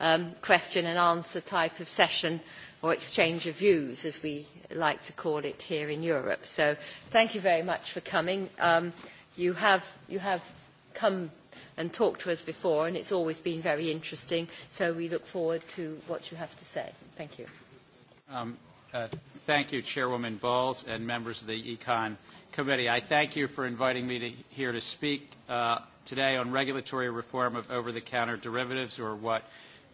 um, question and answer type of session or exchange of views, as we like to call it here in Europe. So thank you very much for coming. Um, you, have, you have come and talked to us before, and it's always been very interesting. So we look forward to what you have to say. Thank you. Um, uh, thank you, Chairwoman Bowles and members of the Econ Committee. I thank you for inviting me to, here to speak uh, today on regulatory reform of over-the-counter derivatives, or what –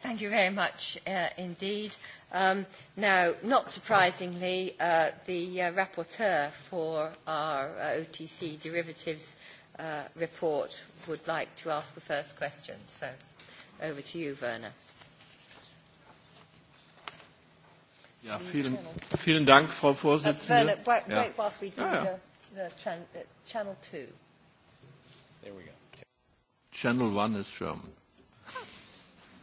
Thank you very much uh, indeed. Um, now, not surprisingly, uh, the uh, rapporteur for our uh, OTC derivatives uh, report would like to ask the first question. So over to you, Werner. Ja, vielen, vielen Dank, Frau Vorsitzende. Uh, Werner, wait, wait yeah. whilst we do yeah. the, the uh, channel 2. There we go. Channel 1 is German.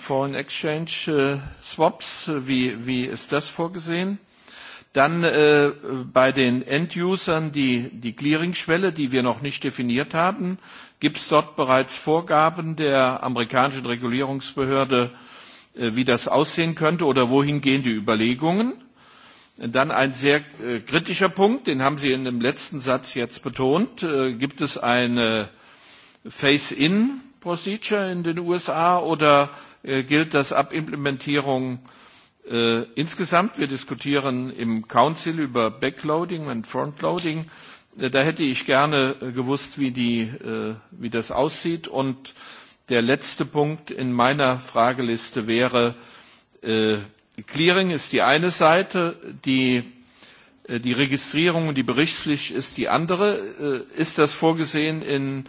Foreign Exchange äh, Swaps, wie, ist das vorgesehen? Dann äh, bei den End-Usern die, die Clearingschwelle, die wir noch nicht definiert haben, gibt es dort bereits Vorgaben der amerikanischen Regulierungsbehörde, äh, wie das aussehen könnte oder wohin gehen die Überlegungen? Dann ein sehr kritischer Punkt, den haben Sie in dem letzten Satz jetzt betont. gibt es eine phase in procedure in den USA oder Äh, gilt das ab Implementierung äh, insgesamt. Wir diskutieren im Council über Backloading und Frontloading. Äh, da hätte ich gerne äh, gewusst, wie, die, äh, wie das aussieht. Und der letzte Punkt in meiner Frageliste wäre, äh, Clearing ist die eine Seite, die, die Registrierung und die Berichtspflicht ist die andere. Ist das vorgesehen in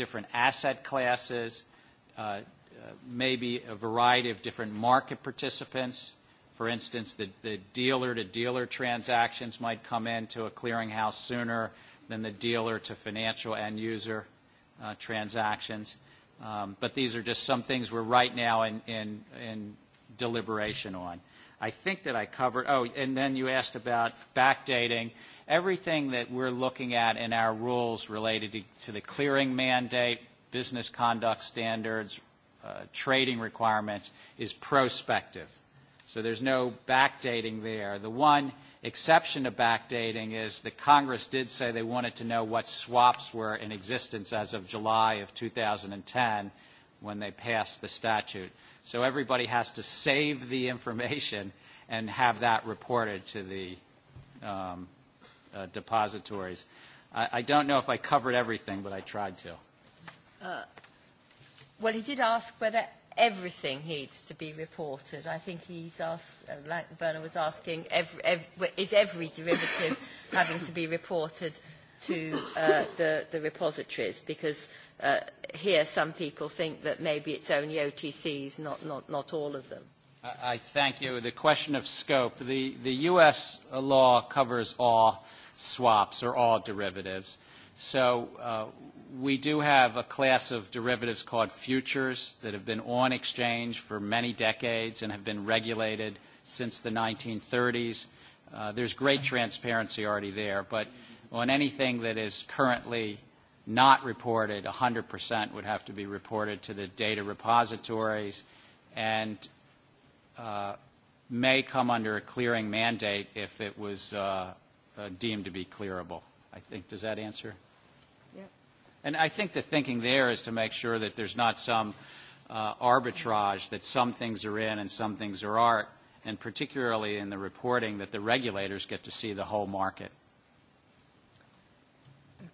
different asset classes, uh, uh, maybe a variety of different market participants. For instance, the, the dealer-to-dealer -dealer transactions might come into a clearinghouse sooner than the dealer-to-financial end-user uh, transactions. Um, but these are just some things we're right now in, in, in deliberation on. I think that I covered. Oh, and then you asked about backdating. Everything that we're looking at in our rules related to, to the clearing mandate, business conduct standards, uh, trading requirements is prospective. So there's no backdating there. The one exception to backdating is that Congress did say they wanted to know what swaps were in existence as of July of 2010 when they passed the statute. So everybody has to save the information and have that reported to the um, uh, depositories. I, I don't know if I covered everything, but I tried to. Uh, well, he did ask whether everything needs to be reported. I think he's asked, uh, like Bernard was asking, every, every, is every derivative having to be reported to uh, the, the repositories? Because uh, here some people think that maybe it's only OTCs, not, not, not all of them. I, I thank you. The question of scope. The, the U.S. law covers all swaps or all derivatives. So uh, we do have a class of derivatives called futures that have been on exchange for many decades and have been regulated since the 1930s. Uh, there's great transparency already there, but on anything that is currently not reported, 100% would have to be reported to the data repositories and uh, may come under a clearing mandate if it was uh, uh, deemed to be clearable. I think, does that answer? Yeah. And I think the thinking there is to make sure that there's not some uh, arbitrage that some things are in and some things are aren't, and particularly in the reporting that the regulators get to see the whole market.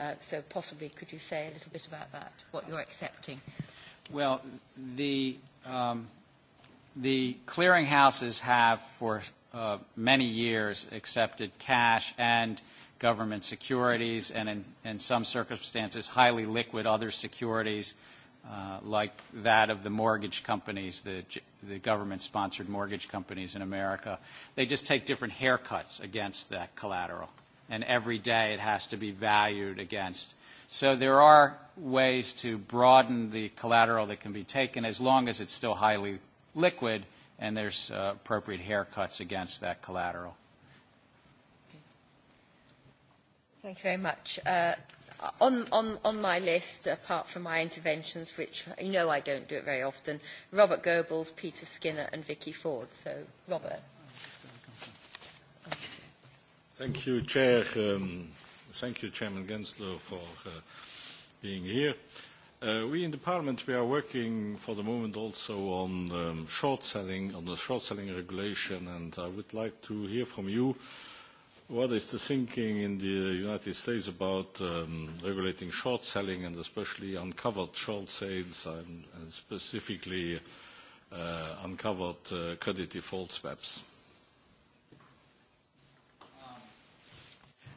Uh, so possibly could you say a little bit about that, what you're accepting? Well, the, um, the clearinghouses have for uh, many years accepted cash and government securities and in, in some circumstances highly liquid other securities uh, like that of the mortgage companies, the, the government-sponsored mortgage companies in America. They just take different haircuts against that collateral and every day it has to be valued against. So there are ways to broaden the collateral that can be taken as long as it's still highly liquid and there's uh, appropriate haircuts against that collateral. Thank you very much. Uh, on, on, on my list, apart from my interventions, which you know I don't do it very often, Robert Goebbels, Peter Skinner and Vicky Ford. So, Robert. Thank you, Chair. Um, thank you, Chairman Gensler, for uh, being here. Uh, we in the Parliament, we are working for the moment also on um, short selling, on the short selling regulation, and I would like to hear from you what is the thinking in the United States about um, regulating short selling and especially uncovered short sales and, and specifically uh, uncovered uh, credit default swaps?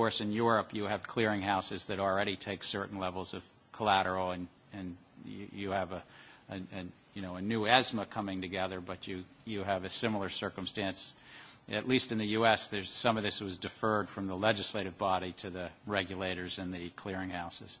course, in Europe, you have clearing houses that already take certain levels of collateral, and, and you, you have a, a, a, you know, a new ESMA coming together, but you, you have a similar circumstance. At least in the U.S., there's, some of this was deferred from the legislative body to the regulators and the clearing houses.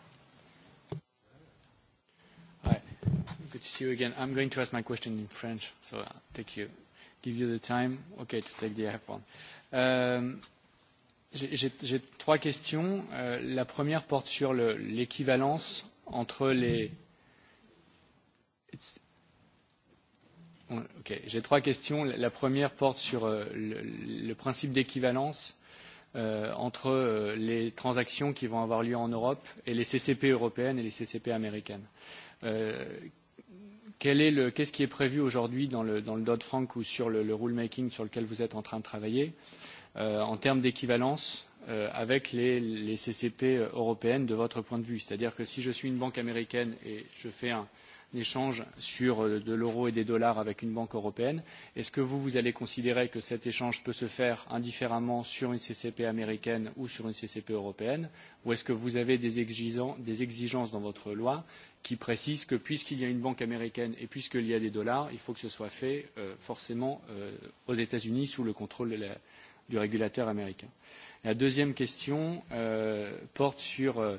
Good to see you again. I'm going to ask my question in French, so I'll take you, give you the time, okay, to take the iPhone. Euh, J'ai trois questions. Euh, la première porte sur l'équivalence entre les. It's... Ok, j'ai trois questions. La première porte sur euh, le, le principe d'équivalence euh, entre euh, les transactions qui vont avoir lieu en Europe et les CCP européennes et les CCP américaines. Euh, Qu'est-ce qui est prévu aujourd'hui dans le, dans le Dodd-Frank ou sur le, le rulemaking sur lequel vous êtes en train de travailler euh, en termes d'équivalence euh, avec les, les CCP euh, européennes de votre point de vue C'est-à-dire que si je suis une banque américaine et je fais un, d'échanges sur euh, de l'euro et des dollars avec une banque européenne. Est-ce que vous, vous allez considérer que cet échange peut se faire indifféremment sur une CCP américaine ou sur une CCP européenne Ou est-ce que vous avez des, exigeants, des exigences dans votre loi qui précisent que puisqu'il y a une banque américaine et puisqu'il y a des dollars, il faut que ce soit fait euh, forcément euh, aux États-Unis sous le contrôle de la, du régulateur américain La deuxième question euh, porte sur. Euh,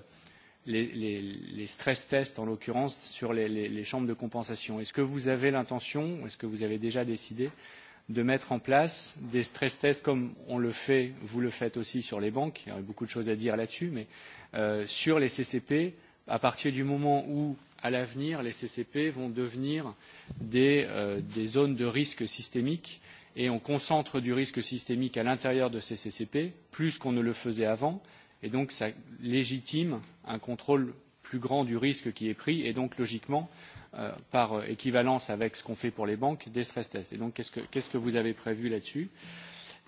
les, les, les stress tests, en l'occurrence, sur les, les, les chambres de compensation. Est-ce que vous avez l'intention, est-ce que vous avez déjà décidé de mettre en place des stress tests comme on le fait, vous le faites aussi sur les banques, il y aurait beaucoup de choses à dire là-dessus, mais euh, sur les CCP, à partir du moment où, à l'avenir, les CCP vont devenir des, euh, des zones de risque systémique et on concentre du risque systémique à l'intérieur de ces CCP, plus qu'on ne le faisait avant, et donc ça légitime un contrôle plus grand du risque qui est pris et donc logiquement euh, par euh, équivalence avec ce qu'on fait pour les banques des stress tests. Et donc qu'est-ce que, qu'est-ce que vous avez prévu là-dessus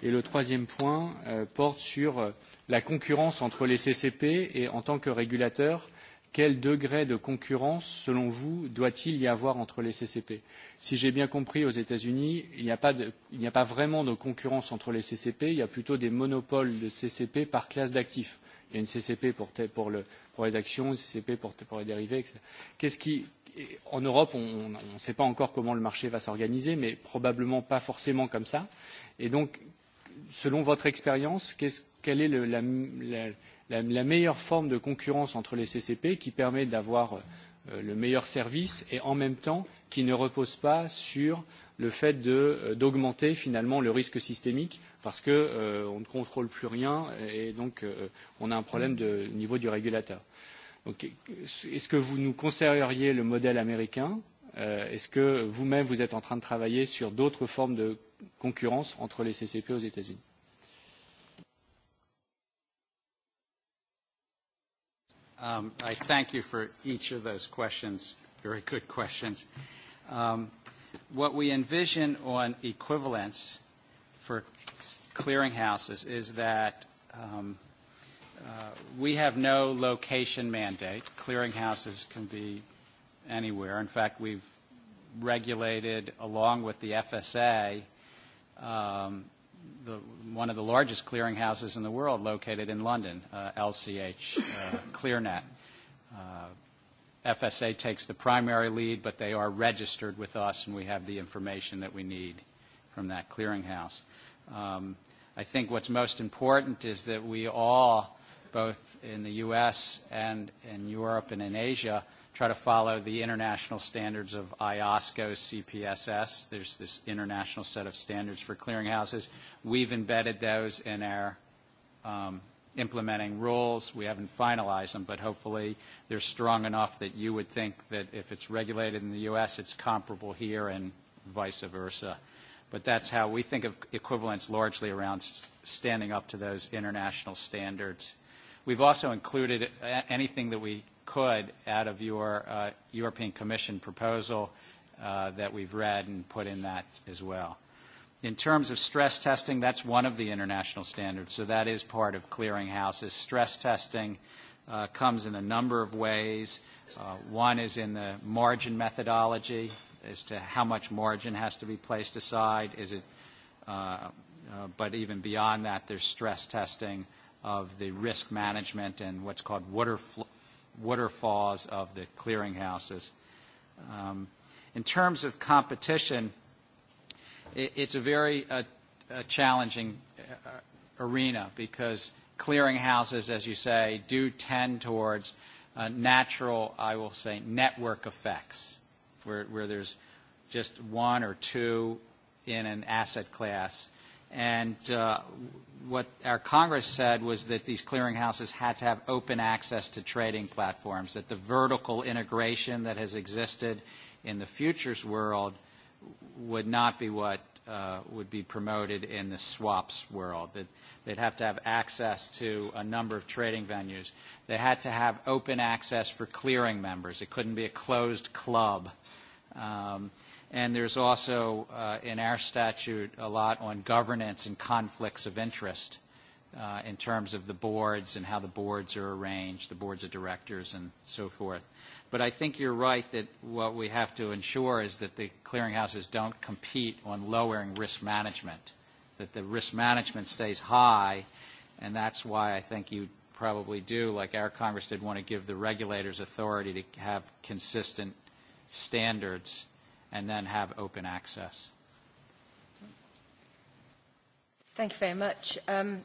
Et le troisième point euh, porte sur euh, la concurrence entre les CCP et en tant que régulateur, quel degré de concurrence, selon vous, doit-il y avoir entre les CCP Si j'ai bien compris, aux États-Unis, il n'y a, a pas vraiment de concurrence entre les CCP, il y a plutôt des monopoles de CCP par classe d'actifs. Il y a une CCP pour, pour, le, pour les actions, une CCP pour, pour les dérivés. Etc. Qu'est-ce qui, en Europe, on ne sait pas encore comment le marché va s'organiser, mais probablement pas forcément comme ça. Et donc, selon votre expérience, qu est quelle est le, la, la, la, la meilleure forme de concurrence entre les CCP qui permet d'avoir euh, le meilleur service et en même temps qui ne repose pas sur euh, le fait euh, d'augmenter finalement le risque systémique parce qu'on euh, ne contrôle plus rien et donc euh, on a un problème de niveau du régulateur. Donc, est-ce que vous nous conseilleriez le modèle américain euh, Est-ce que vous-même, vous êtes en train de travailler sur d'autres formes de concurrence entre les CCP aux États-Unis Um, I thank you for each of those questions, very good questions. Um, what we envision on equivalence for clearinghouses is that um, uh, we have no location mandate. Clearinghouses can be anywhere. In fact, we've regulated, along with the FSA, um, the, one of the largest clearinghouses in the world located in London, uh, LCH uh, ClearNet. Uh, FSA takes the primary lead, but they are registered with us, and we have the information that we need from that clearinghouse. Um, I think what's most important is that we all, both in the U.S. and in Europe and in Asia, try to follow the international standards of IOSCO CPSS. There's this international set of standards for clearinghouses. We've embedded those in our um, implementing rules. We haven't finalized them, but hopefully they're strong enough that you would think that if it's regulated in the U.S., it's comparable here and vice versa. But that's how we think of equivalence largely around standing up to those international standards. We've also included anything that we could out of your uh, European Commission proposal uh, that we've read and put in that as well. In terms of stress testing, that's one of the international standards, so that is part of clearinghouses. Stress testing uh, comes in a number of ways. Uh, one is in the margin methodology as to how much margin has to be placed aside. Is it, uh, uh, but even beyond that, there's stress testing of the risk management and what's called waterfalls of the clearinghouses. Um, in terms of competition, it's a very uh, uh, challenging arena because clearinghouses, as you say, do tend towards uh, natural, I will say, network effects, where, where there's just one or two in an asset class. And uh, what our Congress said was that these clearinghouses had to have open access to trading platforms, that the vertical integration that has existed in the futures world would not be what uh, would be promoted in the swaps world. That they'd have to have access to a number of trading venues. They had to have open access for clearing members. It couldn't be a closed club. Um, and there's also uh, in our statute a lot on governance and conflicts of interest uh, in terms of the boards and how the boards are arranged, the boards of directors and so forth. But I think you're right that what we have to ensure is that the clearinghouses don't compete on lowering risk management, that the risk management stays high, and that's why I think you probably do, like our Congress did want to give the regulators authority to have consistent standards and then have open access. Thank you very much. Um,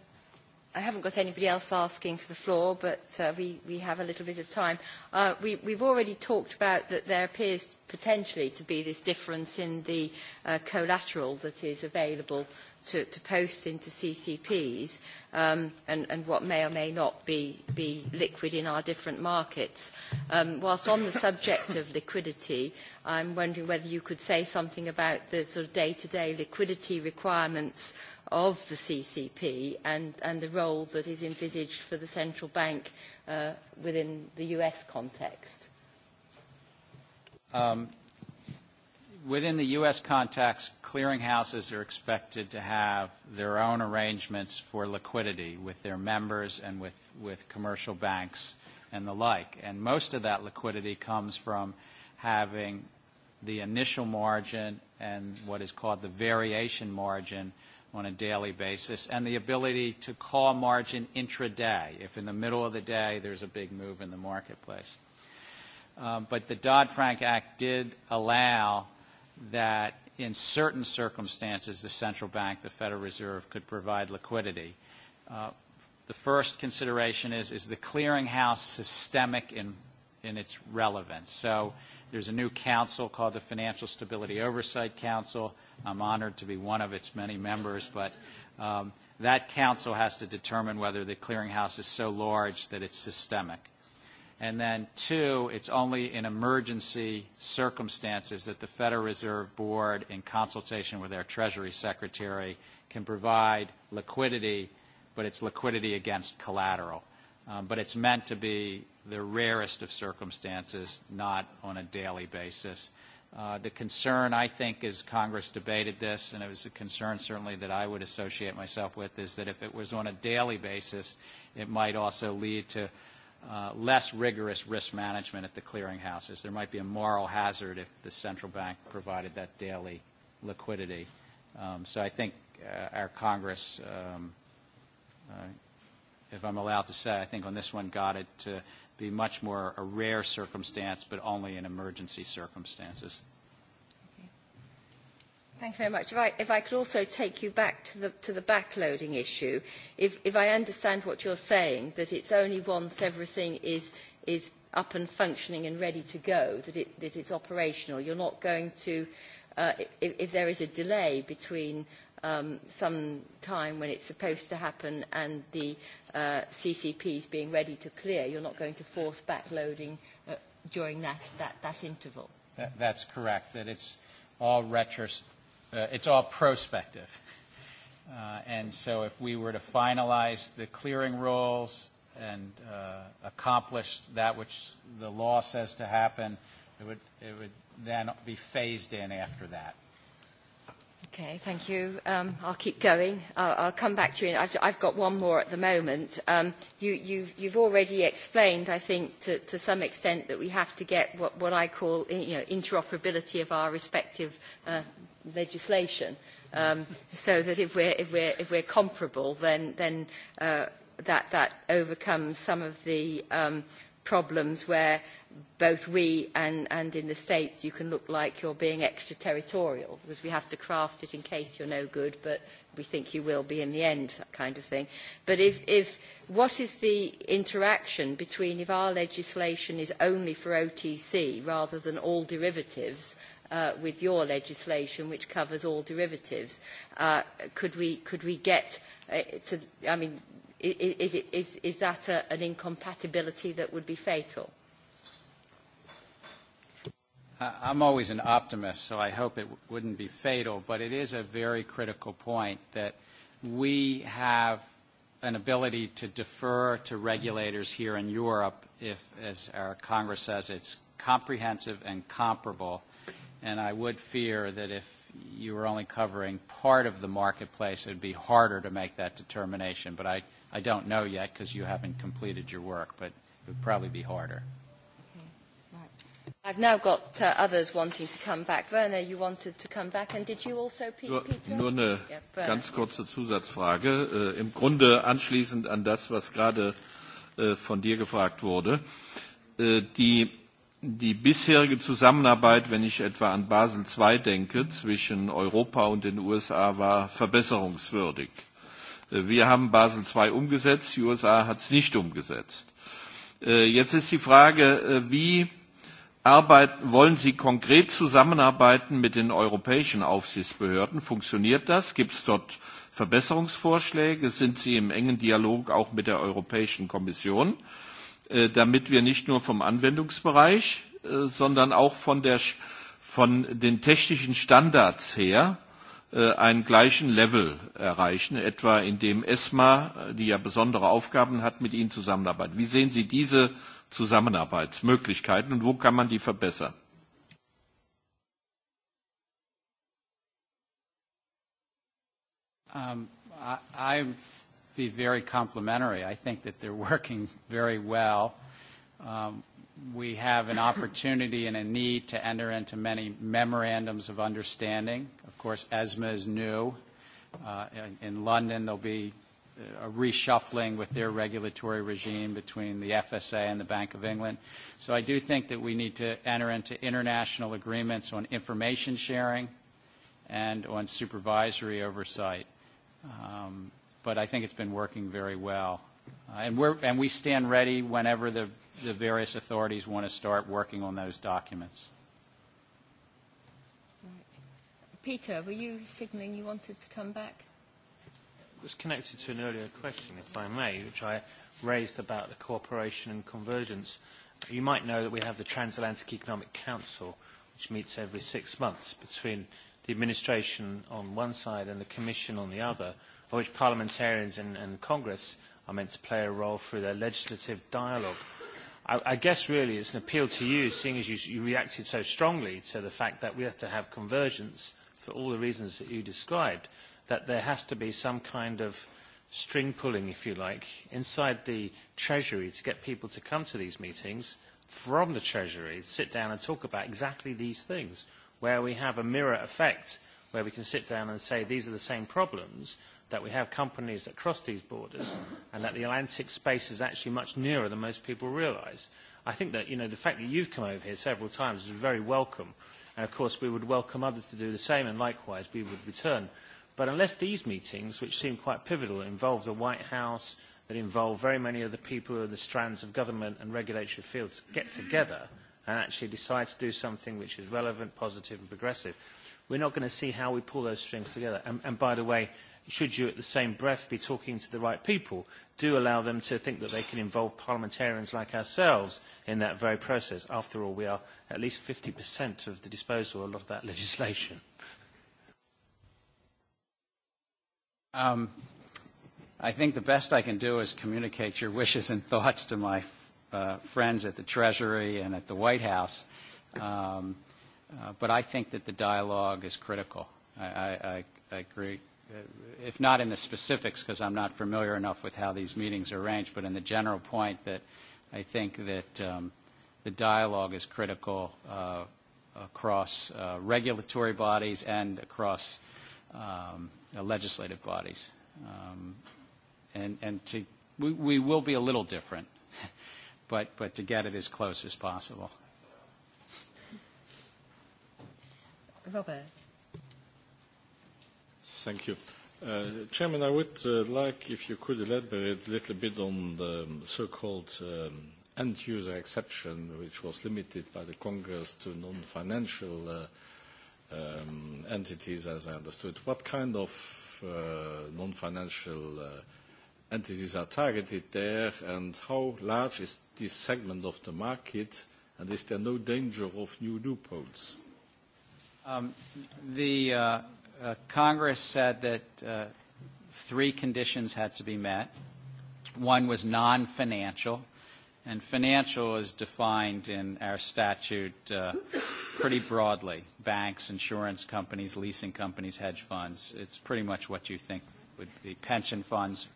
I haven't got anybody else asking for the floor, but uh, we, we have a little bit of time. Uh, we, we've already talked about that there appears potentially to be this difference in the uh, collateral that is available to, to post into CCPs um, and, and what may or may not be, be liquid in our different markets. Um, whilst on the subject of liquidity, I'm wondering whether you could say something about the sort of day-to-day -day liquidity requirements of the CCP and, and the role that is envisaged for the central bank uh, within the US context? Um, within the U.S. context, clearinghouses are expected to have their own arrangements for liquidity with their members and with, with commercial banks and the like. And most of that liquidity comes from having the initial margin and what is called the variation margin – on a daily basis, and the ability to call margin intraday if in the middle of the day there's a big move in the marketplace. Um, but the Dodd-Frank Act did allow that in certain circumstances the central bank, the Federal Reserve, could provide liquidity. Uh, the first consideration is, is the clearinghouse systemic in, in its relevance? So There's a new council called the Financial Stability Oversight Council. I'm honored to be one of its many members, but um, that council has to determine whether the clearinghouse is so large that it's systemic. And then two, it's only in emergency circumstances that the Federal Reserve Board, in consultation with our Treasury Secretary, can provide liquidity, but it's liquidity against collateral um, but it's meant to be the rarest of circumstances, not on a daily basis. Uh, the concern, I think, as Congress debated this, and it was a concern certainly that I would associate myself with, is that if it was on a daily basis, it might also lead to uh, less rigorous risk management at the clearinghouses. There might be a moral hazard if the central bank provided that daily liquidity. Um, so I think uh, our Congress um, uh, if I'm allowed to say, I think on this one got it to be much more a rare circumstance, but only in emergency circumstances. Thank you very much. If I, if I could also take you back to the, to the backloading issue, if, if I understand what you're saying, that it's only once everything is, is up and functioning and ready to go, that, it, that it's operational. You're not going to, uh, if, if there is a delay between um, some time when it's supposed to happen and the uh, is being ready to clear. You're not going to force backloading uh, during that, that, that interval. That, that's correct, that it's all retros, uh, it's all prospective. Uh, and so if we were to finalize the clearing rules and uh, accomplish that which the law says to happen, it would, it would then be phased in after that. Okay, thank you. Um, I'll keep going. I'll, I'll come back to you. I've, I've got one more at the moment. Um, you, you've, you've already explained, I think, to, to some extent that we have to get what, what I call you know, interoperability of our respective uh, legislation. Um, so that if we're, if we're, if we're comparable, then, then uh, that, that overcomes some of the um, problems where both we and, and in the States, you can look like you're being extraterritorial because we have to craft it in case you're no good, but we think you will be in the end, that kind of thing. But if, if what is the interaction between if our legislation is only for OTC rather than all derivatives uh, with your legislation, which covers all derivatives, uh, could, we, could we get uh, to, I mean, is, is, it, is, is that a, an incompatibility that would be fatal? I'm always an optimist, so I hope it wouldn't be fatal, but it is a very critical point that we have an ability to defer to regulators here in Europe if, as our Congress says, it's comprehensive and comparable. And I would fear that if you were only covering part of the marketplace, it would be harder to make that determination. But I, I don't know yet because you haven't completed your work, but it would probably be harder. Nur, eine ganz kurze Zusatzfrage, äh, im Grunde anschließend an das, was gerade äh, von dir gefragt wurde. Äh, die, die bisherige Zusammenarbeit, wenn ich etwa an Basel II denke, zwischen Europa und den USA war verbesserungswürdig. Äh, wir haben Basel II umgesetzt, die USA hat es nicht umgesetzt. Äh, jetzt ist die Frage, äh, wie arbeiten, wollen Sie konkret zusammenarbeiten mit den europäischen Aufsichtsbehörden? Funktioniert das? Gibt es dort Verbesserungsvorschläge? Sind Sie im engen Dialog auch mit der Europäischen Kommission, äh, damit wir nicht nur vom Anwendungsbereich, äh, sondern auch von, der, von den technischen Standards her äh, einen gleichen Level erreichen, etwa indem ESMA, die ja besondere Aufgaben hat, mit Ihnen zusammenarbeitet. Wie sehen Sie diese Zusammenarbeitsmöglichkeiten und wo kann man die verbessern? Um, I, I be very complimentary. I think that they're working very well. Um, we have an opportunity and a need to enter into many memorandums of understanding. Of course, ESMA is new. Uh, in, in London, there'll be a reshuffling with their regulatory regime between the FSA and the Bank of England. So I do think that we need to enter into international agreements on information sharing and on supervisory oversight. Um, but I think it's been working very well. Uh, and, we're, and we stand ready whenever the, the various authorities want to start working on those documents. Peter, were you signaling you wanted to come back? was connected to an earlier question, if I may, which I raised about the cooperation and convergence. You might know that we have the Transatlantic Economic Council, which meets every six months between the administration on one side and the Commission on the other, of which parliamentarians and, and Congress are meant to play a role through their legislative dialogue. I, I guess really it's an appeal to you, seeing as you, you reacted so strongly to the fact that we have to have convergence for all the reasons that you described that there has to be some kind of string pulling, if you like, inside the Treasury to get people to come to these meetings from the Treasury, sit down and talk about exactly these things, where we have a mirror effect, where we can sit down and say these are the same problems, that we have companies that cross these borders, and that the Atlantic space is actually much nearer than most people realise. I think that you know, the fact that you've come over here several times is very welcome, and of course we would welcome others to do the same, and likewise we would return But unless these meetings, which seem quite pivotal, involve the White House, that involve very many of the people who are the strands of government and regulatory fields get together and actually decide to do something which is relevant, positive and progressive, we're not going to see how we pull those strings together. And, and by the way, should you at the same breath be talking to the right people, do allow them to think that they can involve parliamentarians like ourselves in that very process. After all, we are at least 50% of the disposal of a lot of that legislation. Um, I think the best I can do is communicate your wishes and thoughts to my uh, friends at the Treasury and at the White House. Um, uh, but I think that the dialogue is critical. I, I, I agree, if not in the specifics, because I'm not familiar enough with how these meetings are arranged, but in the general point that I think that um, the dialogue is critical uh, across uh, regulatory bodies and across um, uh, legislative bodies. Um, and and to, we, we will be a little different, but, but to get it as close as possible. Robert. Thank you. Uh, Chairman, I would uh, like if you could elaborate a little bit on the um, so-called um, end-user exception, which was limited by the Congress to non-financial uh, um, entities, as I understood. What kind of uh, non-financial uh, entities are targeted there, and how large is this segment of the market, and is there no danger of new loopholes? Um, the uh, uh, Congress said that uh, three conditions had to be met. One was non-financial. And financial is defined in our statute uh, pretty broadly. Banks, insurance companies, leasing companies, hedge funds. It's pretty much what you think would be pension funds.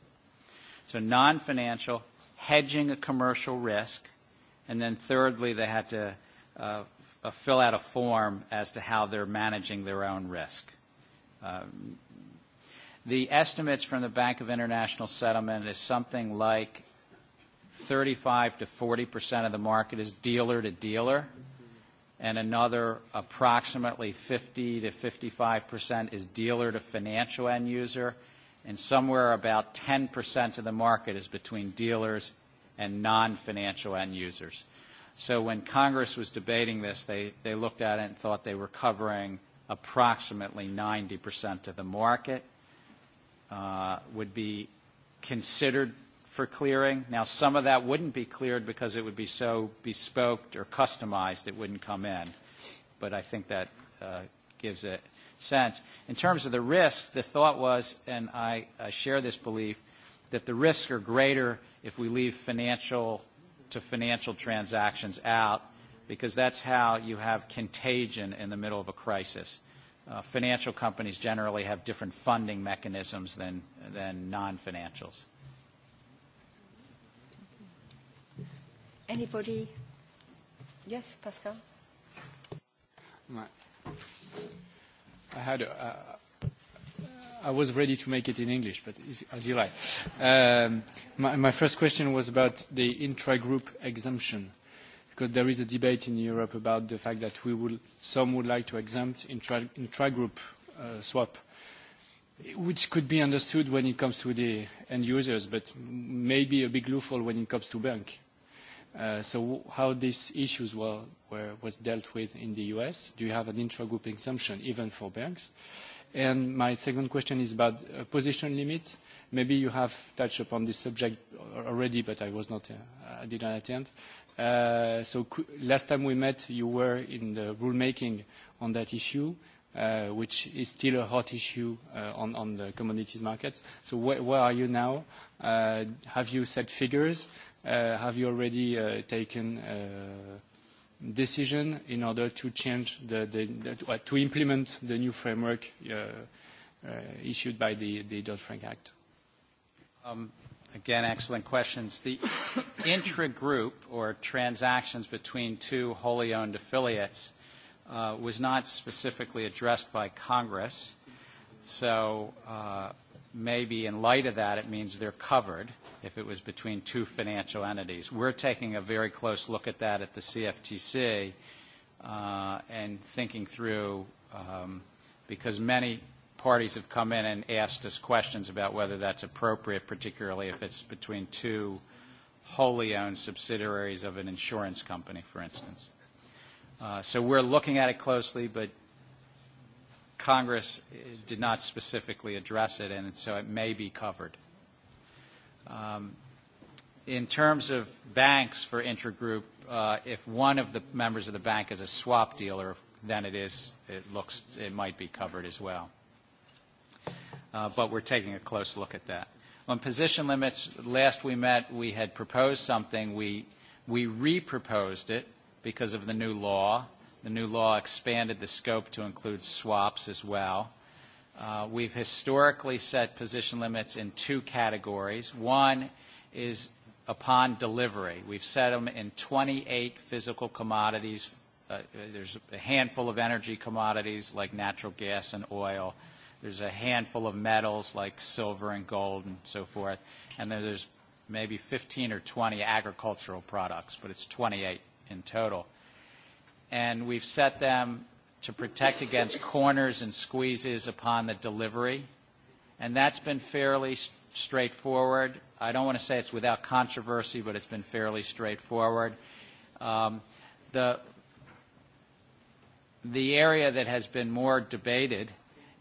So non-financial, hedging a commercial risk. And then thirdly, they had to uh, fill out a form as to how they're managing their own risk. Um, the estimates from the Bank of International Settlement is something like 35 40 of the market is dealer to dealer, and another approximately 50 55 is dealer to financial end user, and somewhere about 10 of the market is between dealers and non-financial end users. So when Congress was debating this, they, looked at it and thought they were covering approximately 90 of the market. Uh, would be considered for clearing. Now, some of that wouldn't be cleared because it would be so bespoke or customized it wouldn't come in. But I think that uh, gives it sense. In terms of the risk, the thought was, and I, I share this belief, that the risks are greater if we leave financial to financial transactions out because that's how you have contagion in the middle of a crisis. Uh, financial companies generally have different funding mechanisms than, than non-financials. Anybody? Yes, Pascal. I had. Uh, I was ready to make it in English, but as you like. Um, my, my first question was about the intra-group exemption, because there is a debate in Europe about the fact that we will, some would like to exempt intra, intra-group uh, swap, which could be understood when it comes to the end users, but maybe a big loophole when it comes to banks. Uh, so how these issues were, dealt with in the US? Do you have an intra-group exemption even for banks? And my second question is about uh, position limit. Maybe you have touched upon this subject already, but I was not, uh, I didn't attend. Uh, so last time we met, you were in the rulemaking on that issue, uh, which is still a hot issue on, the commodities markets. So where are you now? have you set figures? Uh, have you already uh, taken uh, decision in order to change the, to implement the new framework issued by the, Dodd-Frank Act? Um, again, excellent questions. The intra-group or transactions between two wholly owned affiliates was not specifically addressed by Congress. So maybe in light of that, it means they're covered if it was between two financial entities. We're taking a very close look at that at the CFTC uh, and thinking through, um, because many parties have come in and asked us questions about whether that's appropriate, particularly if it's between two wholly owned subsidiaries of an insurance company, for instance. Uh, so we're looking at it closely, but Congress eh, did not specifically address it, and so it may be covered. Um, in terms of banks for intragroup, uh, if one of the members of the bank is a swap dealer, then it is, it looks, it might be covered as well. Uh, but we're taking a close look at that. On position limits, last we met, we had proposed something. We, we re-proposed it because of the new law The new law expanded the scope to include swaps as well. Uh, we've historically set position limits in two categories. One is upon delivery. We've set them in 28 physical commodities. Uh, there's a handful of energy commodities like natural gas and oil. There's a handful of metals like silver and gold and so forth. And then there's maybe 15 or 20 agricultural products, but it's 28 in total and we've set them to protect against corners and squeezes upon the delivery. And that's been fairly straightforward. I don't want to say it's without controversy, but it's been fairly straightforward. Um, the, the area that has been more debated –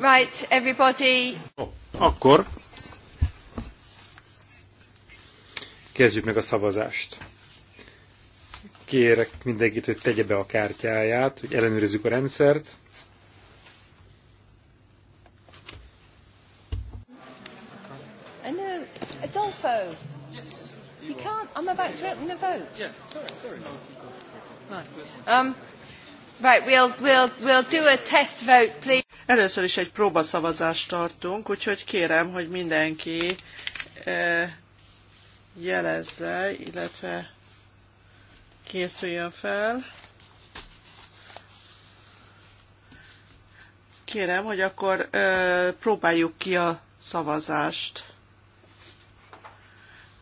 Right, everybody. Akkor kezdjük meg a szavazást. Kérek mindenkit, hogy tegye be a kártyáját, hogy ellenőrizzük a rendszert. Adolfo. Yes. You can't. I'm about to open the vote. Yeah, sorry, sorry. Right. Um, right, we'll, we'll, we'll do a test vote, please. Először is egy próbaszavazást tartunk, úgyhogy kérem, hogy mindenki eh, jelezze, illetve készüljön fel. Kérem, hogy akkor eh, próbáljuk ki a szavazást.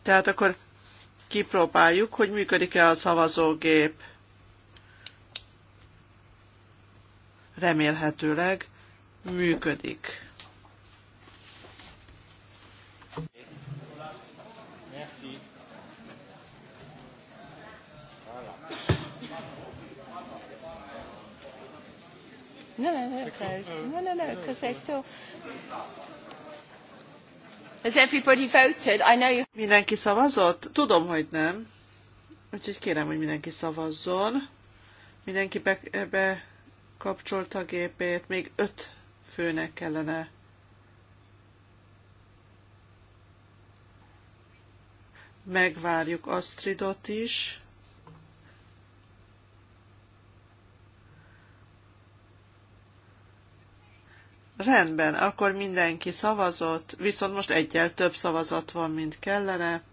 Tehát akkor kipróbáljuk, hogy működik-e a szavazógép. Remélhetőleg működik. No, no, no, close. No, no, no, because they still. Has everybody voted? I know you. Mindenki szavazott? Tudom, hogy nem. Úgyhogy kérem, hogy mindenki szavazzon. Mindenki be, be kapcsolta a gépét. Még öt főnek kellene. Megvárjuk Astridot is. Rendben, akkor mindenki szavazott, viszont most egyel több szavazat van, mint kellene.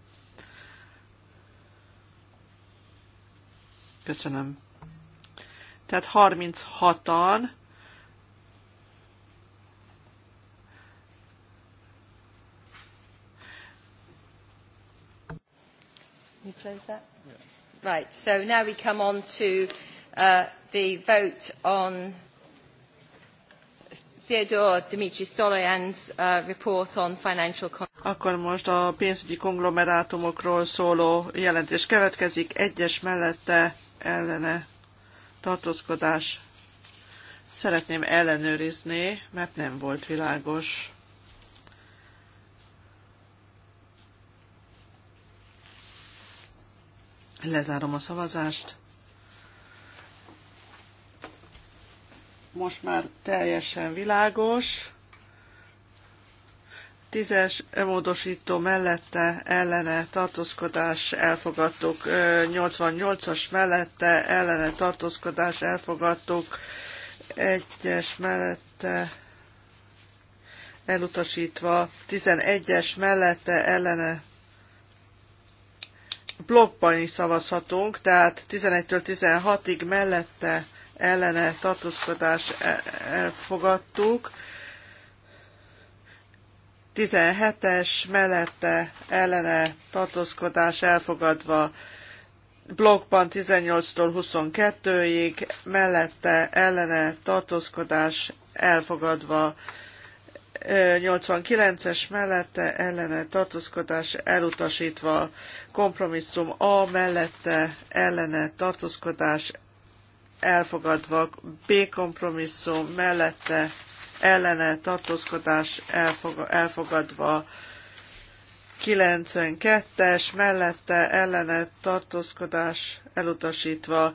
Köszönöm. Tehát 36-an Can you close that? Yeah. Right, so now we come on to uh, the vote on Theodore Dimitris Doloyan's uh, report on financial Akkor most a pénzügyi konglomerátumokról szóló jelentés következik. Egyes mellette ellene tartózkodás. Szeretném ellenőrizni, mert nem volt világos. Lezárom a szavazást. Most már teljesen világos. Tízes módosító mellette ellene tartózkodás elfogadtuk. 88-as mellette ellene tartózkodás elfogadtuk. Egyes mellette elutasítva. 11-es mellette ellene blokkban is szavazhatunk, tehát 11-től 16-ig mellette ellene tartózkodás e- elfogadtuk. 17-es mellette ellene tartózkodás elfogadva blokkban 18-tól 22-ig, mellette ellene tartózkodás elfogadva 89-es mellette ellene tartózkodás elutasítva, kompromisszum A mellette ellene tartózkodás elfogadva, B kompromisszum mellette ellene tartózkodás elfogadva, 92-es mellette ellene tartózkodás elutasítva,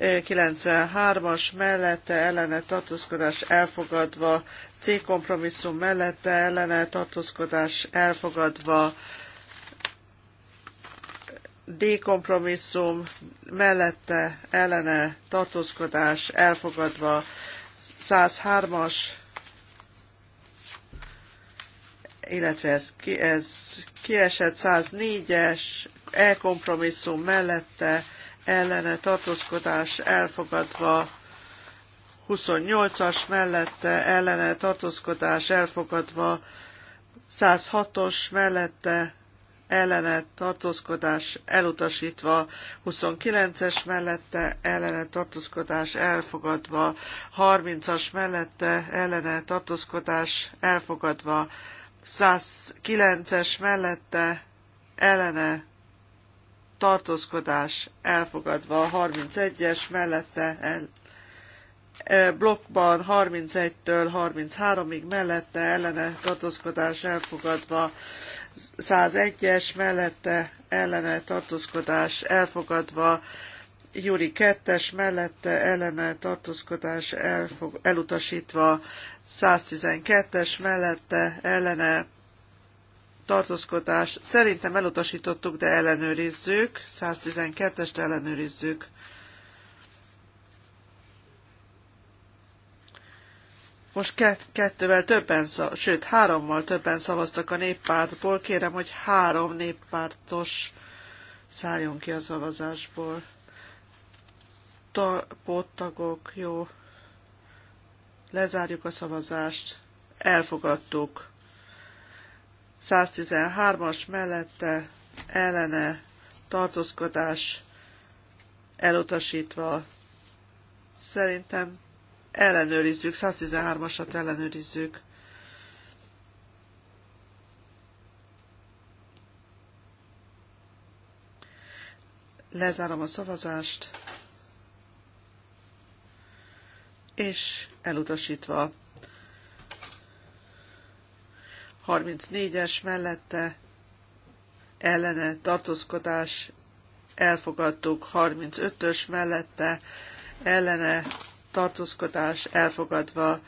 93-as mellette ellene tartózkodás elfogadva, C kompromisszum mellette ellene tartózkodás elfogadva, D kompromisszum mellette ellene tartózkodás elfogadva, 103-as, illetve ez, ki, ez kiesett 104-es, E kompromisszum mellette ellene tartózkodás elfogadva, 28-as mellette ellene tartózkodás elfogadva, 106-os mellette ellene tartózkodás elutasítva, 29-es mellette ellene tartózkodás elfogadva, 30-as mellette ellene tartózkodás elfogadva, 109-es mellette ellene tartózkodás elfogadva, 31-es mellette el, E, blokkban 31-től 33-ig mellette ellene tartózkodás elfogadva, 101-es mellette ellene tartózkodás elfogadva, Júri 2-es mellette ellene tartózkodás elfog, elutasítva, 112-es mellette ellene tartózkodás. Szerintem elutasítottuk, de ellenőrizzük. 112-est ellenőrizzük. Most kettővel többen, sőt hárommal többen szavaztak a néppártból. Kérem, hogy három néppártos szálljon ki a szavazásból. pottagok, jó. Lezárjuk a szavazást. Elfogadtuk. 113-as mellette ellene tartózkodás elutasítva. Szerintem ellenőrizzük, 113-asat ellenőrizzük. Lezárom a szavazást, és elutasítva 34-es mellette ellene tartózkodás elfogadtuk, 35-ös mellette ellene tartózkodás elfogadva.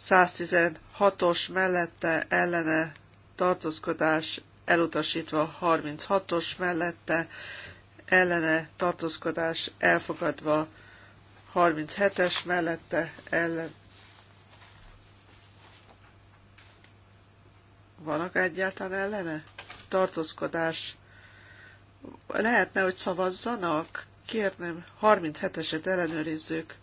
116-os mellette ellene tartózkodás elutasítva. 36-os mellette ellene tartózkodás elfogadva. 37-es mellette ellen. Vannak egyáltalán ellene? Tartózkodás. Lehetne, hogy szavazzanak? Kérném, 37-eset ellenőrizzük.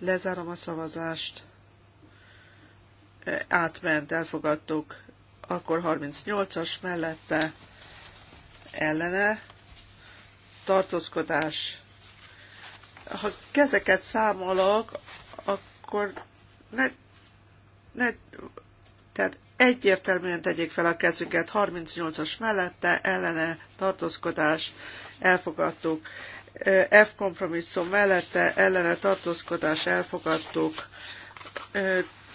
Lezárom a szavazást. Átment, elfogadtuk. Akkor 38-as mellette ellene tartózkodás. Ha kezeket számolok, akkor ne, ne, tehát egyértelműen tegyék fel a kezüket, 38-as mellette, ellene, tartózkodás, elfogadtuk. F kompromisszum mellette ellene tartózkodás elfogadtuk.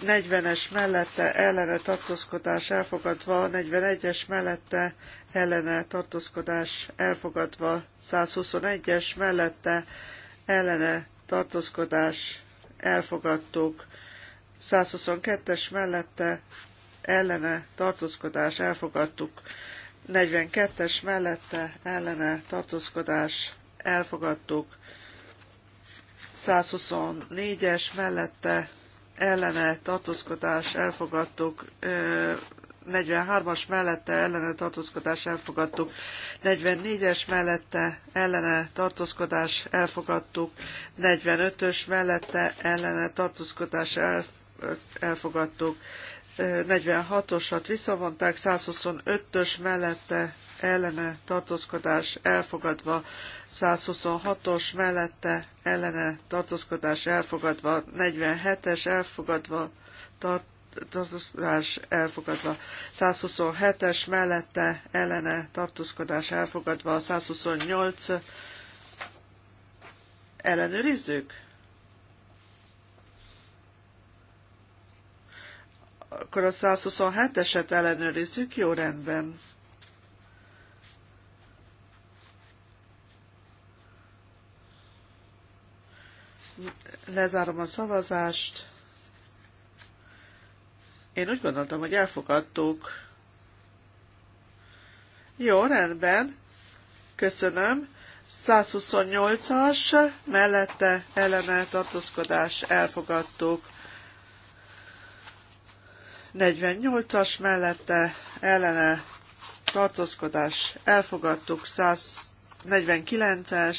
40-es mellette ellene tartózkodás elfogadva, 41-es mellette ellene tartózkodás elfogadva, 121-es mellette ellene tartózkodás elfogadtuk, 122-es mellette ellene tartózkodás elfogadtuk, 42-es mellette ellene tartózkodás elfogadtuk. 124-es mellette ellene tartózkodás elfogadtuk, 43-as mellette ellene tartózkodás elfogadtuk, 44-es mellette ellene tartózkodás elfogadtuk, 45-ös mellette ellene tartózkodás elfogadtuk, 46-osat visszavonták, 125-ös mellette ellene tartózkodás elfogadva, 126-os mellette ellene tartózkodás elfogadva, 47-es elfogadva, tart, tartózkodás elfogadva, 127-es mellette ellene tartózkodás elfogadva, 128 ellenőrizzük? Akkor a 127-eset ellenőrizzük, jó rendben. Lezárom a szavazást. Én úgy gondoltam, hogy elfogadtuk. Jó, rendben. Köszönöm. 128-as, mellette ellene tartózkodás elfogadtuk. 48-as mellette ellene tartózkodás elfogadtuk, 149-es,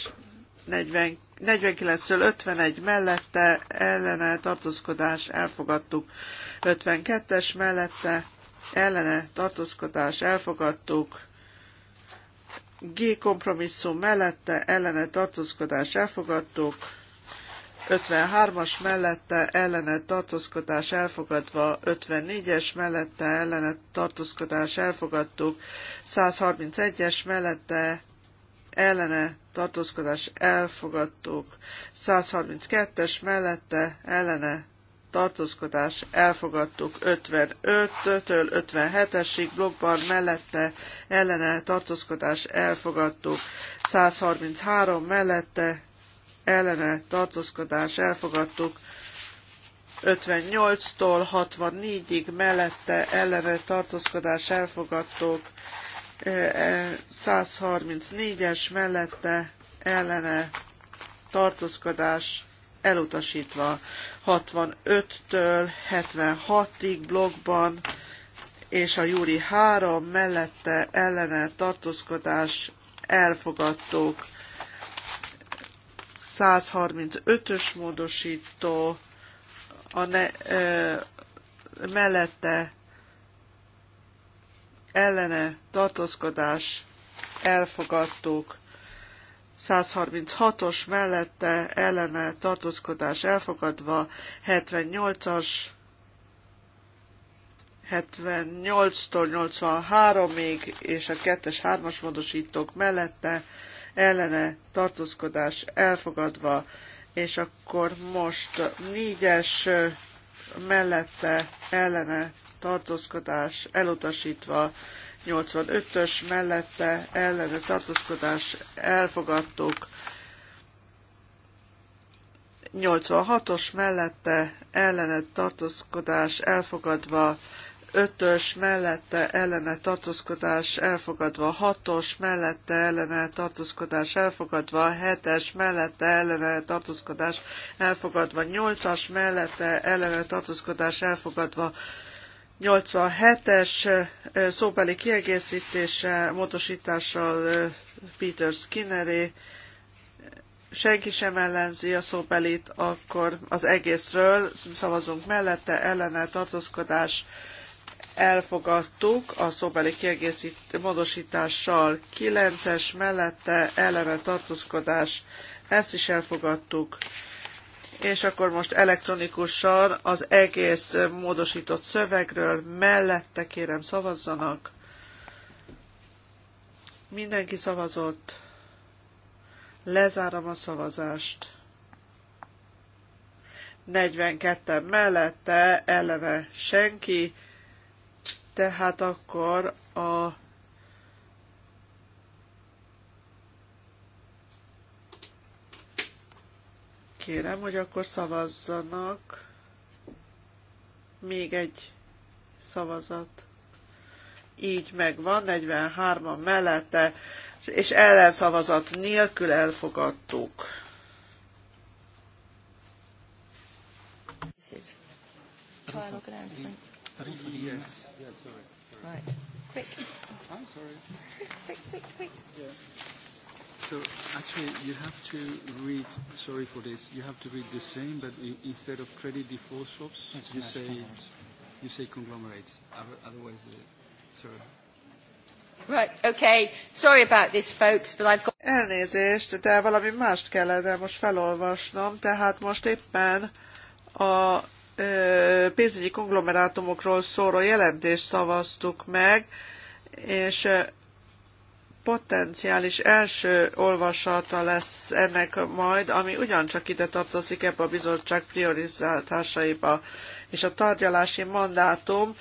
40, 49-től 51 mellette ellene tartózkodás elfogadtuk. 52-es mellette ellene tartózkodás elfogadtuk. G kompromisszum mellette ellene tartózkodás elfogadtuk. 53-as mellette ellene tartózkodás elfogadva, 54-es mellette ellene tartózkodás elfogadtuk, 131-es mellette ellene tartózkodás elfogadtuk. 132-es mellette ellene tartózkodás elfogadtuk 55-től 57-esig, blogban mellette ellene tartózkodás elfogadtuk 133 mellette ellene tartózkodás elfogadtuk 58-tól 64-ig mellette ellene tartózkodás elfogadtuk 134-es mellette ellene tartózkodás elutasítva 65-től 76-ig blogban, és a júri 3 mellette ellene tartózkodás elfogadtuk 135-ös módosító a ne, ö, mellette ellene tartózkodás elfogadtuk. 136-os mellette ellene tartózkodás elfogadva, 78-as 78-tól 83-ig és a 2-es 3-as módosítók mellette ellene tartózkodás elfogadva, és akkor most 4-es mellette ellene tartózkodás elutasítva, 85-ös mellette ellene tartózkodás elfogadtuk, 86-os mellette ellene tartózkodás elfogadva, 5-ös mellette ellene tartózkodás elfogadva, 6-os mellette ellene tartózkodás elfogadva, 7-es mellette ellene tartózkodás elfogadva, 8-as mellette ellene tartózkodás elfogadva, 87-es szóbeli kiegészítése, módosítással Peter Skinneré, senki sem ellenzi a szóbelit, akkor az egészről szavazunk mellette, ellene tartózkodás elfogadtuk a szóbeli kiegészít, módosítással 9-es mellette ellene tartózkodás, ezt is elfogadtuk és akkor most elektronikusan az egész módosított szövegről mellette kérem szavazzanak. Mindenki szavazott. Lezárom a szavazást. 42 mellette, eleve senki, tehát akkor a kérem, hogy akkor szavazzanak még egy szavazat. Így megvan, 43-an mellette, és ellenszavazat nélkül elfogadtuk. Final Yes. sorry. Right. Quick. I'm sorry. Quick, quick, quick. Yeah. So actually, you have to read. Sorry for this. You have to read the same, but i instead of credit default swaps, it's you say you say conglomerates. Otherwise, the, uh, sorry. Right, okay. Sorry about this, folks, but I've got... Elnézést, de valami mást kellene most felolvasnom, tehát most éppen a ö, pénzügyi konglomerátumokról szóló jelentést szavaztuk meg, és potenciális első olvasata lesz ennek majd, ami ugyancsak ide tartozik ebbe a bizottság priorizálásaiba. És a tárgyalási mandátum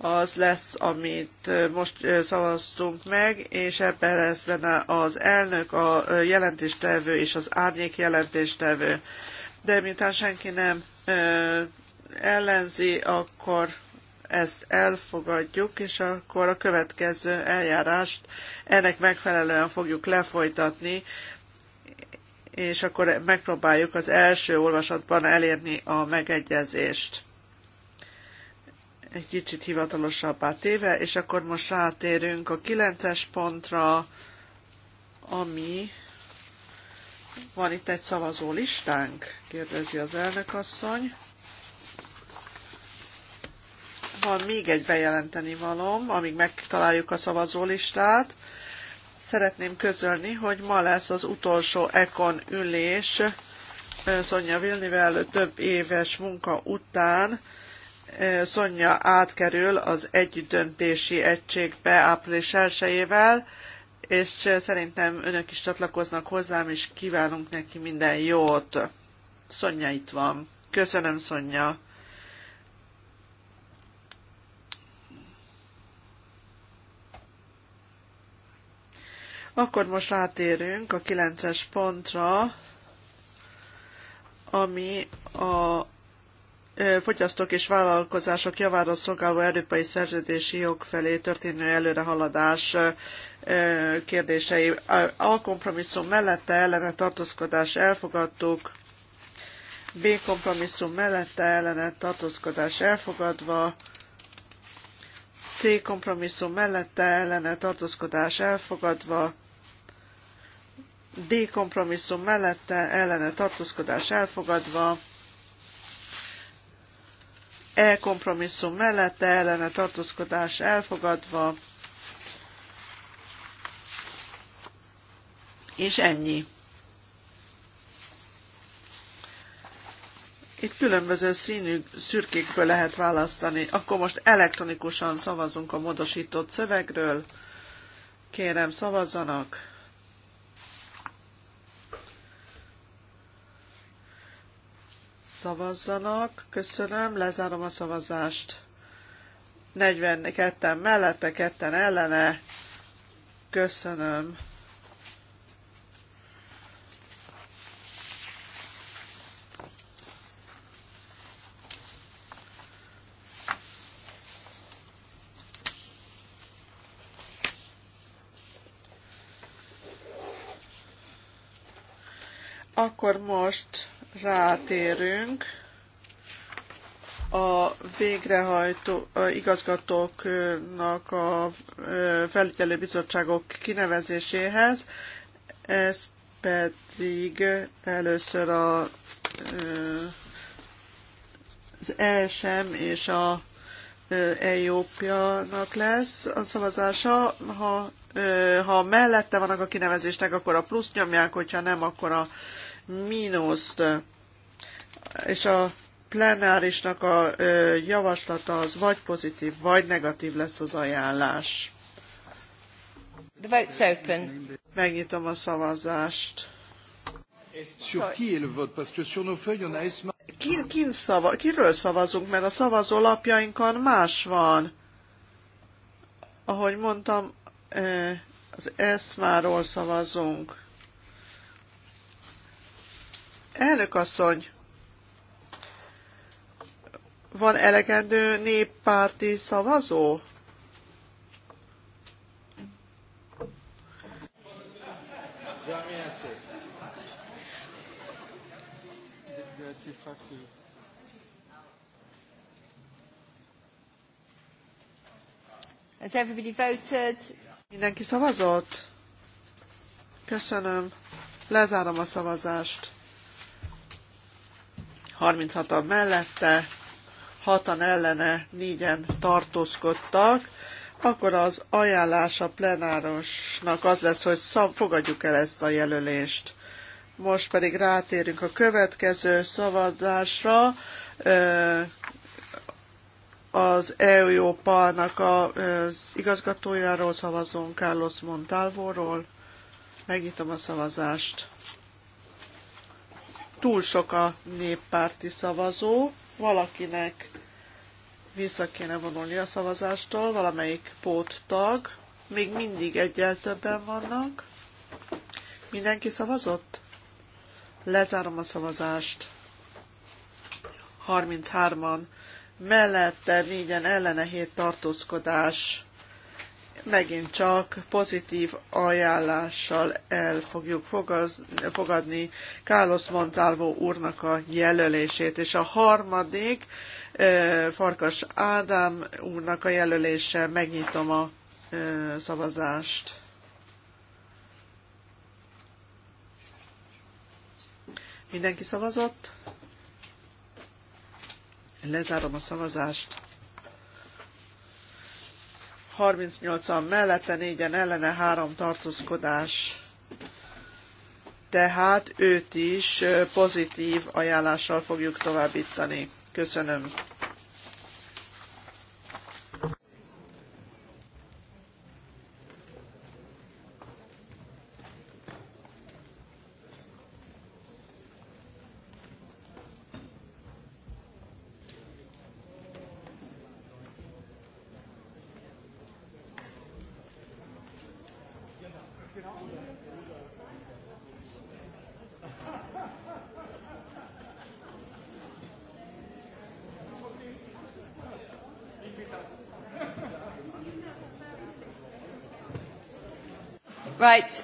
az lesz, amit most szavaztunk meg, és ebben lesz benne az elnök, a jelentéstevő és az árnyék jelentéstevő. De miután senki nem ellenzi, akkor ezt elfogadjuk, és akkor a következő eljárást ennek megfelelően fogjuk lefolytatni, és akkor megpróbáljuk az első olvasatban elérni a megegyezést egy kicsit hivatalosabbá téve, és akkor most rátérünk a 9-es pontra, ami van itt egy szavazó listánk, kérdezi az elnökasszony van még egy bejelenteni valom, amíg megtaláljuk a szavazólistát. Szeretném közölni, hogy ma lesz az utolsó Ekon ülés Szonya Vilnivel több éves munka után. Szonya átkerül az együttdöntési egységbe április 1 és szerintem önök is csatlakoznak hozzám, és kívánunk neki minden jót. Szonya itt van. Köszönöm, Szonya. Akkor most rátérünk a 9-es pontra, ami a fogyasztók és vállalkozások javára szolgáló európai szerződési jog felé történő előrehaladás kérdései. A kompromisszum mellette ellene tartózkodás elfogadtuk, B kompromisszum mellette ellene tartózkodás elfogadva, C kompromisszum mellette ellene tartózkodás elfogadva, D kompromisszum mellette ellene tartózkodás elfogadva, E kompromisszum mellette ellene tartózkodás elfogadva, és ennyi. Itt különböző színű szürkékből lehet választani. Akkor most elektronikusan szavazunk a módosított szövegről. Kérem, szavazzanak! Szavazzanak. Köszönöm. Lezárom a szavazást. 42-en mellette, 2 ellene. Köszönöm. Akkor most rátérünk a végrehajtó a igazgatóknak a bizottságok kinevezéséhez, ez pedig először a, az ESM és a EUPJ-nak lesz a szavazása. Ha, ha mellette vannak a kinevezésnek, akkor a plusz nyomják, hogyha nem, akkor a mínuszt, és a plenárisnak a javaslata az vagy pozitív, vagy negatív lesz az ajánlás. The vote's open. Megnyitom a szavazást. Ki, Ki, szava, kiről szavazunk, mert a szavazó lapjainkon más van. Ahogy mondtam, az ESMA-ról szavazunk. Elnök asszony, van elegendő néppárti szavazó? Has everybody voted? Mindenki szavazott? Köszönöm. Lezárom a szavazást. 36-an mellette, 6-an ellene, 4-en tartózkodtak, akkor az ajánlása plenárosnak az lesz, hogy szav, fogadjuk el ezt a jelölést. Most pedig rátérünk a következő szavazásra az Európa-nak az igazgatójáról szavazunk, Carlos Montalvóról. Megnyitom a szavazást túl sok a néppárti szavazó, valakinek vissza kéne vonulni a szavazástól, valamelyik póttag, még mindig egyel többen vannak. Mindenki szavazott? Lezárom a szavazást. 33-an. Mellette négyen ellene hét tartózkodás megint csak pozitív ajánlással el fogjuk fogaz, fogadni Carlos Montalvo úrnak a jelölését. És a harmadik, Farkas Ádám úrnak a jelölése, megnyitom a szavazást. Mindenki szavazott? Lezárom a szavazást. 38-an mellette, 4-en ellene, 3 tartózkodás. Tehát őt is pozitív ajánlással fogjuk továbbítani. Köszönöm. Right.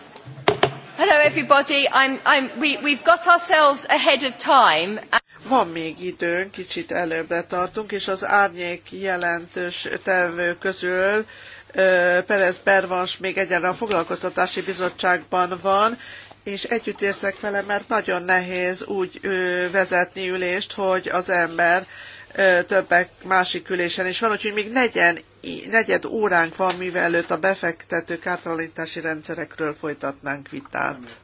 Hello everybody. I'm, I'm, we, we've got ourselves ahead of time. Van még időnk, kicsit előbbre tartunk, és az árnyék jelentős tevő közül Perez Bervans még egyenre a foglalkoztatási bizottságban van, és együtt érzek vele, mert nagyon nehéz úgy vezetni ülést, hogy az ember többek másik ülésen is van, úgyhogy még negyen negyed óránk van, mivel előtt a befektetők kártalanítási rendszerekről folytatnánk vitát.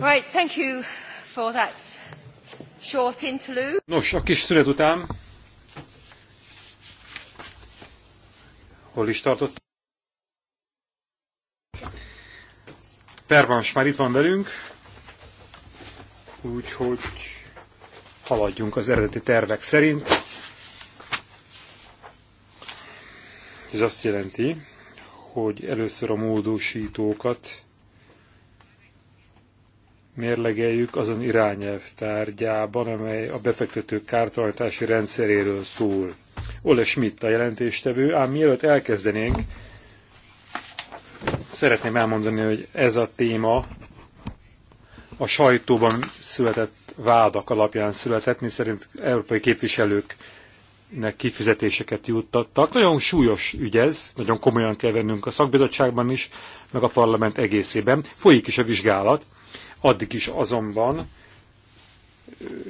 Right, thank you for that short interlude. Nos, a kis szünet után hol is tartott? Pervans már itt van velünk, úgyhogy haladjunk az eredeti tervek szerint. Ez azt jelenti, hogy először a módosítókat mérlegeljük azon irányelv tárgyában, amely a befektetők kártalanítási rendszeréről szól. Ole Schmidt a jelentéstevő, ám mielőtt elkezdenénk, szeretném elmondani, hogy ez a téma a sajtóban született vádak alapján született, mi szerint európai képviselőknek kifizetéseket juttattak. Nagyon súlyos ügy ez, nagyon komolyan kell vennünk a szakbizottságban is, meg a parlament egészében. Folyik is a vizsgálat, Addig is azonban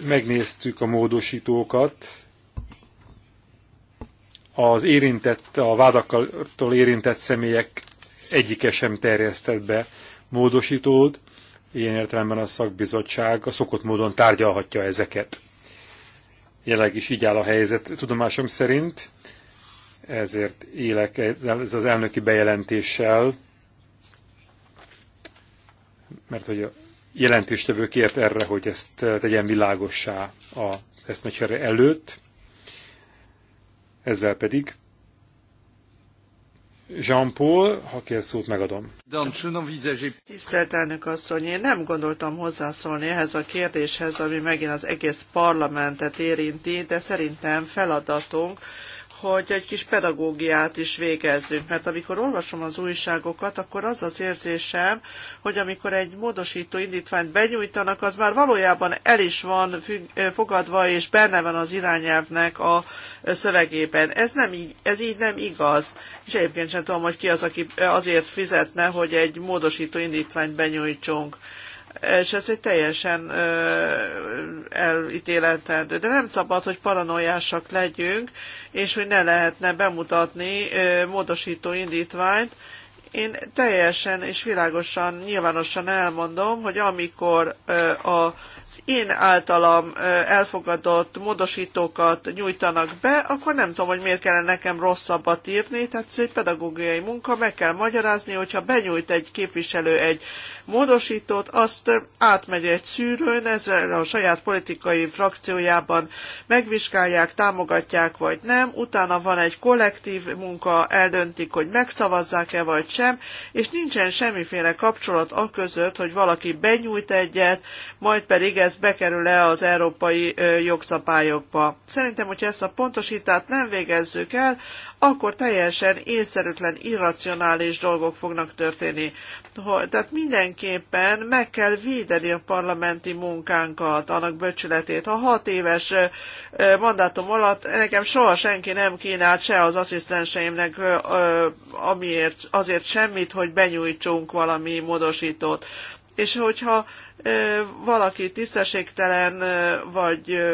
megnéztük a módosítókat, az érintett, a vádakkal érintett személyek egyike sem terjesztett be módosítót, ilyen értelemben a szakbizottság a szokott módon tárgyalhatja ezeket. Jelenleg is így áll a helyzet tudomásom szerint, ezért élek ez az elnöki bejelentéssel, mert hogy a jelentéstevő kért erre, hogy ezt eh, tegyen világossá a eszmecsere előtt. Ezzel pedig Jean-Paul, ha kér szót, megadom. Tisztelt elnök asszony, én nem gondoltam hozzászólni ehhez a kérdéshez, ami megint az egész parlamentet érinti, de szerintem feladatunk, hogy egy kis pedagógiát is végezzünk, mert amikor olvasom az újságokat, akkor az az érzésem, hogy amikor egy módosító indítványt benyújtanak, az már valójában el is van fogadva, és benne van az irányelvnek a szövegében. Ez, nem így, ez így nem igaz. És egyébként sem tudom, hogy ki az, aki azért fizetne, hogy egy módosító indítványt benyújtsunk és ez egy teljesen elítéletendő. De nem szabad, hogy paranoiásak legyünk, és hogy ne lehetne bemutatni ö, módosító indítványt. Én teljesen és világosan, nyilvánosan elmondom, hogy amikor ö, a az én általam elfogadott módosítókat nyújtanak be, akkor nem tudom, hogy miért kellene nekem rosszabbat írni, tehát ez egy pedagógiai munka, meg kell magyarázni, hogyha benyújt egy képviselő egy módosítót, azt átmegy egy szűrőn, ezzel a saját politikai frakciójában megvizsgálják, támogatják vagy nem, utána van egy kollektív munka, eldöntik, hogy megszavazzák-e vagy sem, és nincsen semmiféle kapcsolat a között, hogy valaki benyújt egyet, majd pedig ez bekerül-e az európai jogszabályokba. Szerintem, hogyha ezt a pontosítást nem végezzük el, akkor teljesen észszerűtlen, irracionális dolgok fognak történni hol. Tehát mindenképpen meg kell védeni a parlamenti munkánkat, annak böcsületét. Ha hat éves mandátum alatt nekem soha senki nem kínált se az asszisztenseimnek amiért, azért semmit, hogy benyújtsunk valami módosítót. És hogyha valaki tisztességtelen vagy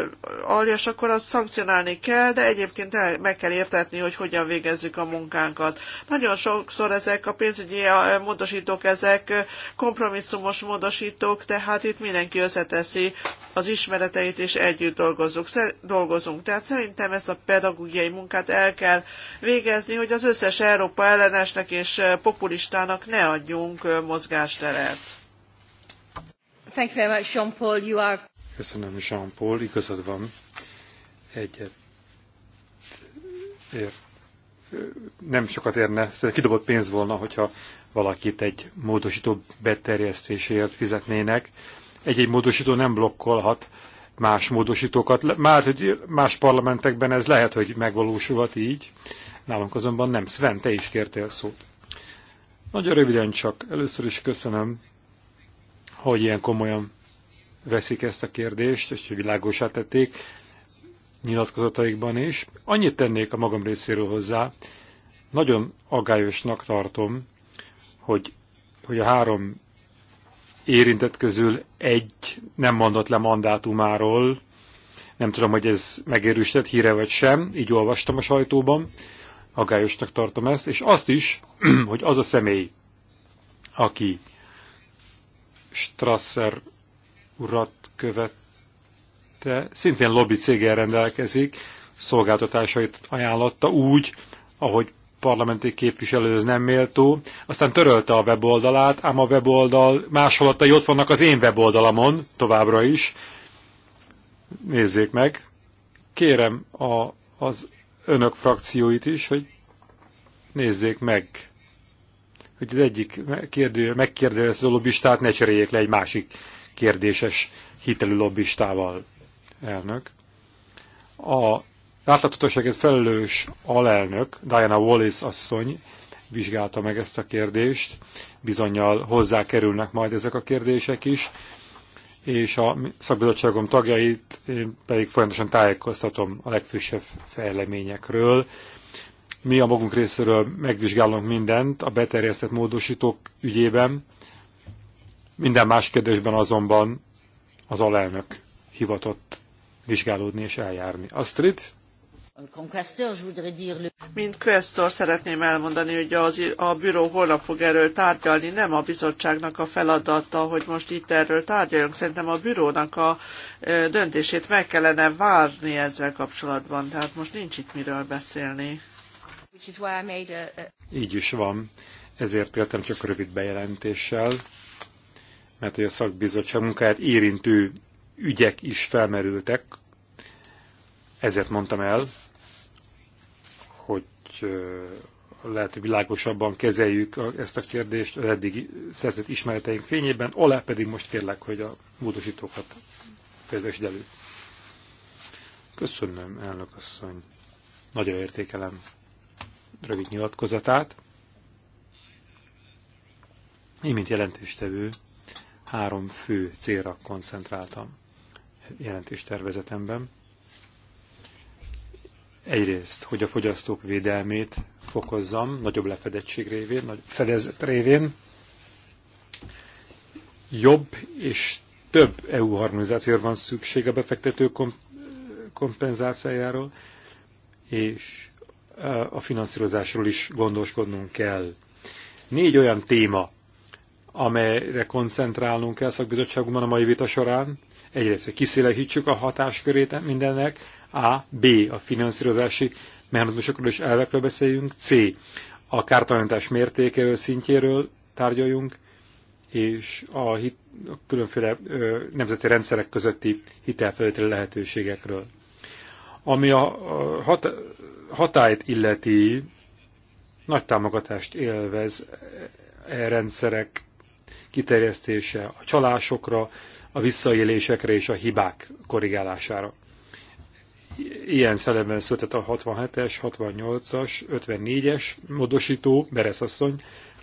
aljas, akkor azt szankcionálni kell, de egyébként meg kell értetni, hogy hogyan végezzük a munkánkat. Nagyon sokszor ezek a pénzügyi módosítók, ezek kompromisszumos módosítók, tehát itt mindenki összeteszi az ismereteit, és együtt dolgozunk. dolgozunk. Tehát szerintem ezt a pedagógiai munkát el kell végezni, hogy az összes Európa ellenesnek és populistának ne adjunk mozgásteret. Thank you very much, Jean-Paul. You are... Köszönöm, Jean-Paul. Igazad van. Egyet. Ért. Nem sokat érne, szerintem kidobott pénz volna, hogyha valakit egy módosító beterjesztéséért fizetnének. Egy-egy módosító nem blokkolhat más módosítókat. Már hogy más parlamentekben ez lehet, hogy megvalósulhat így. Nálunk azonban nem. Sven, te is kértél szót. Nagyon röviden csak. Először is köszönöm hogy ilyen komolyan veszik ezt a kérdést, és hogy világosá tették nyilatkozataikban is. Annyit tennék a magam részéről hozzá, nagyon agályosnak tartom, hogy, hogy a három érintett közül egy nem mondott le mandátumáról, nem tudom, hogy ez megérősített híre vagy sem, így olvastam a sajtóban, agályosnak tartom ezt, és azt is, hogy az a személy, aki Strasser urat követte, szintén lobby céggel rendelkezik, szolgáltatásait ajánlotta úgy, ahogy parlamenti képviselőhöz nem méltó, aztán törölte a weboldalát, ám a weboldal másolatai ott vannak az én weboldalamon, továbbra is. Nézzék meg. Kérem a, az önök frakcióit is, hogy nézzék meg hogy az egyik kérdő, megkérdező lobbistát ne cseréljék le egy másik kérdéses hitelű lobbistával, elnök. A láthatóságért felelős alelnök, Diana Wallis asszony vizsgálta meg ezt a kérdést, bizonyal hozzá kerülnek majd ezek a kérdések is, és a szakbizottságom tagjait én pedig folyamatosan tájékoztatom a legfrissebb fejleményekről, mi a magunk részéről megvizsgálunk mindent a beterjesztett módosítók ügyében, minden más kérdésben azonban az alelnök hivatott vizsgálódni és eljárni. Astrid? Mint questor szeretném elmondani, hogy az, a büró holnap fog erről tárgyalni, nem a bizottságnak a feladata, hogy most itt erről tárgyaljunk. Szerintem a bürónak a döntését meg kellene várni ezzel kapcsolatban, tehát most nincs itt miről beszélni. Így is van. Ezért éltem csak rövid bejelentéssel, mert hogy a szakbizottság munkáját érintő ügyek is felmerültek. Ezért mondtam el, hogy lehet, hogy világosabban kezeljük ezt a kérdést az eddig szerzett ismereteink fényében. Alá pedig most kérlek, hogy a módosítókat vezesd elő. Köszönöm, elnök asszony. Nagyon értékelem rövid nyilatkozatát. Én, mint jelentéstevő, három fő célra koncentráltam jelentéstervezetemben. Egyrészt, hogy a fogyasztók védelmét fokozzam, nagyobb lefedettség révén, nagy fedezet révén, jobb és több EU harmonizációra van szükség a befektető kompenzációjáról, és a finanszírozásról is gondoskodnunk kell. Négy olyan téma, amelyre koncentrálnunk kell szakbizottságunkban a mai vita során. Egyrészt, hogy kiszélehítsük a hatáskörét mindennek, A, B, a finanszírozási mechanizmusokról és elvekről beszéljünk, C, a kártalanítás mértékéről, szintjéről tárgyaljunk, és a, hit, a különféle ö, nemzeti rendszerek közötti hitelfelvételi lehetőségekről. Ami a hat, hatályt illeti, nagy támogatást élvez e rendszerek kiterjesztése a csalásokra, a visszaélésekre és a hibák korrigálására. Ilyen szellemben született a 67-es, 68-as, 54-es módosító, Bereszasszony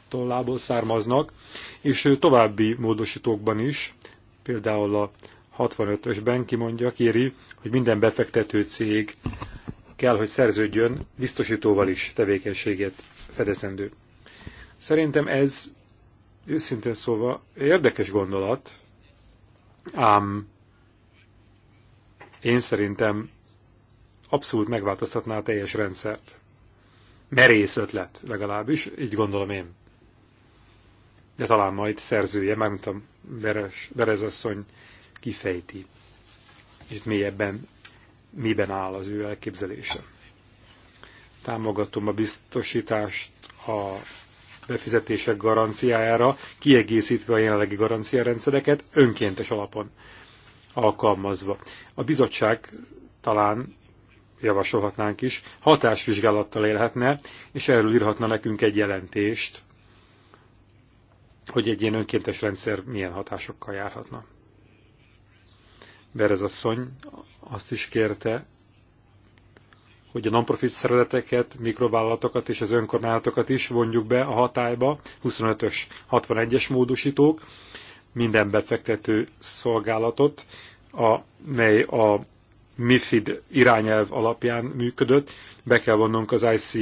tollából származnak, és további módosítókban is, például a 65-ösben kimondja, kéri, hogy minden befektető cég kell, hogy szerződjön biztosítóval is tevékenységet fedezendő. Szerintem ez őszintén szólva érdekes gondolat, ám én szerintem abszolút megváltoztatná a teljes rendszert. Merész ötlet, legalábbis, így gondolom én. De talán majd szerzője, mármint a Beres, Berezasszony kifejti, és mélyebben miben áll az ő elképzelése. Támogatom a biztosítást a befizetések garanciájára, kiegészítve a jelenlegi garanciarendszereket önkéntes alapon alkalmazva. A bizottság talán javasolhatnánk is, hatásvizsgálattal élhetne, és erről írhatna nekünk egy jelentést, hogy egy ilyen önkéntes rendszer milyen hatásokkal járhatna. Berez asszony azt is kérte, hogy a non-profit szervezeteket, mikrovállalatokat és az önkormányzatokat is vonjuk be a hatályba, 25-ös, 61-es módosítók, minden befektető szolgálatot, a, mely a MIFID irányelv alapján működött, be kell vonnunk az IC,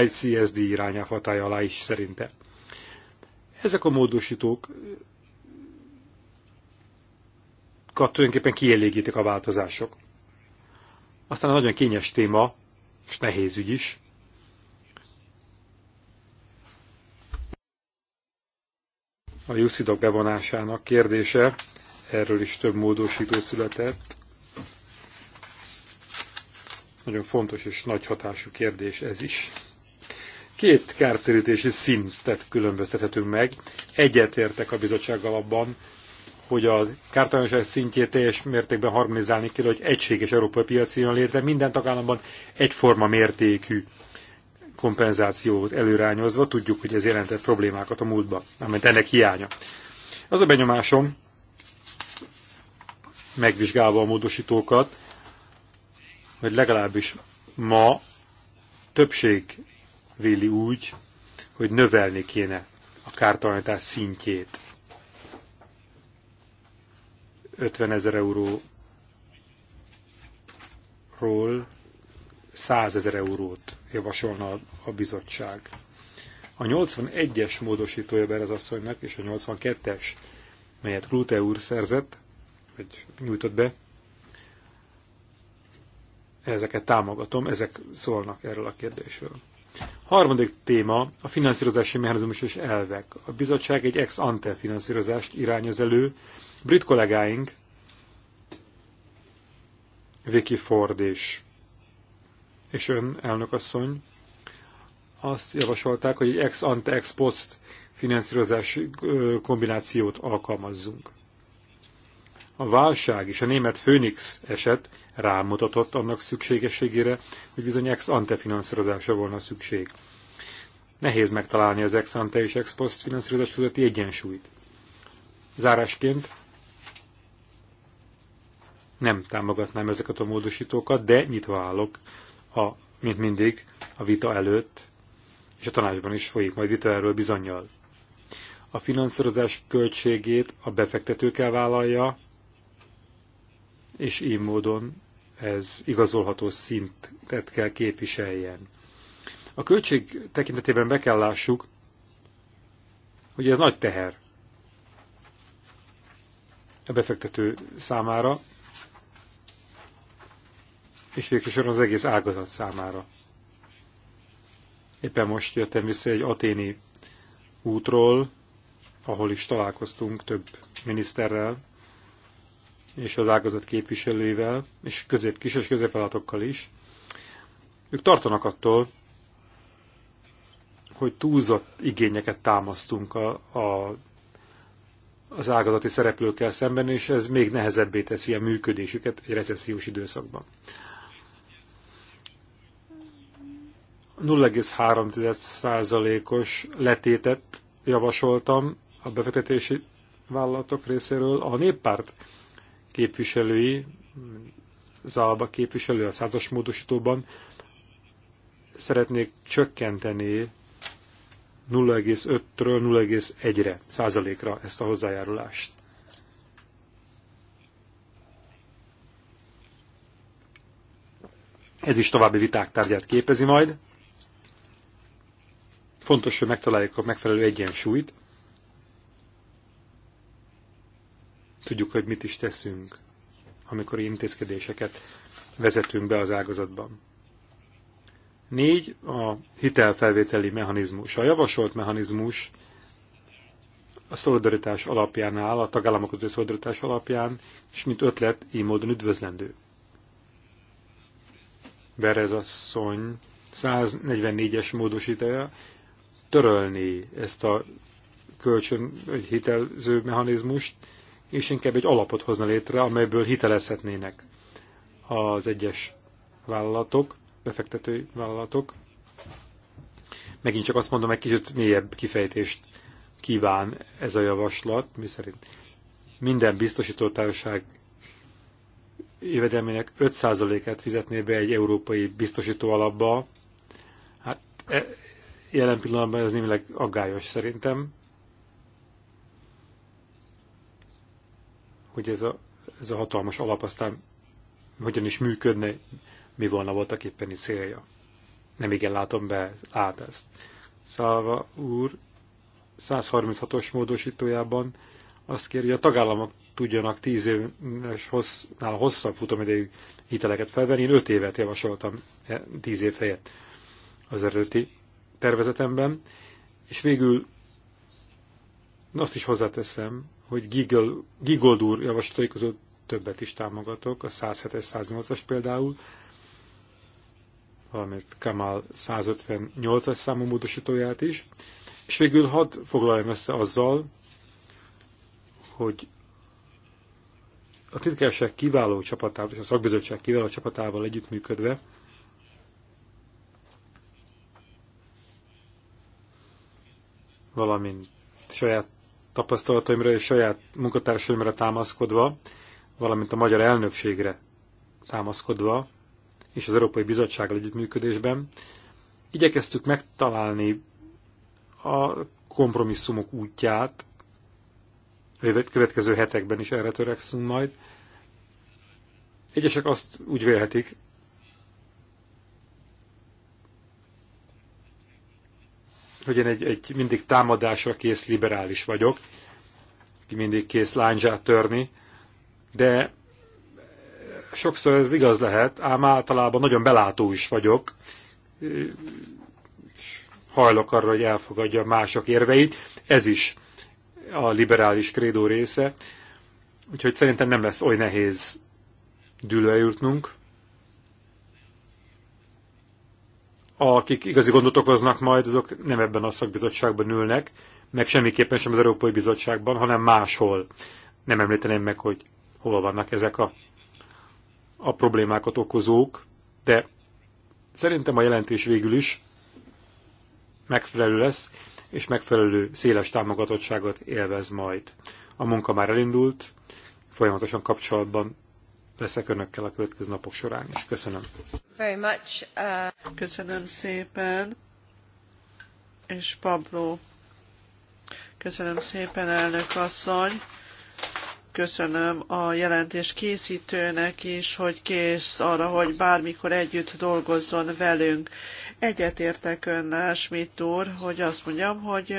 ICSD irányelv hatája alá is szerinte. Ezek a módosítók tulajdonképpen kielégítik a változások. Aztán nagyon kényes téma, és nehéz ügy is. A jusszidok bevonásának kérdése, erről is több módosító született. Nagyon fontos és nagy hatású kérdés ez is. Két kártérítési szintet különböztethetünk meg. Egyetértek a bizottsággal abban, hogy a kártalanság szintjét teljes mértékben harmonizálni kell, hogy egységes európai piac jön létre, minden tagállamban egyforma mértékű kompenzációt előrányozva. Tudjuk, hogy ez jelentett problémákat a múltban, amelyet ennek hiánya. Az a benyomásom, megvizsgálva a módosítókat, hogy legalábbis ma többség véli úgy, hogy növelni kéne a kártalanítás szintjét 50 ezer euróról 100 ezer eurót javasolna a bizottság. A 81-es módosítója Berez asszonynak és a 82-es, melyet Klute úr szerzett, vagy nyújtott be, ezeket támogatom, ezek szólnak erről a kérdésről. Harmadik téma a finanszírozási mechanizmus és elvek. A bizottság egy ex ante finanszírozást irányoz elő, Brit kollégáink, Vicky Ford is, és ön elnökasszony, azt javasolták, hogy egy ex-ante, ex-post finanszírozási kombinációt alkalmazzunk. A válság és a német Phoenix eset rámutatott annak szükségességére, hogy bizony ex-ante finanszírozásra volna szükség. Nehéz megtalálni az ex-ante és ex-post finanszírozás közötti egyensúlyt. Zárásként nem támogatnám ezeket a módosítókat, de nyitva állok, a, mint mindig, a vita előtt, és a tanácsban is folyik majd vita erről bizonyal. A finanszírozás költségét a befektető kell vállalja, és így módon ez igazolható szintet kell képviseljen. A költség tekintetében be kell lássuk, hogy ez nagy teher a befektető számára, és végsősorban az egész ágazat számára. Éppen most jöttem vissza egy aténi útról, ahol is találkoztunk több miniszterrel, és az ágazat képviselőivel, és közép, kis és középvállalatokkal is. Ők tartanak attól, hogy túlzott igényeket támasztunk a, a, az ágazati szereplőkkel szemben, és ez még nehezebbé teszi a működésüket egy recessziós időszakban. 0,3%-os letétet javasoltam a befektetési vállalatok részéről. A néppárt képviselői, Zálba képviselő a százas módosítóban szeretnék csökkenteni 0,5-ről 0,1-re százalékra ezt a hozzájárulást. Ez is további viták tárgyát képezi majd. Fontos, hogy megtaláljuk a megfelelő egyensúlyt. Tudjuk, hogy mit is teszünk, amikor intézkedéseket vezetünk be az ágazatban. Négy, a hitelfelvételi mechanizmus. A javasolt mechanizmus a szolidaritás alapján áll, a tagállamok közötti szolidaritás alapján, és mint ötlet, így módon üdvözlendő. Berez asszony 144-es módosítája törölni ezt a kölcsön, egy hitelző mechanizmust, és inkább egy alapot hozna létre, amelyből hitelezhetnének az egyes vállalatok, befektetői vállalatok. Megint csak azt mondom, egy kicsit mélyebb kifejtést kíván ez a javaslat, miszerint minden biztosítótársaság jövedelmének 5%-át fizetné be egy európai biztosító alapba. Hát e- jelen pillanatban ez némileg aggályos szerintem, hogy ez a, ez a hatalmas alap aztán hogyan is működne, mi volna voltak éppen itt célja. Nem igen látom be át ezt. Szálva úr 136-os módosítójában azt kéri, hogy a tagállamok tudjanak 10 éves hossz hosszabb futamidejű hiteleket felvenni. Én 5 évet javasoltam 10 e, év helyett az eredeti tervezetemben, és végül azt is hozzáteszem, hogy Giggle, Gigold úr javaslatai között többet is támogatok, a 107-es, 108-as például, valamint Kamal 158-as számú módosítóját is. És végül hadd foglaljam össze azzal, hogy a titkárság kiváló csapatával és a szakbizottság kiváló csapatával együttműködve valamint saját tapasztalataimra és saját munkatársaimra támaszkodva, valamint a magyar elnökségre támaszkodva, és az Európai Bizottsággal együttműködésben, igyekeztük megtalálni a kompromisszumok útját, következő hetekben is erre törekszünk majd. Egyesek azt úgy vélhetik, hogy én egy, egy mindig támadásra kész liberális vagyok, ki mindig kész lányzsát törni, de sokszor ez igaz lehet, ám általában nagyon belátó is vagyok, és hajlok arra, hogy elfogadja mások érveit, ez is a liberális krédó része, úgyhogy szerintem nem lesz oly nehéz dűlőjutnunk. akik igazi gondot okoznak majd, azok nem ebben a szakbizottságban ülnek, meg semmiképpen sem az Európai Bizottságban, hanem máshol. Nem említeném meg, hogy hol vannak ezek a, a problémákat okozók, de szerintem a jelentés végül is megfelelő lesz, és megfelelő széles támogatottságot élvez majd. A munka már elindult, folyamatosan kapcsolatban leszek önökkel a következő napok során is. Köszönöm. Very much, uh... Köszönöm szépen. És Pablo. Köszönöm szépen, elnök asszony. Köszönöm a jelentés készítőnek is, hogy kész arra, hogy bármikor együtt dolgozzon velünk. Egyetértek önnel, Schmidt úr, hogy azt mondjam, hogy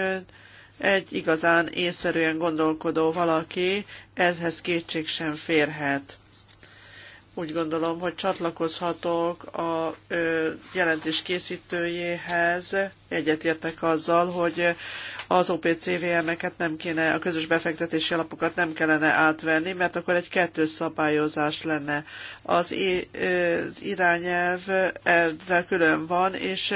egy igazán észszerűen gondolkodó valaki, ezhez kétség sem férhet úgy gondolom, hogy csatlakozhatok a jelentés készítőjéhez, egyetértek azzal, hogy az OPCVM-eket nem kéne, a közös befektetési alapokat nem kellene átvenni, mert akkor egy kettős szabályozás lenne. Az, irányelv erre külön van, és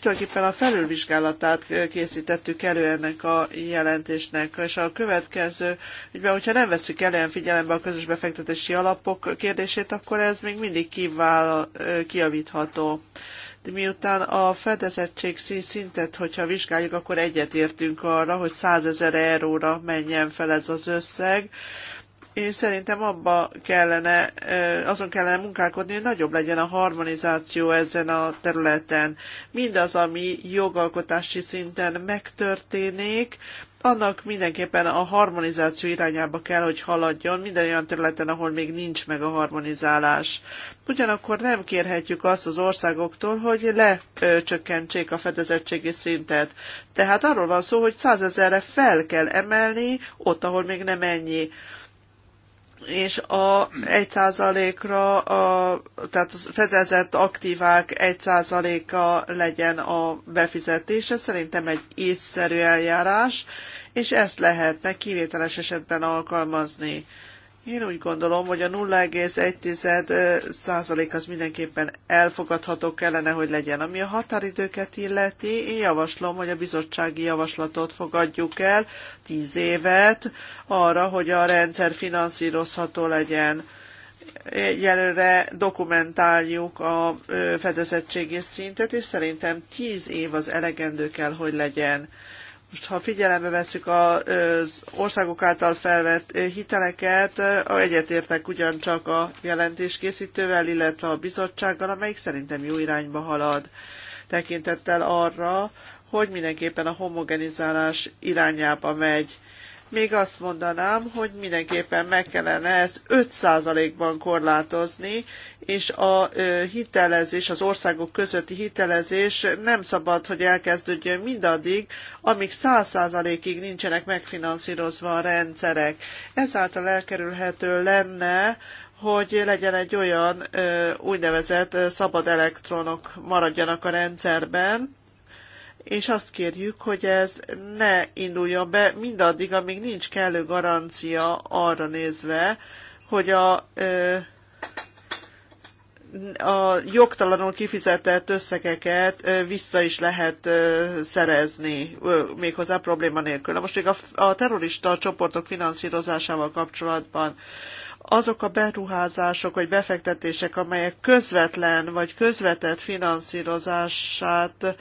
tulajdonképpen a felülvizsgálatát készítettük elő ennek a jelentésnek, és a következő ügyben, hogyha nem veszük elően figyelembe a közös befektetési alapok kérdését, akkor ez még mindig kivál, kiavítható. De miután a fedezettség szintet, hogyha vizsgáljuk, akkor egyetértünk arra, hogy 100 ezer euróra menjen fel ez az összeg, és szerintem abba kellene, azon kellene munkálkodni, hogy nagyobb legyen a harmonizáció ezen a területen. Mindaz, ami jogalkotási szinten megtörténik, annak mindenképpen a harmonizáció irányába kell, hogy haladjon minden olyan területen, ahol még nincs meg a harmonizálás. Ugyanakkor nem kérhetjük azt az országoktól, hogy lecsökkentsék a fedezettségi szintet. Tehát arról van szó, hogy százezerre fel kell emelni ott, ahol még nem ennyi és a 1%-ra, a, tehát a fedezett aktívák 1%-a legyen a befizetése. Szerintem egy észszerű eljárás, és ezt lehetne kivételes esetben alkalmazni. Én úgy gondolom, hogy a 0,1 százalék az mindenképpen elfogadható kellene, hogy legyen. Ami a határidőket illeti, én javaslom, hogy a bizottsági javaslatot fogadjuk el, 10 évet, arra, hogy a rendszer finanszírozható legyen. Egyelőre dokumentáljuk a fedezettségi szintet, és szerintem 10 év az elegendő kell, hogy legyen most ha figyelembe veszük az országok által felvett hiteleket, egyetértek ugyancsak a jelentéskészítővel, illetve a bizottsággal, amelyik szerintem jó irányba halad. Tekintettel arra, hogy mindenképpen a homogenizálás irányába megy még azt mondanám, hogy mindenképpen meg kellene ezt 5%-ban korlátozni, és a hitelezés, az országok közötti hitelezés nem szabad, hogy elkezdődjön mindaddig, amíg 100%-ig nincsenek megfinanszírozva a rendszerek. Ezáltal elkerülhető lenne, hogy legyen egy olyan úgynevezett szabad elektronok maradjanak a rendszerben, és azt kérjük, hogy ez ne induljon be mindaddig, amíg nincs kellő garancia arra nézve, hogy a, a jogtalanul kifizetett összegeket vissza is lehet szerezni, méghozzá probléma nélkül. Na most még a, a terrorista csoportok finanszírozásával kapcsolatban azok a beruházások vagy befektetések, amelyek közvetlen vagy közvetett finanszírozását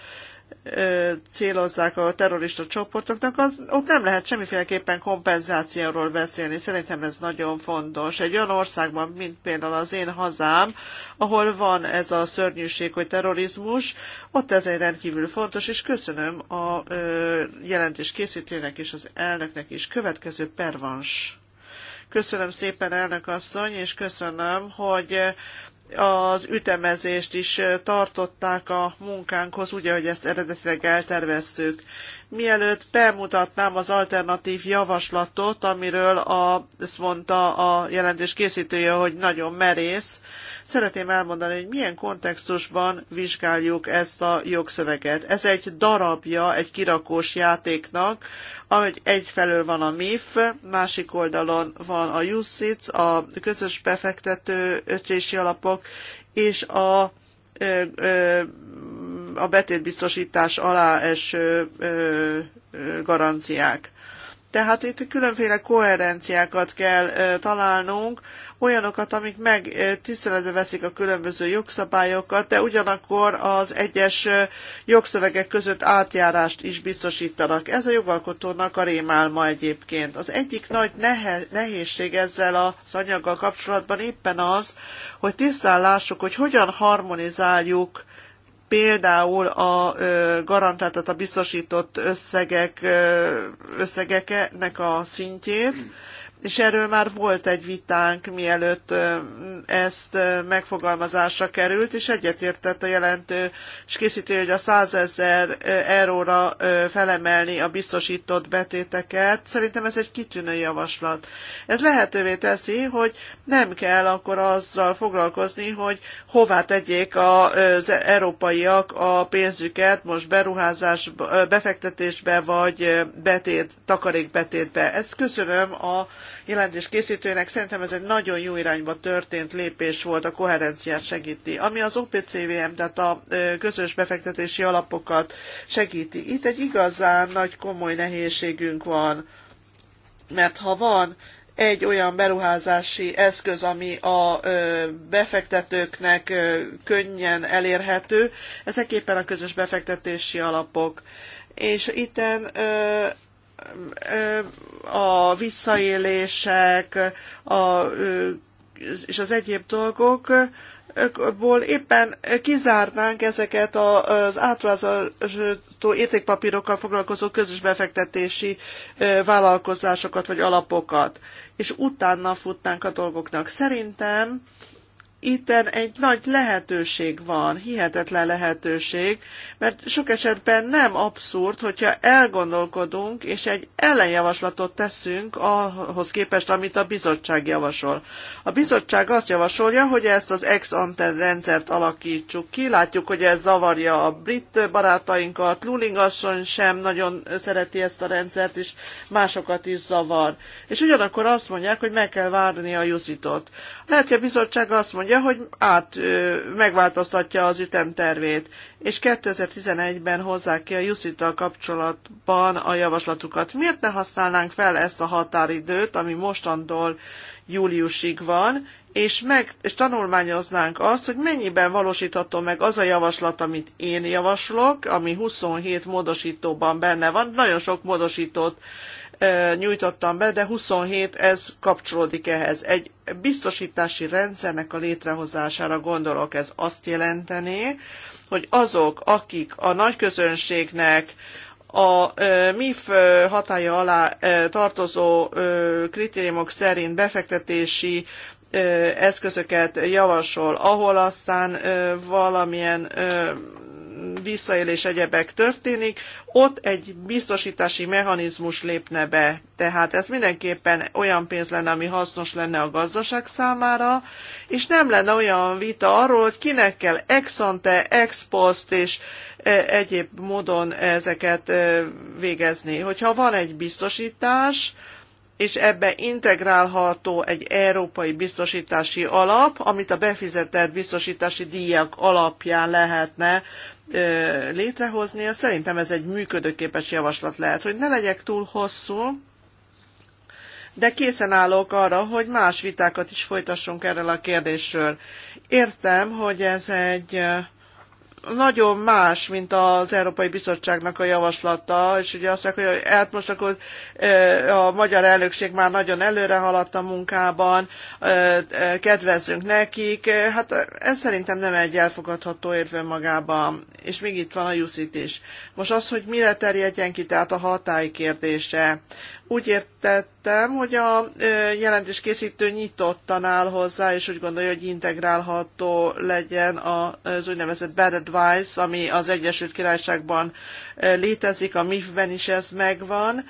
célozzák a terrorista csoportoknak, az, ott nem lehet semmiféleképpen kompenzációról beszélni. Szerintem ez nagyon fontos. Egy olyan országban, mint például az én hazám, ahol van ez a szörnyűség, hogy terrorizmus, ott ez egy rendkívül fontos, és köszönöm a ö, jelentés készítőnek és az elnöknek is. Következő pervans. Köszönöm szépen, elnök asszony, és köszönöm, hogy az ütemezést is tartották a munkánkhoz, úgy, ahogy ezt eredetileg elterveztük. Mielőtt bemutatnám az alternatív javaslatot, amiről a, ezt mondta a jelentés készítője, hogy nagyon merész, szeretném elmondani, hogy milyen kontextusban vizsgáljuk ezt a jogszöveget. Ez egy darabja egy kirakós játéknak, ahogy egyfelől van a MIF, másik oldalon van a USIC, a közös befektető ötlési alapok, és a a betétbiztosítás alá eső garanciák. Tehát itt különféle koherenciákat kell találnunk, olyanokat, amik meg tiszteletbe veszik a különböző jogszabályokat, de ugyanakkor az egyes jogszövegek között átjárást is biztosítanak. Ez a jogalkotónak a rémálma egyébként. Az egyik nagy nehézség ezzel a anyaggal kapcsolatban éppen az, hogy tisztán lássuk, hogy hogyan harmonizáljuk például a garantáltat a biztosított összegek, összegeknek a szintjét, és erről már volt egy vitánk, mielőtt ezt megfogalmazásra került, és egyetértett a jelentő, és készítő, hogy a 100 ezer euróra felemelni a biztosított betéteket. Szerintem ez egy kitűnő javaslat. Ez lehetővé teszi, hogy nem kell akkor azzal foglalkozni, hogy hová tegyék az európaiak a pénzüket, most beruházás, befektetésbe, vagy betét, takarékbetétbe. Ezt köszönöm a jelentés készítőnek. Szerintem ez egy nagyon jó irányba történt lépés volt, a koherenciát segíti. Ami az OPCVM, tehát a közös befektetési alapokat segíti. Itt egy igazán nagy komoly nehézségünk van, mert ha van egy olyan beruházási eszköz, ami a befektetőknek könnyen elérhető, ezek éppen a közös befektetési alapok. És itten a visszaélések a, és az egyéb dolgok, ból éppen kizárnánk ezeket az átrázató értékpapírokkal foglalkozó közös befektetési vállalkozásokat vagy alapokat, és utána futnánk a dolgoknak. Szerintem itt egy nagy lehetőség van, hihetetlen lehetőség, mert sok esetben nem abszurd, hogyha elgondolkodunk, és egy ellenjavaslatot teszünk ahhoz képest, amit a bizottság javasol. A bizottság azt javasolja, hogy ezt az ex ante rendszert alakítsuk ki, látjuk, hogy ez zavarja a brit barátainkat, Luling asszony sem nagyon szereti ezt a rendszert, és másokat is zavar. És ugyanakkor azt mondják, hogy meg kell várni a juzitot. Lehet, hogy a bizottság azt mondja, mondja, hogy át megváltoztatja az ütemtervét, és 2011-ben hozzák ki a Jusittal kapcsolatban a javaslatukat. Miért ne használnánk fel ezt a határidőt, ami mostantól júliusig van, és, meg, és tanulmányoznánk azt, hogy mennyiben valósítható meg az a javaslat, amit én javaslok, ami 27 módosítóban benne van, nagyon sok módosítót nyújtottam be, de 27 ez kapcsolódik ehhez. Egy biztosítási rendszernek a létrehozására gondolok, ez azt jelenteni, hogy azok, akik a nagyközönségnek a MIF hatája alá tartozó kritériumok szerint befektetési eszközöket javasol, ahol aztán valamilyen visszaélés egyebek történik, ott egy biztosítási mechanizmus lépne be. Tehát ez mindenképpen olyan pénz lenne, ami hasznos lenne a gazdaság számára, és nem lenne olyan vita arról, hogy kinek kell ex ante, ex post és e, egyéb módon ezeket e, végezni. Hogyha van egy biztosítás, és ebbe integrálható egy európai biztosítási alap, amit a befizetett biztosítási díjak alapján lehetne létrehozni, Szerintem ez egy működőképes javaslat lehet, hogy ne legyek túl hosszú, de készen állok arra, hogy más vitákat is folytassunk erről a kérdésről. Értem, hogy ez egy nagyon más, mint az Európai Bizottságnak a javaslata, és ugye azt mondják, hogy hát most akkor a magyar elnökség már nagyon előre haladt a munkában, kedvezzünk nekik. Hát ez szerintem nem egy elfogadható érvő magában, és még itt van a Jusszit is. Most az, hogy mire terjedjen ki, tehát a hatály kérdése. Úgy értettem, hogy a jelentés készítő nyitottan áll hozzá, és úgy gondolja, hogy integrálható legyen az úgynevezett bad advice, ami az Egyesült Királyságban létezik, a MIF-ben is ez megvan.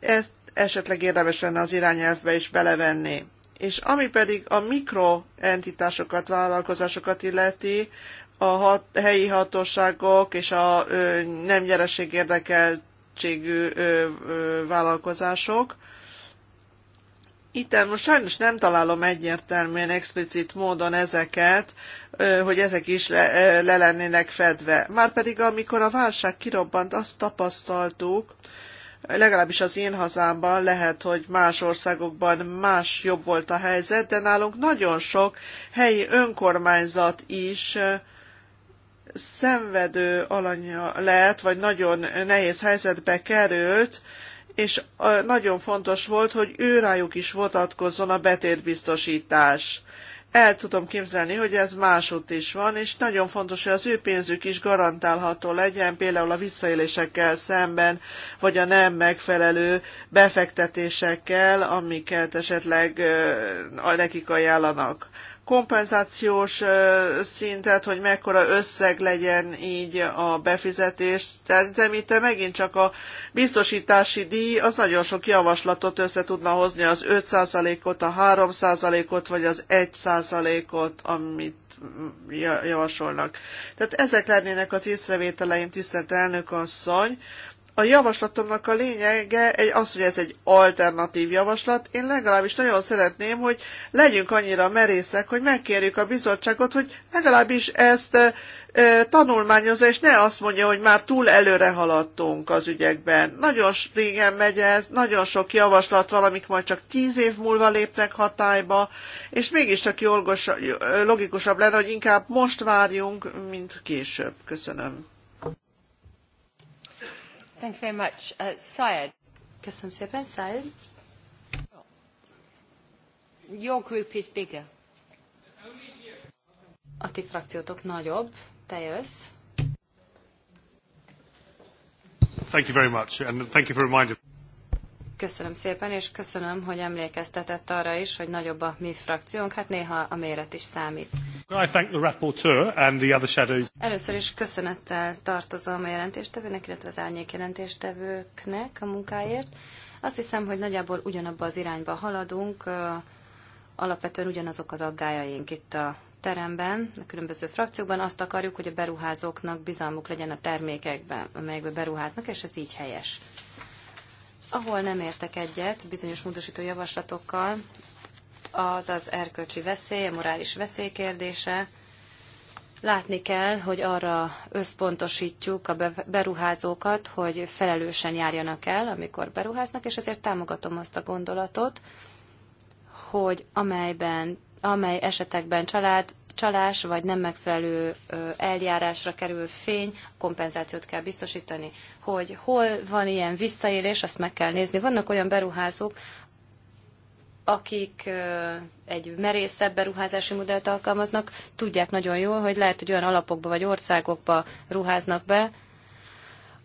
Ezt esetleg érdemes lenne az irányelvbe is belevenni. És ami pedig a mikroentitásokat, vállalkozásokat illeti, a hat, helyi hatóságok és a ö, nem nyereség érdekeltségű ö, ö, vállalkozások. Itt most sajnos nem találom egyértelműen explicit módon ezeket, hogy ezek is le, le lennének fedve. Márpedig amikor a válság kirobbant, azt tapasztaltuk, legalábbis az én hazámban, lehet, hogy más országokban más jobb volt a helyzet, de nálunk nagyon sok helyi önkormányzat is szenvedő alanya lett, vagy nagyon nehéz helyzetbe került, és nagyon fontos volt, hogy ő rájuk is vonatkozzon a betétbiztosítás. El tudom képzelni, hogy ez másút is van, és nagyon fontos, hogy az ő pénzük is garantálható legyen, például a visszaélésekkel szemben, vagy a nem megfelelő befektetésekkel, amiket esetleg nekik ajánlanak kompenzációs szintet, hogy mekkora összeg legyen így a befizetés. Szerintem itt megint csak a biztosítási díj, az nagyon sok javaslatot össze tudna hozni az 5%-ot, a 3%-ot, vagy az 1%-ot, amit javasolnak. Tehát ezek lennének az észrevételeim, tisztelt elnök asszony a javaslatomnak a lényege egy, az, hogy ez egy alternatív javaslat. Én legalábbis nagyon szeretném, hogy legyünk annyira merészek, hogy megkérjük a bizottságot, hogy legalábbis ezt e, e, tanulmányozza, és ne azt mondja, hogy már túl előre haladtunk az ügyekben. Nagyon régen megy ez, nagyon sok javaslat valamik majd csak tíz év múlva lépnek hatályba, és mégiscsak jolgos, logikusabb lenne, hogy inkább most várjunk, mint később. Köszönöm. Thank you very much. Uh, Syed. Köszönöm szépen, Syed. Your group is bigger. A ti frakciótok nagyobb, te jössz. Thank you very much, and thank you for reminding Köszönöm szépen, és köszönöm, hogy emlékeztetett arra is, hogy nagyobb a mi frakciónk, hát néha a méret is számít. Először is köszönettel tartozom a jelentéstevőnek, illetve az árnyék jelentéstevőknek a munkáért. Azt hiszem, hogy nagyjából ugyanabba az irányba haladunk, alapvetően ugyanazok az aggájaink itt a teremben, a különböző frakciókban azt akarjuk, hogy a beruházóknak bizalmuk legyen a termékekben, amelyekbe beruháznak, és ez így helyes. Ahol nem értek egyet bizonyos módosító javaslatokkal, az az erkölcsi veszély, a morális veszély kérdése. Látni kell, hogy arra összpontosítjuk a beruházókat, hogy felelősen járjanak el, amikor beruháznak, és ezért támogatom azt a gondolatot, hogy amelyben, amely esetekben család, csalás vagy nem megfelelő eljárásra kerül fény, kompenzációt kell biztosítani. Hogy hol van ilyen visszaélés, azt meg kell nézni. Vannak olyan beruházók, akik egy merészebb beruházási modellt alkalmaznak, tudják nagyon jól, hogy lehet, hogy olyan alapokba vagy országokba ruháznak be,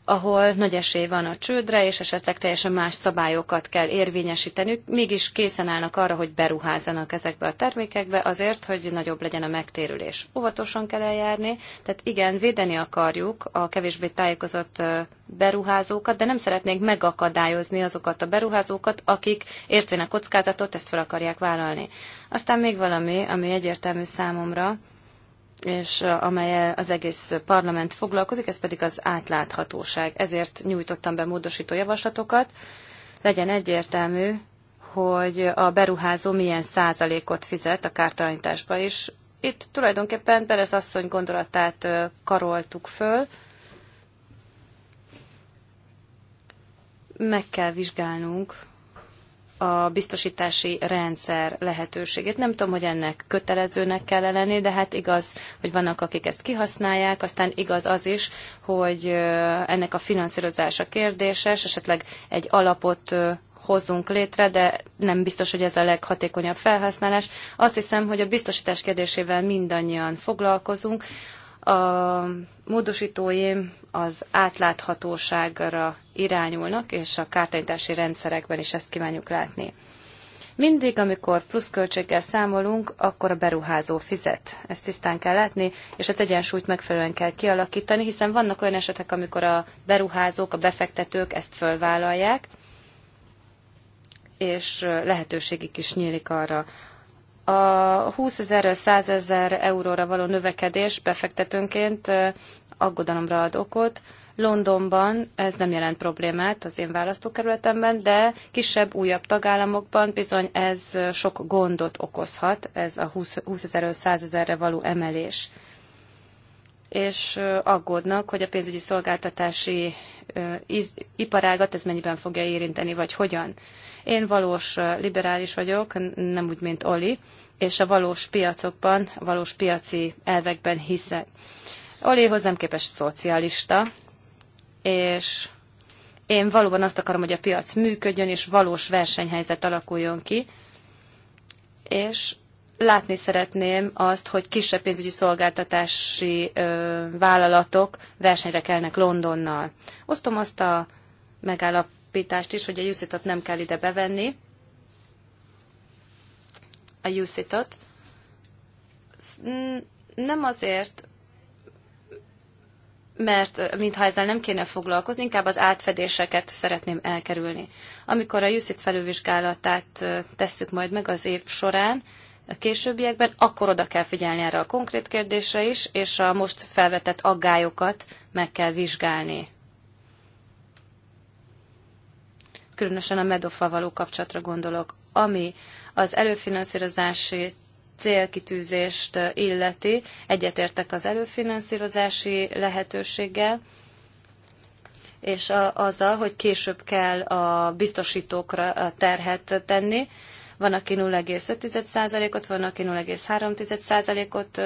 ahol nagy esély van a csődre, és esetleg teljesen más szabályokat kell érvényesíteniük, mégis készen állnak arra, hogy beruházzanak ezekbe a termékekbe azért, hogy nagyobb legyen a megtérülés. Óvatosan kell eljárni, tehát igen, védeni akarjuk a kevésbé tájékozott beruházókat, de nem szeretnénk megakadályozni azokat a beruházókat, akik értvén a kockázatot, ezt fel akarják vállalni. Aztán még valami, ami egyértelmű számomra, és amelyel az egész parlament foglalkozik, ez pedig az átláthatóság. Ezért nyújtottam be módosító javaslatokat. Legyen egyértelmű, hogy a beruházó milyen százalékot fizet a kártalanításba is. Itt tulajdonképpen Berez asszony gondolatát karoltuk föl. Meg kell vizsgálnunk a biztosítási rendszer lehetőségét. Nem tudom, hogy ennek kötelezőnek kell lenni, de hát igaz, hogy vannak, akik ezt kihasználják, aztán igaz az is, hogy ennek a finanszírozása kérdéses, esetleg egy alapot hozunk létre, de nem biztos, hogy ez a leghatékonyabb felhasználás. Azt hiszem, hogy a biztosítás kérdésével mindannyian foglalkozunk. A módosítói az átláthatóságra irányulnak, és a kártányítási rendszerekben is ezt kívánjuk látni. Mindig, amikor pluszköltséggel számolunk, akkor a beruházó fizet. Ezt tisztán kell látni, és az egyensúlyt megfelelően kell kialakítani, hiszen vannak olyan esetek, amikor a beruházók, a befektetők ezt fölvállalják, és lehetőségük is nyílik arra. A 20 ezerről 100 ezer euróra való növekedés befektetőnként aggodalomra ad okot. Londonban ez nem jelent problémát az én választókerületemben, de kisebb, újabb tagállamokban bizony ez sok gondot okozhat, ez a 20 ezerről 100 ezerre való emelés és aggódnak, hogy a pénzügyi szolgáltatási iparágat ez mennyiben fogja érinteni, vagy hogyan. Én valós liberális vagyok, nem úgy, mint Oli, és a valós piacokban, a valós piaci elvekben hiszek. Oli hozzám képes szocialista, és én valóban azt akarom, hogy a piac működjön, és valós versenyhelyzet alakuljon ki, és látni szeretném azt, hogy kisebb pénzügyi szolgáltatási ö, vállalatok versenyre kelnek Londonnal. Osztom azt a megállapítást is, hogy a ucit nem kell ide bevenni. A ucit Nem azért, mert mintha ezzel nem kéne foglalkozni, inkább az átfedéseket szeretném elkerülni. Amikor a USIT felülvizsgálatát tesszük majd meg az év során, a későbbiekben, akkor oda kell figyelni erre a konkrét kérdésre is, és a most felvetett aggályokat meg kell vizsgálni. Különösen a medoffal való kapcsolatra gondolok, ami az előfinanszírozási célkitűzést illeti. Egyetértek az előfinanszírozási lehetőséggel, és a, azzal, hogy később kell a biztosítókra terhet tenni, van, aki 0,5%-ot, van, aki 0,3%-ot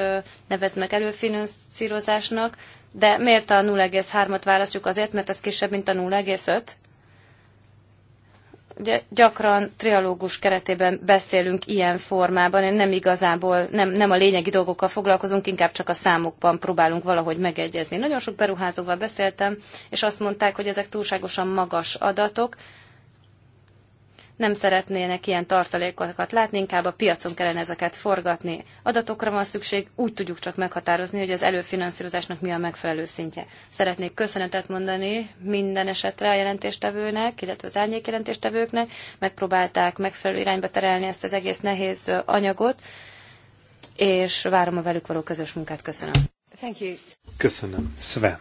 nevez meg előfinanszírozásnak, de miért a 03 ot választjuk azért, mert ez kisebb, mint a 0,5? Ugye gyakran trialógus keretében beszélünk ilyen formában, nem igazából, nem, nem a lényegi dolgokkal foglalkozunk, inkább csak a számokban próbálunk valahogy megegyezni. Nagyon sok beruházóval beszéltem, és azt mondták, hogy ezek túlságosan magas adatok, nem szeretnének ilyen tartalékokat látni, inkább a piacon kellene ezeket forgatni. Adatokra van szükség, úgy tudjuk csak meghatározni, hogy az előfinanszírozásnak mi a megfelelő szintje. Szeretnék köszönetet mondani minden esetre a jelentéstevőnek, illetve az árnyék jelentéstevőknek. Megpróbálták megfelelő irányba terelni ezt az egész nehéz anyagot, és várom a velük való közös munkát. Köszönöm. Thank you. Köszönöm. Sven.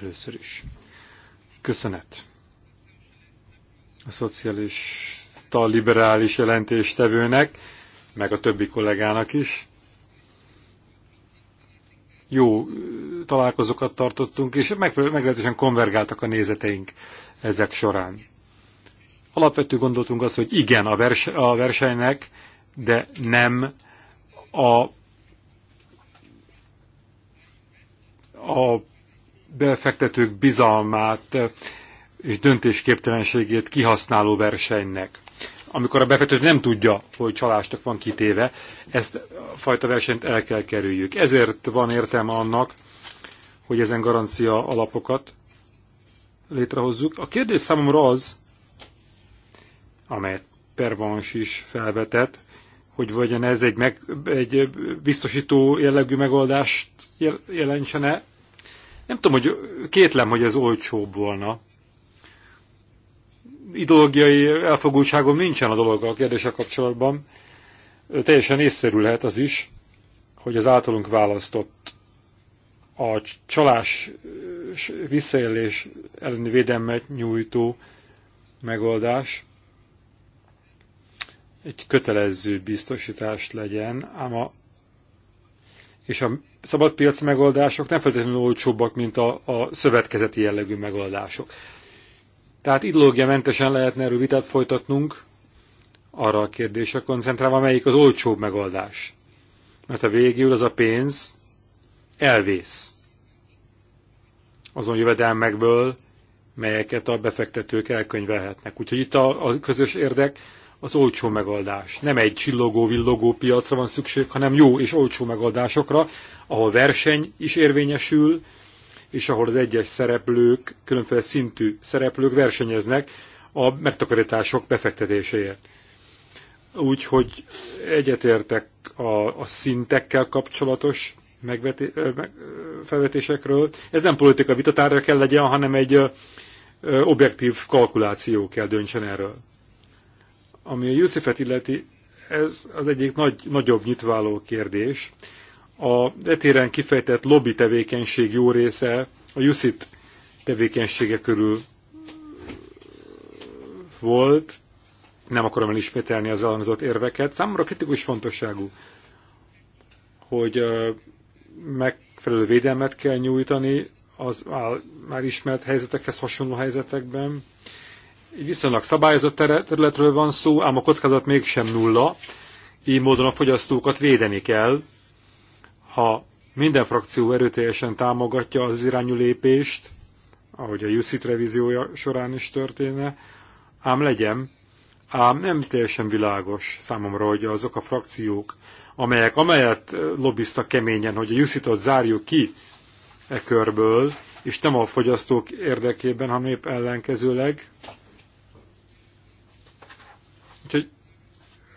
először is köszönet a szocialista liberális jelentéstevőnek, meg a többi kollégának is. Jó találkozókat tartottunk, és meglehetősen konvergáltak a nézeteink ezek során. Alapvető gondoltunk az, hogy igen a, vers a versenynek, de nem a, a befektetők bizalmát és döntésképtelenségét kihasználó versenynek. Amikor a befektető nem tudja, hogy csalástak van kitéve, ezt a fajta versenyt el kell kerüljük. Ezért van értelme annak, hogy ezen garancia alapokat létrehozzuk. A kérdés számomra az, amelyet Pervans is felvetett, hogy vagy ez egy, meg, egy biztosító jellegű megoldást jelentsene nem tudom, hogy kétlem, hogy ez olcsóbb volna. Ideológiai elfogultságom nincsen a dolog a kérdése kapcsolatban. Teljesen észszerű lehet az is, hogy az általunk választott a csalás visszaélés elleni védelmet nyújtó megoldás egy kötelező biztosítást legyen, ám a és a szabadpiaci megoldások nem feltétlenül olcsóbbak, mint a, a szövetkezeti jellegű megoldások. Tehát mentesen lehetne erről vitát folytatnunk, arra a kérdésre koncentrálva, melyik az olcsóbb megoldás. Mert a végül az a pénz elvész azon jövedelmekből, melyeket a befektetők elkönyvelhetnek. Úgyhogy itt a, a közös érdek az olcsó megoldás. Nem egy csillogó-villogó piacra van szükség, hanem jó és olcsó megoldásokra, ahol verseny is érvényesül, és ahol az egyes szereplők, különféle szintű szereplők versenyeznek a megtakarítások befektetéséért. Úgyhogy egyetértek a, a szintekkel kapcsolatos megveti, meg, felvetésekről. Ez nem politika vitatára kell legyen, hanem egy objektív kalkuláció kell döntsen erről. Ami a Jusifet illeti, ez az egyik nagy, nagyobb nyitváló kérdés. A etéren kifejtett lobby tevékenység jó része a Jusit tevékenysége körül volt, nem akarom elismételni az elhangzott érveket. Számomra kritikus fontosságú, hogy megfelelő védelmet kell nyújtani az már ismert helyzetekhez hasonló helyzetekben, viszonylag szabályozott területről van szó, ám a kockázat mégsem nulla, így módon a fogyasztókat védeni kell, ha minden frakció erőteljesen támogatja az irányú lépést, ahogy a UCIT revíziója során is történne, ám legyen, ám nem teljesen világos számomra, hogy azok a frakciók, amelyek amelyet eh, lobbiztak keményen, hogy a UCIT-ot zárjuk ki e körből, és nem a fogyasztók érdekében, hanem épp ellenkezőleg,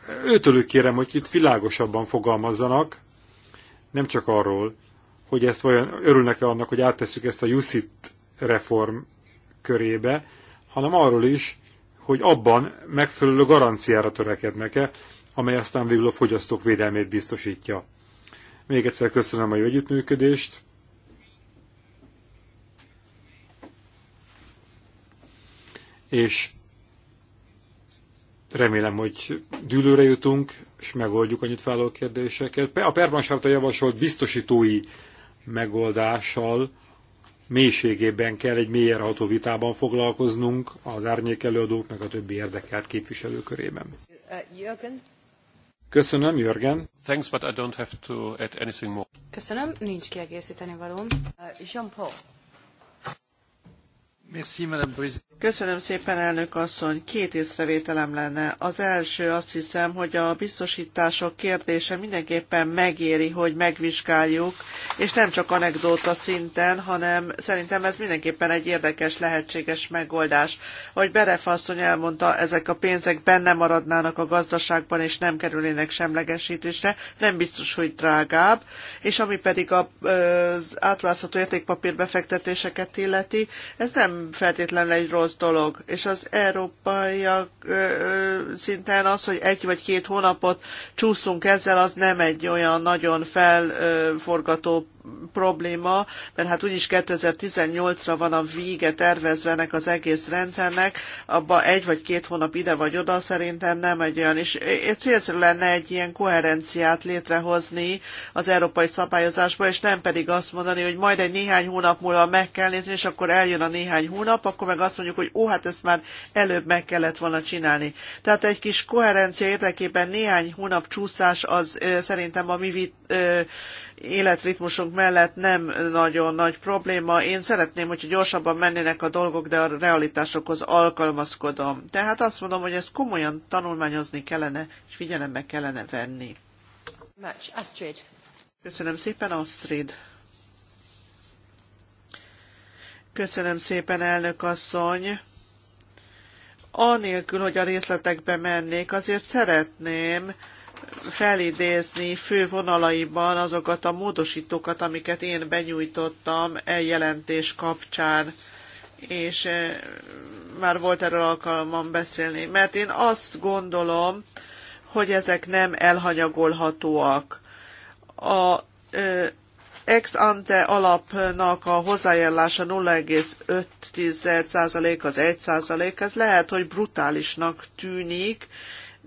Őtőlük kérem, hogy itt világosabban fogalmazzanak, nem csak arról, hogy ezt vajon örülnek-e annak, hogy áttesszük ezt a Jussit reform körébe, hanem arról is, hogy abban megfelelő garanciára törekednek-e, amely aztán végül a fogyasztók védelmét biztosítja. Még egyszer köszönöm a jó együttműködést. És Remélem, hogy dűlőre jutunk, és megoldjuk a nyitváló kérdéseket. A Permans javasolt biztosítói megoldással mélységében kell egy mélyre ható vitában foglalkoznunk az árnyék előadók meg a többi érdekelt képviselő körében. Köszönöm, Jörgen. Thanks, but I don't have to add anything more. Köszönöm, nincs kiegészíteni Uh, Jean-Paul. Merci, Madame Président. Köszönöm szépen, elnök asszony. Két észrevételem lenne. Az első azt hiszem, hogy a biztosítások kérdése mindenképpen megéri, hogy megvizsgáljuk, és nem csak anekdóta szinten, hanem szerintem ez mindenképpen egy érdekes, lehetséges megoldás. Hogy Beref asszony elmondta, ezek a pénzek benne maradnának a gazdaságban, és nem kerülnének semlegesítésre, nem biztos, hogy drágább, és ami pedig az átrázható értékpapír befektetéseket illeti, ez nem feltétlenül egy rossz fontos dolog, és az európaiak szinten az, hogy egy vagy két hónapot csúszunk ezzel, az nem egy olyan nagyon felforgató probléma, mert hát úgyis 2018-ra van a vége tervezve ennek az egész rendszernek, abba egy vagy két hónap ide vagy oda szerintem nem egy olyan, és célszerű lenne egy ilyen koherenciát létrehozni az európai szabályozásba, és nem pedig azt mondani, hogy majd egy néhány hónap múlva meg kell nézni, és akkor eljön a néhány hónap, akkor meg azt mondjuk, hogy ó, hát ezt már előbb meg kellett volna csinálni. Tehát egy kis koherencia érdekében néhány hónap csúszás az szerintem a mi vit, ö, életritmusunk mellett nem nagyon nagy probléma. Én szeretném, hogyha gyorsabban mennének a dolgok, de a realitásokhoz alkalmazkodom. Tehát azt mondom, hogy ezt komolyan tanulmányozni kellene, és figyelembe kellene venni. Köszönöm szépen, Astrid. Köszönöm szépen, elnök asszony. Anélkül, hogy a részletekbe mennék, azért szeretném, felidézni fő vonalaiban azokat a módosítókat, amiket én benyújtottam e jelentés kapcsán, és e, már volt erről alkalmam beszélni, mert én azt gondolom, hogy ezek nem elhanyagolhatóak. A ö, e, ex ante alapnak a hozzájárlása 0,5% az 1%, ez lehet, hogy brutálisnak tűnik,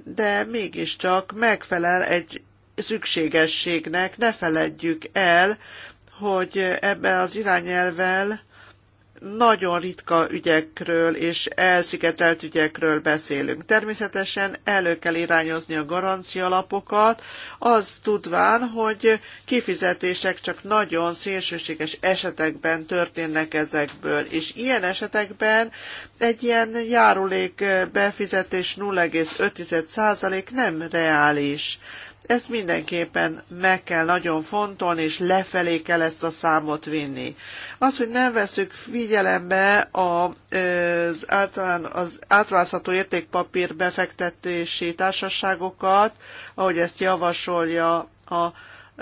de mégiscsak megfelel egy szükségességnek. Ne feledjük el, hogy ebbe az irányelvel nagyon ritka ügyekről és elszigetelt ügyekről beszélünk. Természetesen elő kell irányozni a garancia alapokat, az tudván, hogy kifizetések csak nagyon szélsőséges esetekben történnek ezekből, és ilyen esetekben egy ilyen járulék befizetés 0,5% nem reális ezt mindenképpen meg kell nagyon fontolni, és lefelé kell ezt a számot vinni. Az, hogy nem veszük figyelembe az, általán, az átrázható értékpapír befektetési társaságokat, ahogy ezt javasolja a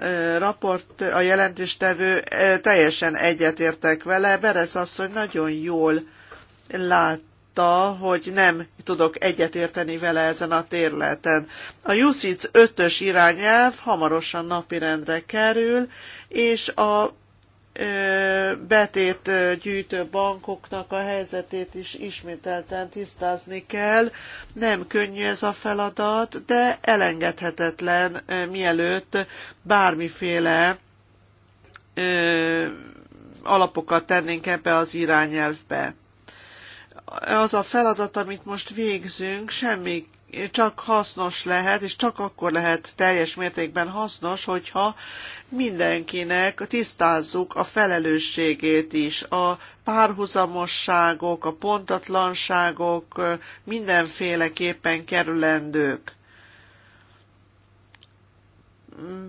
e, raport, a jelentéstevő, e, teljesen egyetértek vele. az, hogy nagyon jól lát, mondta, hogy nem tudok egyetérteni vele ezen a térleten. A Jusic 5-ös irányelv hamarosan napirendre kerül, és a betét gyűjtő bankoknak a helyzetét is ismételten tisztázni kell. Nem könnyű ez a feladat, de elengedhetetlen mielőtt bármiféle alapokat tennénk ebbe az irányelvbe az a feladat, amit most végzünk, semmi csak hasznos lehet, és csak akkor lehet teljes mértékben hasznos, hogyha mindenkinek tisztázzuk a felelősségét is, a párhuzamosságok, a pontatlanságok mindenféleképpen kerülendők.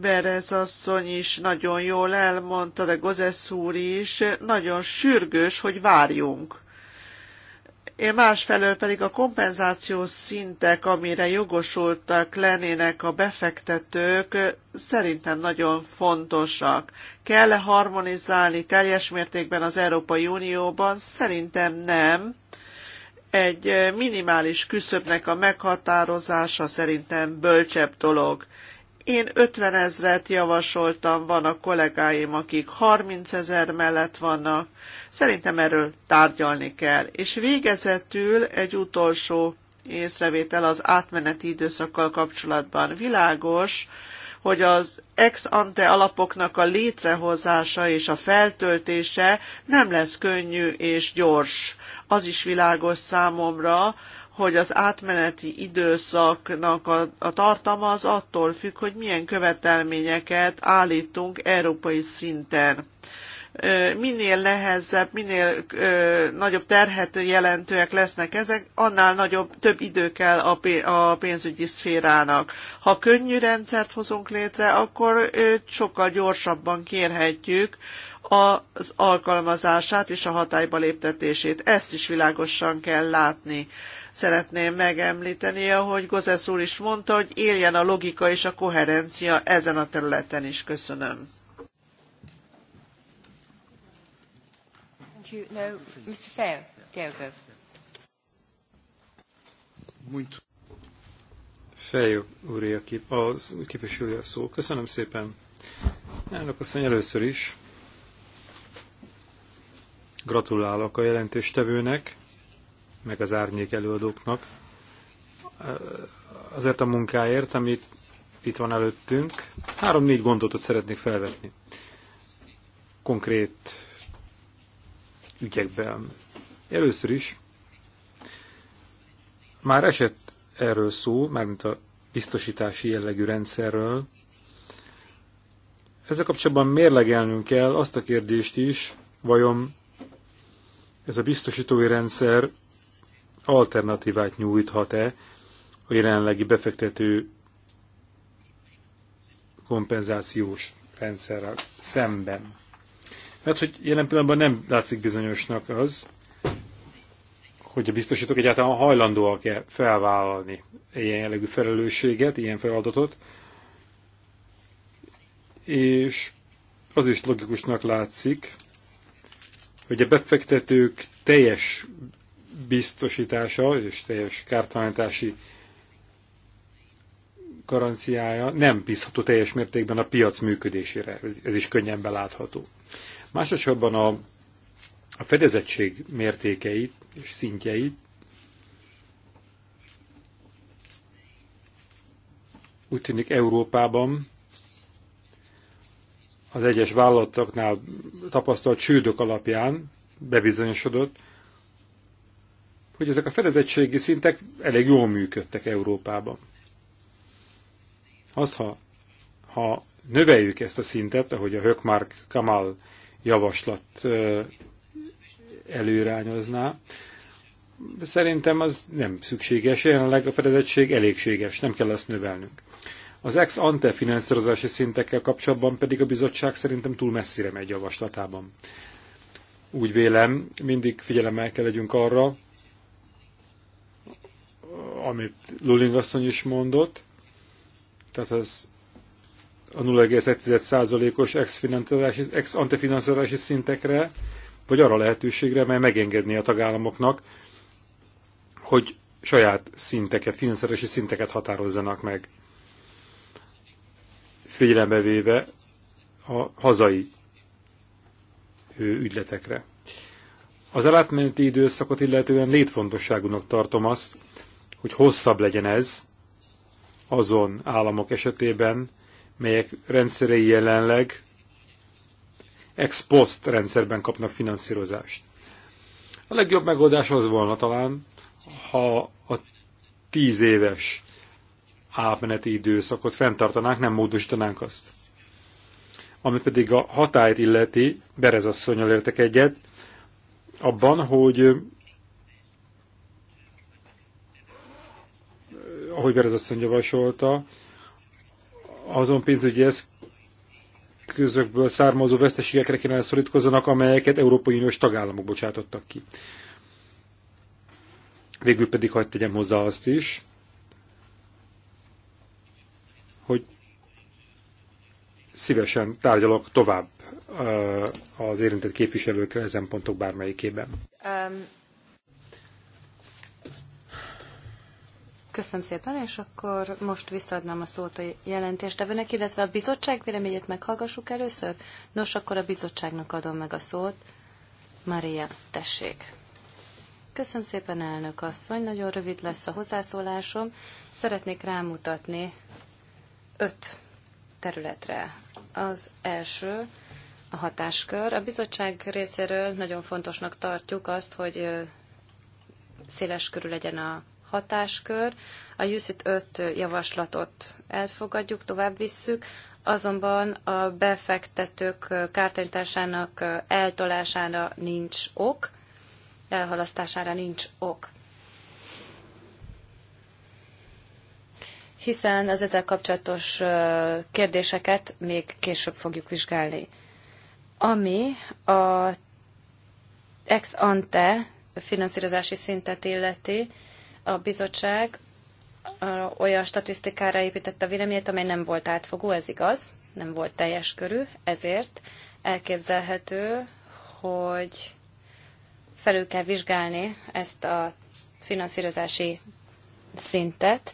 Berez asszony is nagyon jól elmondta, de Gozesz úr is, nagyon sürgős, hogy várjunk másfelől pedig a kompenzációs szintek, amire jogosultak lennének a befektetők, szerintem nagyon fontosak. Kell-e harmonizálni teljes mértékben az Európai Unióban? Szerintem nem. Egy minimális küszöbnek a meghatározása szerintem bölcsebb dolog. Én 50 ezret javasoltam, a kollégáim, akik 30 ezer mellett vannak. Szerintem erről tárgyalni kell. És végezetül egy utolsó észrevétel az átmeneti időszakkal kapcsolatban. Világos, hogy az ex ante alapoknak a létrehozása és a feltöltése nem lesz könnyű és gyors. Az is világos számomra, hogy az átmeneti időszaknak a, a tartalma az attól függ, hogy milyen követelményeket állítunk európai szinten minél nehezebb, minél ö, nagyobb terhet jelentőek lesznek ezek, annál nagyobb, több idő kell a, a pénzügyi szférának. Ha könnyű rendszert hozunk létre, akkor ö, sokkal gyorsabban kérhetjük az alkalmazását és a hatályba léptetését. Ezt is világosan kell látni szeretném megemlíteni, ahogy Gozesz úr is mondta, hogy éljen a logika és a koherencia ezen a területen is. Köszönöm. Muito. Fejó úr, aki az képviselő a szó. Köszönöm szépen. Elnök asszony, először is gratulálok a jelentéstevőnek meg az árnyék előadóknak eh, azért a munkáért, amit itt van előttünk. Három-négy gondotot szeretnék felvetni. Konkrét ügyekben. Először is már esett erről szó, mármint a biztosítási jellegű rendszerről. Ezzel kapcsolatban mérlegelnünk kell azt a kérdést is, vajon ez a biztosítói rendszer alternatívát nyújthat-e a jelenlegi befektető kompenzációs rendszerrel szemben. Mert hogy jelen pillanatban nem látszik bizonyosnak az, hogy a biztosítók egyáltalán hajlandóak-e felvállalni ilyen jellegű felelősséget, ilyen feladatot, és az is logikusnak látszik, hogy a befektetők teljes biztosítása és teljes kártalanítási garanciája nem bízható teljes mértékben a piac működésére. Ez, is könnyen belátható. Másodszorban a, a fedezettség mértékeit és szintjeit úgy tűnik Európában az egyes vállalatoknál tapasztalt csődök alapján bebizonyosodott, hogy ezek a fedezettségi szintek elég jól működtek Európában. Az, ha, ha növeljük ezt a szintet, ahogy a Hökmark Kamal javaslat előrányozná, szerintem az nem szükséges, jelenleg a fedezettség elégséges, nem kell ezt növelnünk. Az ex ante finanszírozási szintekkel kapcsolatban pedig a bizottság szerintem túl messzire megy javaslatában. Úgy vélem, mindig figyelemmel kell legyünk arra, amit Luling asszony is mondott, tehát ez a 0,1%-os ex-antifinanszírozási szintekre, vagy arra lehetőségre, mely megengedné a tagállamoknak, hogy saját szinteket, finanszírozási szinteket határozzanak meg, figyelembe véve a hazai ügyletekre. Az elátmeneti időszakot illetően létfontosságúnak tartom azt, hogy hosszabb legyen ez azon államok esetében, melyek rendszerei jelenleg ex post rendszerben kapnak finanszírozást. A legjobb megoldás az volna talán, ha a tíz éves átmeneti időszakot fenntartanánk, nem módosítanánk azt. Ami pedig a hatályt illeti, Berezasszonyal értek egyet, abban, hogy ahogy Berez asszony javasolta, azon pénzügyi eszközökből származó veszteségekre kéne szorítkozzanak, amelyeket Európai Uniós tagállamok bocsátottak ki. Végül pedig hagyd tegyem hozzá azt is, hogy szívesen tárgyalok tovább az érintett képviselőkkel ezen pontok bármelyikében. Um. Köszönöm szépen, és akkor most visszaadnám a szót a jelentéstevőnek, illetve a bizottság véleményét meghallgassuk először. Nos, akkor a bizottságnak adom meg a szót. Maria, tessék. Köszönöm szépen, elnök asszony. Nagyon rövid lesz a hozzászólásom. Szeretnék rámutatni öt területre. Az első a hatáskör. A bizottság részéről nagyon fontosnak tartjuk azt, hogy széles körül legyen a hatáskör. A Jusit 5 javaslatot elfogadjuk, tovább visszük, azonban a befektetők kártalanításának eltolására nincs ok, elhalasztására nincs ok. hiszen az ezzel kapcsolatos kérdéseket még később fogjuk vizsgálni. Ami a ex ante finanszírozási szintet illeti, a bizottság olyan statisztikára építette a véleményét, amely nem volt átfogó, ez igaz, nem volt teljes körű, ezért elképzelhető, hogy felül kell vizsgálni ezt a finanszírozási szintet.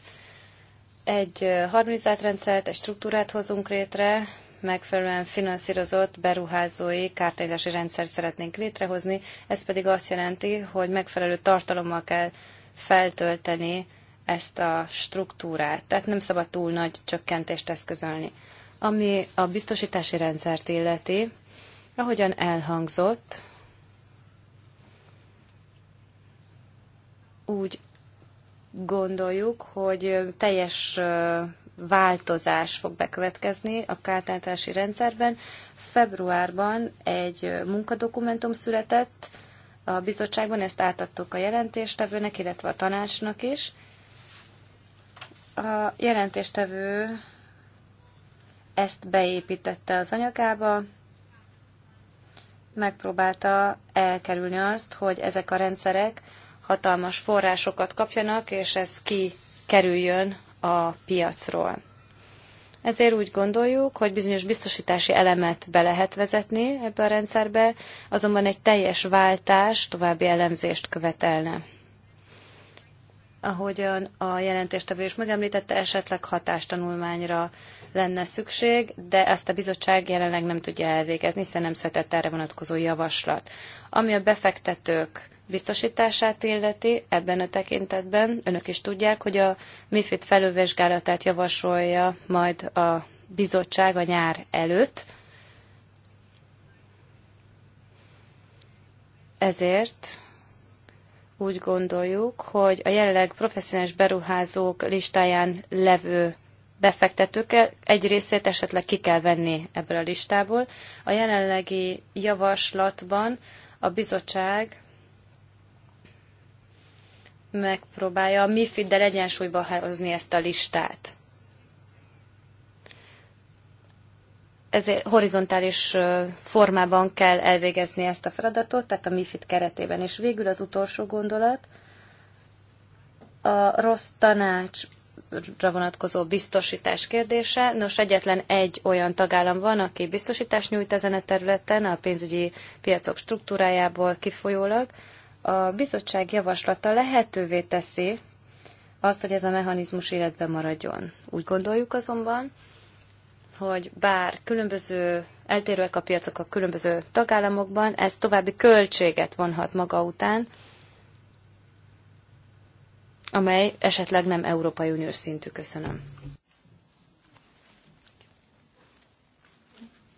Egy harmonizált rendszert, egy struktúrát hozunk létre, megfelelően finanszírozott beruházói kártányzási rendszert szeretnénk létrehozni. Ez pedig azt jelenti, hogy megfelelő tartalommal kell feltölteni ezt a struktúrát. Tehát nem szabad túl nagy csökkentést eszközölni. Ami a biztosítási rendszert illeti, ahogyan elhangzott, úgy gondoljuk, hogy teljes változás fog bekövetkezni a kártáltási rendszerben. Februárban egy munkadokumentum született, a bizottságban, ezt átadtuk a jelentéstevőnek, illetve a tanácsnak is. A jelentéstevő ezt beépítette az anyagába, megpróbálta elkerülni azt, hogy ezek a rendszerek hatalmas forrásokat kapjanak, és ez kikerüljön a piacról. Ezért úgy gondoljuk, hogy bizonyos biztosítási elemet be lehet vezetni ebbe a rendszerbe, azonban egy teljes váltás további elemzést követelne. Ahogyan a jelentéstevő is megemlítette, esetleg hatástanulmányra lenne szükség, de ezt a bizottság jelenleg nem tudja elvégezni, hiszen nem született erre vonatkozó javaslat. Ami a befektetők biztosítását illeti, ebben a tekintetben önök is tudják, hogy a MIFID felülvizsgálatát javasolja majd a bizottság a nyár előtt. Ezért úgy gondoljuk, hogy a jelenleg professzionális beruházók listáján levő befektetőkkel egy részét esetleg ki kell venni ebből a listából. A jelenlegi javaslatban a bizottság megpróbálja a MIFID-del egyensúlyba hozni ezt a listát. ezért horizontális formában kell elvégezni ezt a feladatot, tehát a MIFID keretében. És végül az utolsó gondolat, a rossz tanács vonatkozó biztosítás kérdése. Nos, egyetlen egy olyan tagállam van, aki biztosítást nyújt ezen a területen, a pénzügyi piacok struktúrájából kifolyólag, a bizottság javaslata lehetővé teszi azt, hogy ez a mechanizmus életben maradjon. Úgy gondoljuk azonban, hogy bár különböző eltérőek a piacok a különböző tagállamokban, ez további költséget vonhat maga után, amely esetleg nem Európai Uniós szintű. Köszönöm.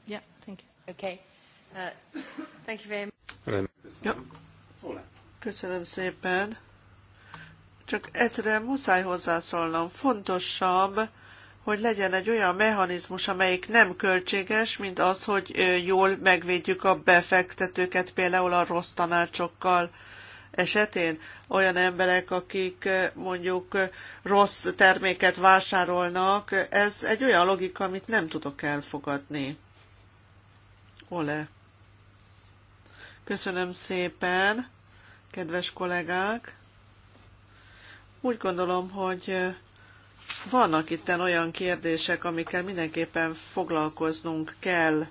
Yeah, thank you. Okay. Uh, thank you very much. Yeah. Köszönöm szépen. Csak egyszerűen muszáj hozzászólnom. Fontosabb, hogy legyen egy olyan mechanizmus, amelyik nem költséges, mint az, hogy jól megvédjük a befektetőket például a rossz tanácsokkal esetén. Olyan emberek, akik mondjuk rossz terméket vásárolnak, ez egy olyan logika, amit nem tudok elfogadni. Ole. Köszönöm szépen kedves kollégák. Úgy gondolom, hogy vannak itt olyan kérdések, amikkel mindenképpen foglalkoznunk kell,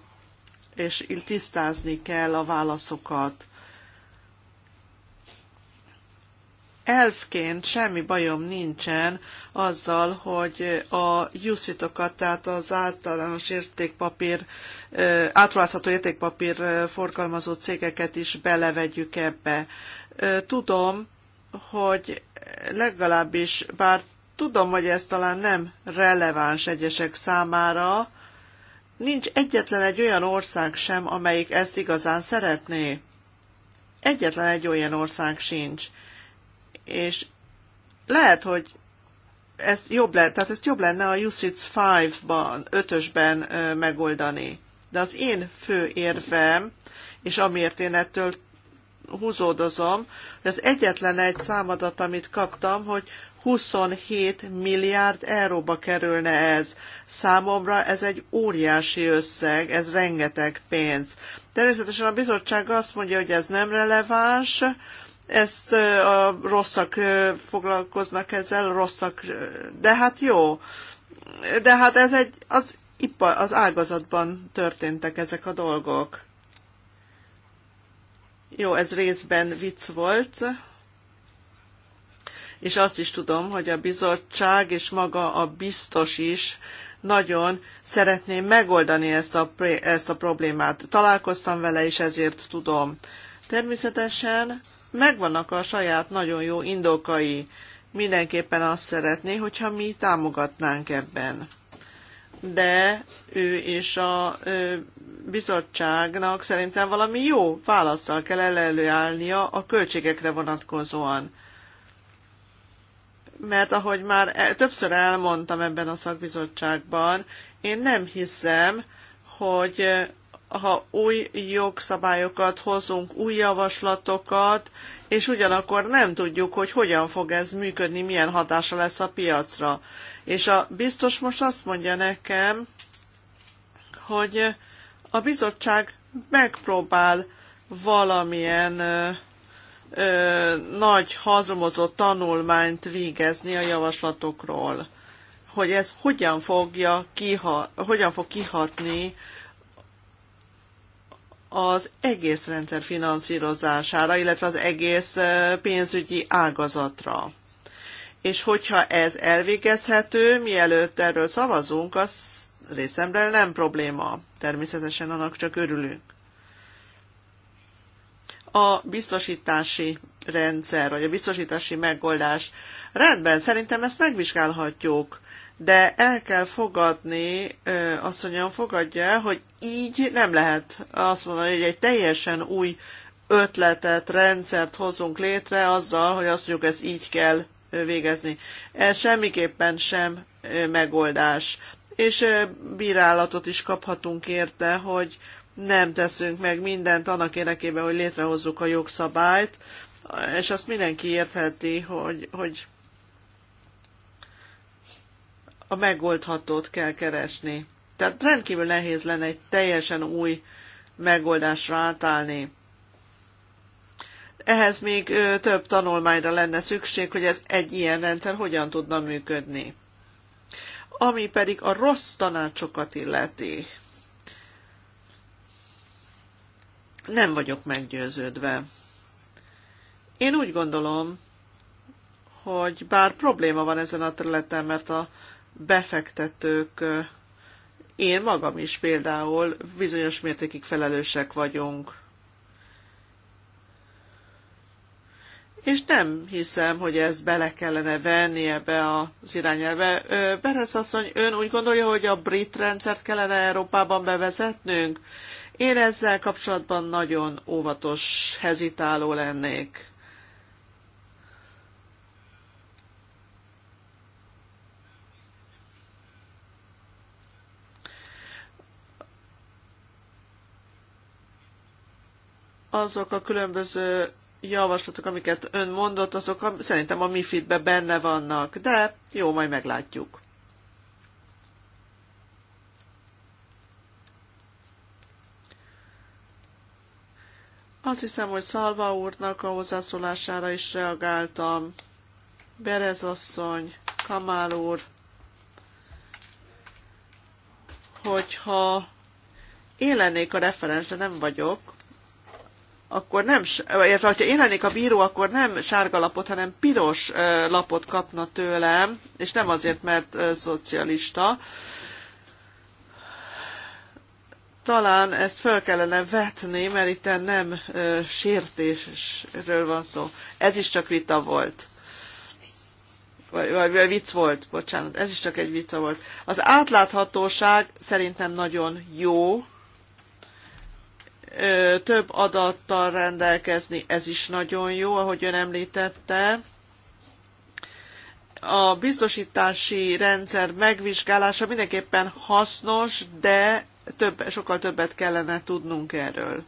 és tisztázni kell a válaszokat. elfként semmi bajom nincsen azzal, hogy a jusszitokat, tehát az általános értékpapír, átruházható értékpapír forgalmazó cégeket is belevegyük ebbe tudom, hogy legalábbis, bár tudom, hogy ez talán nem releváns egyesek számára, nincs egyetlen egy olyan ország sem, amelyik ezt igazán szeretné. Egyetlen egy olyan ország sincs. És lehet, hogy ez jobb lenne, tehát ezt jobb lenne a USITS 5-ban, 5-ösben megoldani. De az én fő érvem, és amiért én ettől húzódozom, az egyetlen egy számadat, amit kaptam, hogy 27 milliárd euróba kerülne ez. Számomra ez egy óriási összeg, ez rengeteg pénz. Természetesen a bizottság azt mondja, hogy ez nem releváns, ezt a rosszak foglalkoznak ezzel, rosszak, de hát jó. De hát ez egy, az, az ágazatban történtek ezek a dolgok. Jó, ez részben vicc volt, és azt is tudom, hogy a bizottság és maga a biztos is nagyon szeretném megoldani ezt a, ezt a problémát. Találkoztam vele, és ezért tudom. Természetesen megvannak a saját nagyon jó indokai. Mindenképpen azt szeretné, hogyha mi támogatnánk ebben. De ő és a bizottságnak szerintem valami jó válaszsal kell előállnia a költségekre vonatkozóan. Mert ahogy már e- többször elmondtam ebben a szakbizottságban, én nem hiszem, hogy e, ha új jogszabályokat hozunk, új javaslatokat, és ugyanakkor nem tudjuk, hogy hogyan fog ez működni, milyen hatása lesz a piacra. És a biztos most azt mondja nekem, hogy a bizottság megpróbál valamilyen ö, ö, nagy, hazumozott tanulmányt végezni a javaslatokról, hogy ez hogyan, fogja kiha, hogyan fog kihatni az egész rendszer finanszírozására, illetve az egész pénzügyi ágazatra. És hogyha ez elvégezhető, mielőtt erről szavazunk, az részemre nem probléma. Természetesen annak csak örülünk. A biztosítási rendszer, vagy a biztosítási megoldás. Rendben, szerintem ezt megvizsgálhatjuk, de el kell fogadni, azt mondjam, fogadja, hogy így nem lehet azt mondani, hogy egy teljesen új ötletet, rendszert hozunk létre azzal, hogy azt mondjuk, ez így kell végezni. Ez semmiképpen sem megoldás és bírálatot is kaphatunk érte, hogy nem teszünk meg mindent annak érdekében, hogy létrehozzuk a jogszabályt, és azt mindenki értheti, hogy, hogy a megoldhatót kell keresni. Tehát rendkívül nehéz lenne egy teljesen új megoldásra átállni. Ehhez még több tanulmányra lenne szükség, hogy ez egy ilyen rendszer hogyan tudna működni ami pedig a rossz tanácsokat illeti. Nem vagyok meggyőződve. Én úgy gondolom, hogy bár probléma van ezen a területen, mert a befektetők, én magam is például bizonyos mértékig felelősek vagyunk és nem hiszem, hogy ezt bele kellene venni ebbe az irányelve. Beresz asszony, ön úgy gondolja, hogy a brit rendszert kellene Európában bevezetnünk? Én ezzel kapcsolatban nagyon óvatos, hezitáló lennék. Azok a különböző javaslatok, amiket ön mondott, azok szerintem a MIFID-be benne vannak, de jó, majd meglátjuk. Azt hiszem, hogy Szalva úrnak a hozzászólására is reagáltam. Berez asszony, Kamál úr, hogyha én lennék a referens, de nem vagyok, akkor nem, illetve ha én lennék a bíró, akkor nem sárga lapot, hanem piros lapot kapna tőlem, és nem azért, mert szocialista. Talán ezt föl kellene vetni, mert itt nem sértésről van szó. Ez is csak vita volt vagy, vagy vicc volt, bocsánat, ez is csak egy vicca volt. Az átláthatóság szerintem nagyon jó, több adattal rendelkezni, ez is nagyon jó, ahogy ön említette. A biztosítási rendszer megvizsgálása mindenképpen hasznos, de több, sokkal többet kellene tudnunk erről.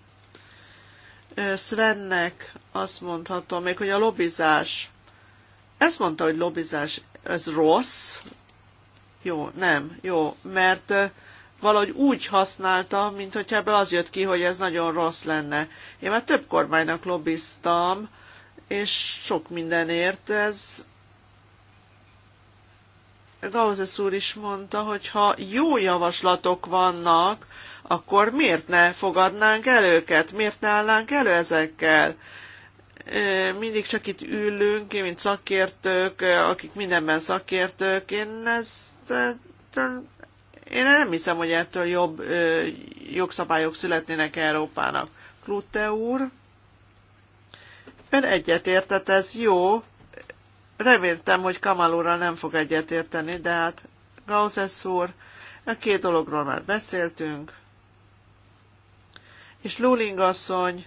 Svennek azt mondhatom még, hogy a lobbizás. Ezt mondta, hogy lobbizás, ez rossz. Jó, nem, jó, mert valahogy úgy használta, mint hogyha ebből az jött ki, hogy ez nagyon rossz lenne. Én már több kormánynak lobbiztam, és sok mindenért ez Gauzes úr is mondta, hogy ha jó javaslatok vannak, akkor miért ne fogadnánk el őket, miért ne állnánk elő ezekkel? Mindig csak itt ülünk, én mint szakértők, akik mindenben szakértők, én ezt én nem hiszem, hogy ettől jobb ö, jogszabályok születnének Európának. Klute úr, ön egyetértett, ez jó. Reméltem, hogy Kamal úrral nem fog egyetérteni, de hát Gauzes úr, a két dologról már beszéltünk. És Luling asszony,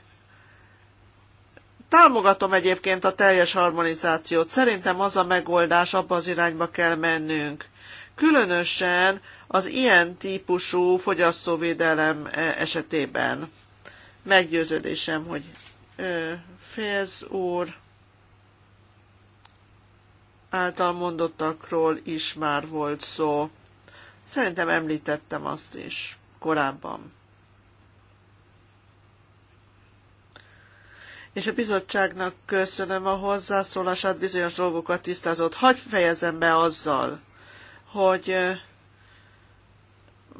támogatom egyébként a teljes harmonizációt. Szerintem az a megoldás, abba az irányba kell mennünk. Különösen az ilyen típusú fogyasztóvédelem esetében. Meggyőződésem, hogy Félz úr által mondottakról is már volt szó. Szerintem említettem azt is korábban. és a bizottságnak köszönöm a hozzászólását, bizonyos dolgokat tisztázott. Hagy fejezem be azzal, hogy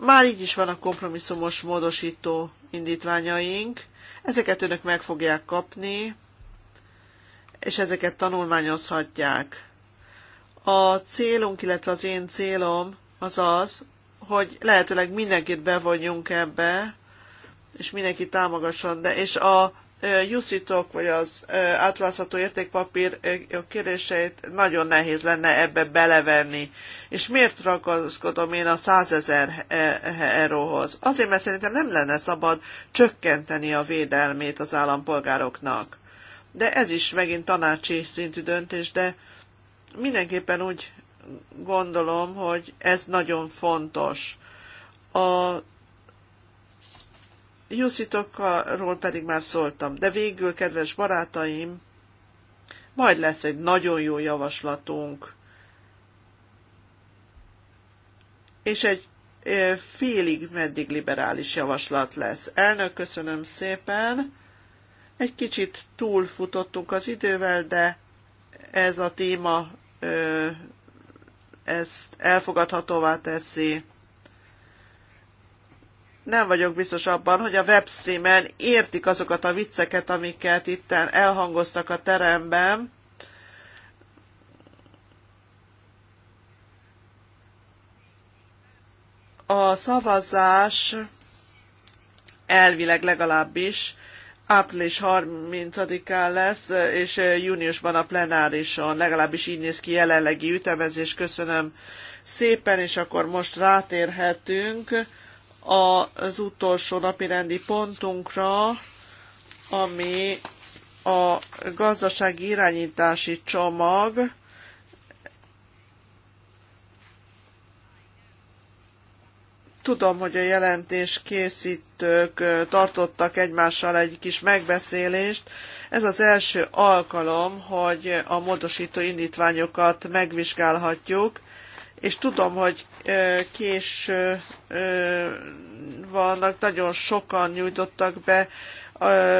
már így is vannak kompromisszumos módosító indítványaink, ezeket önök meg fogják kapni, és ezeket tanulmányozhatják. A célunk, illetve az én célom az az, hogy lehetőleg mindenkit bevonjunk ebbe, és mindenki támogasson, de és a jusszitok, vagy az átruházható értékpapír kéréseit nagyon nehéz lenne ebbe belevenni. És miért ragaszkodom én a 100 ezer e, e, euróhoz? Azért, mert szerintem nem lenne szabad csökkenteni a védelmét az állampolgároknak. De ez is megint tanácsi szintű döntés, de mindenképpen úgy gondolom, hogy ez nagyon fontos. A Jusitokról pedig már szóltam, de végül, kedves barátaim, majd lesz egy nagyon jó javaslatunk, és egy félig meddig liberális javaslat lesz. Elnök, köszönöm szépen. Egy kicsit túlfutottunk az idővel, de ez a téma ezt elfogadhatóvá teszi nem vagyok biztos abban, hogy a webstreamen értik azokat a vicceket, amiket itt elhangoztak a teremben. A szavazás elvileg legalábbis április 30-án lesz, és júniusban a plenárison, legalábbis így néz ki jelenlegi ütemezés. Köszönöm szépen, és akkor most rátérhetünk az utolsó rendi pontunkra, ami a gazdasági irányítási csomag, Tudom, hogy a jelentés készítők tartottak egymással egy kis megbeszélést. Ez az első alkalom, hogy a módosító indítványokat megvizsgálhatjuk, és tudom, hogy késő vannak, nagyon sokan nyújtottak be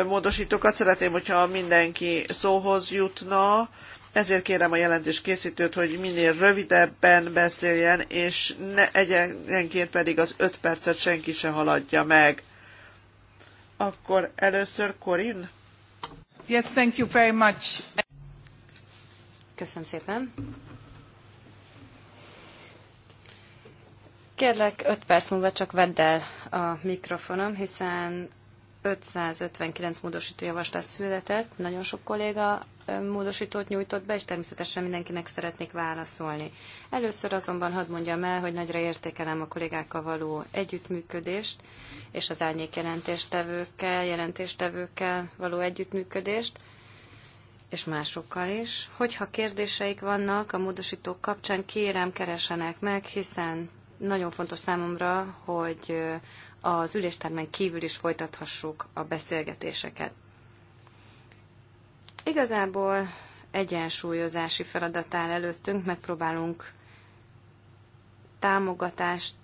módosítókat. Szeretném, hogyha mindenki szóhoz jutna, ezért kérem a jelentés készítőt, hogy minél rövidebben beszéljen, és ne egyenként pedig az öt percet senki se haladja meg. Akkor először Korin. Yes, thank you very much. Köszönöm szépen. Kérlek, 5 perc múlva csak vedd el a mikrofonom, hiszen 559 módosító javaslat született, nagyon sok kolléga módosítót nyújtott be, és természetesen mindenkinek szeretnék válaszolni. Először azonban hadd mondjam el, hogy nagyra értékelem a kollégákkal való együttműködést, és az árnyék jelentéstevőkkel, jelentéstevőkkel való együttműködést, és másokkal is. Hogyha kérdéseik vannak a módosítók kapcsán, kérem, keresenek meg, hiszen nagyon fontos számomra, hogy az üléstermen kívül is folytathassuk a beszélgetéseket. Igazából egyensúlyozási feladat áll előttünk, megpróbálunk támogatást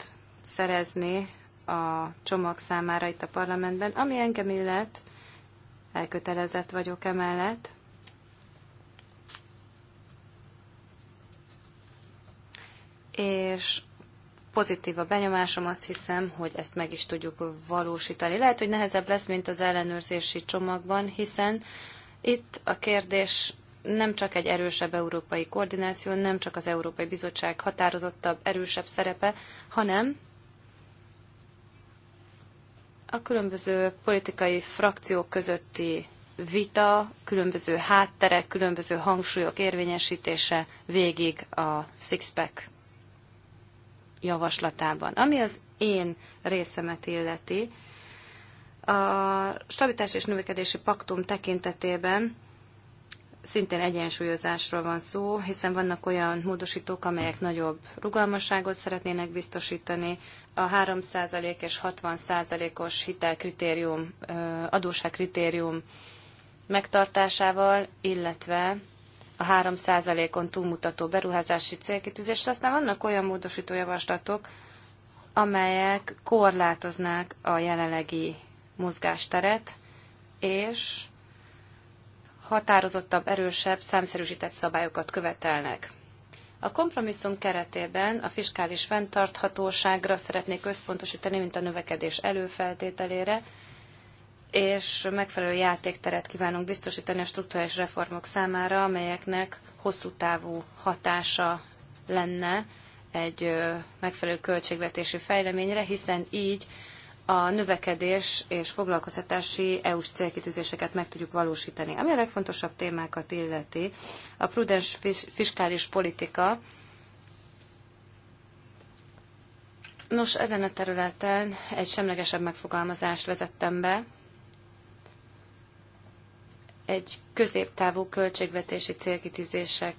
szerezni a csomag számára itt a parlamentben, ami engem illet, elkötelezett vagyok emellett. És pozitív a benyomásom, azt hiszem, hogy ezt meg is tudjuk valósítani. Lehet, hogy nehezebb lesz, mint az ellenőrzési csomagban, hiszen itt a kérdés nem csak egy erősebb európai koordináció, nem csak az Európai Bizottság határozottabb, erősebb szerepe, hanem a különböző politikai frakciók közötti vita, különböző hátterek, különböző hangsúlyok érvényesítése végig a six-pack javaslatában. Ami az én részemet illeti, a stabilitás és növekedési paktum tekintetében szintén egyensúlyozásról van szó, hiszen vannak olyan módosítók, amelyek nagyobb rugalmasságot szeretnének biztosítani. A 3% és 60%-os hitelkritérium, adóságkritérium megtartásával, illetve a 3%-on túlmutató beruházási célkitűzésre. Aztán vannak olyan módosító javaslatok, amelyek korlátoznák a jelenlegi mozgásteret, és határozottabb, erősebb, számszerűsített szabályokat követelnek. A kompromisszum keretében a fiskális fenntarthatóságra szeretnék összpontosítani, mint a növekedés előfeltételére, és megfelelő játékteret kívánunk biztosítani a struktúrális reformok számára, amelyeknek hosszú távú hatása lenne egy megfelelő költségvetési fejleményre, hiszen így a növekedés és foglalkoztatási EU-s célkitűzéseket meg tudjuk valósítani. Ami a legfontosabb témákat illeti, a prudens fiskális politika. Nos, ezen a területen egy semlegesebb megfogalmazást vezettem be, egy középtávú költségvetési célkitűzések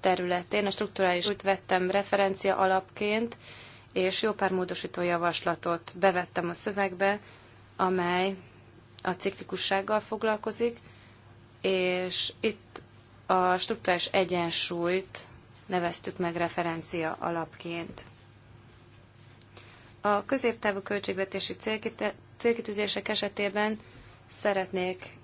területén. A strukturális út vettem referencia alapként, és jó pár módosító javaslatot bevettem a szövegbe, amely a ciklikussággal foglalkozik, és itt a struktúrális egyensúlyt neveztük meg referencia alapként. A középtávú költségvetési célkitűzések esetében szeretnék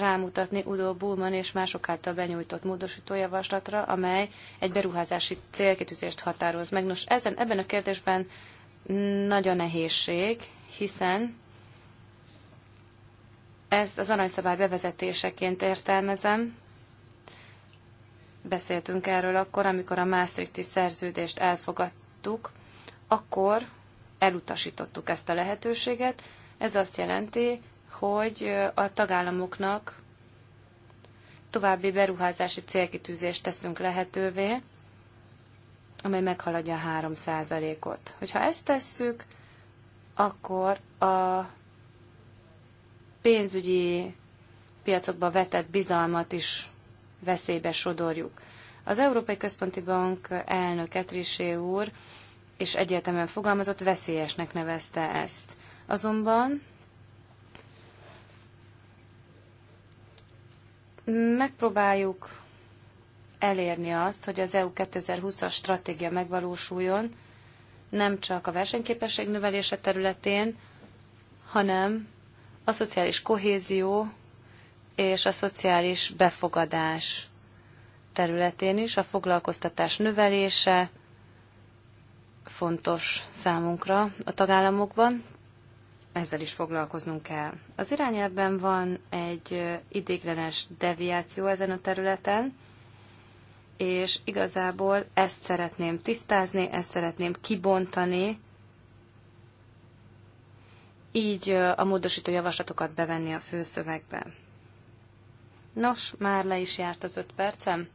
rámutatni Udo Bulman és mások által benyújtott módosítójavaslatra, amely egy beruházási célkitűzést határoz meg. Nos, ezen, ebben a kérdésben nagy a nehézség, hiszen ezt az aranyszabály bevezetéseként értelmezem. Beszéltünk erről akkor, amikor a Maastrichti szerződést elfogadtuk, akkor elutasítottuk ezt a lehetőséget. Ez azt jelenti, hogy a tagállamoknak további beruházási célkitűzést teszünk lehetővé, amely meghaladja a 3%-ot. Hogyha ezt tesszük, akkor a pénzügyi piacokba vetett bizalmat is veszélybe sodorjuk. Az Európai Központi Bank elnöke Etrisé úr és egyértelműen fogalmazott veszélyesnek nevezte ezt. Azonban Megpróbáljuk elérni azt, hogy az EU 2020-as stratégia megvalósuljon, nem csak a versenyképesség növelése területén, hanem a szociális kohézió és a szociális befogadás területén is a foglalkoztatás növelése fontos számunkra a tagállamokban ezzel is foglalkoznunk kell. Az irányelvben van egy idéglenes deviáció ezen a területen, és igazából ezt szeretném tisztázni, ezt szeretném kibontani, így a módosító javaslatokat bevenni a főszövegbe. Nos, már le is járt az öt percem.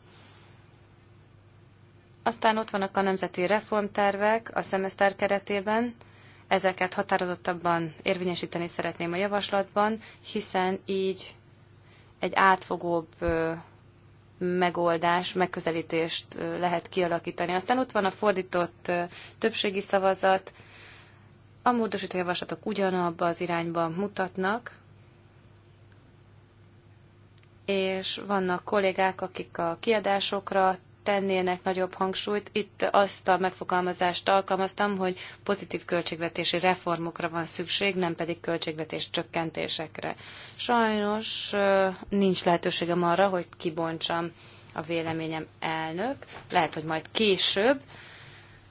Aztán ott vannak a nemzeti reformtervek a szemeszter keretében, Ezeket határozottabban érvényesíteni szeretném a javaslatban, hiszen így egy átfogóbb megoldás, megközelítést lehet kialakítani. Aztán ott van a fordított többségi szavazat. A módosító javaslatok ugyanabba az irányba mutatnak, és vannak kollégák, akik a kiadásokra tennének nagyobb hangsúlyt. Itt azt a megfogalmazást alkalmaztam, hogy pozitív költségvetési reformokra van szükség, nem pedig költségvetés csökkentésekre. Sajnos nincs lehetőségem arra, hogy kibontsam a véleményem elnök. Lehet, hogy majd később.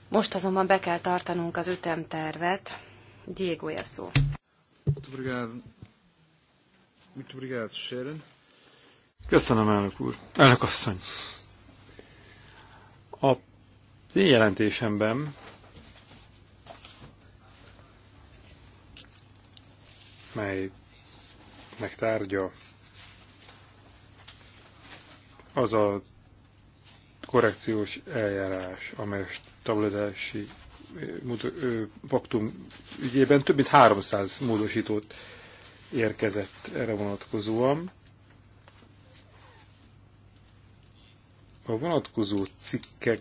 Most azonban be kell tartanunk az ütemtervet. Diego -ja szó. Köszönöm, elnök úr. Elnök asszony. Az én jelentésemben mely megtárgya az a korrekciós eljárás, amely stabilitási paktum ügyében több mint 300 módosítót érkezett erre vonatkozóan. A vonatkozó cikkek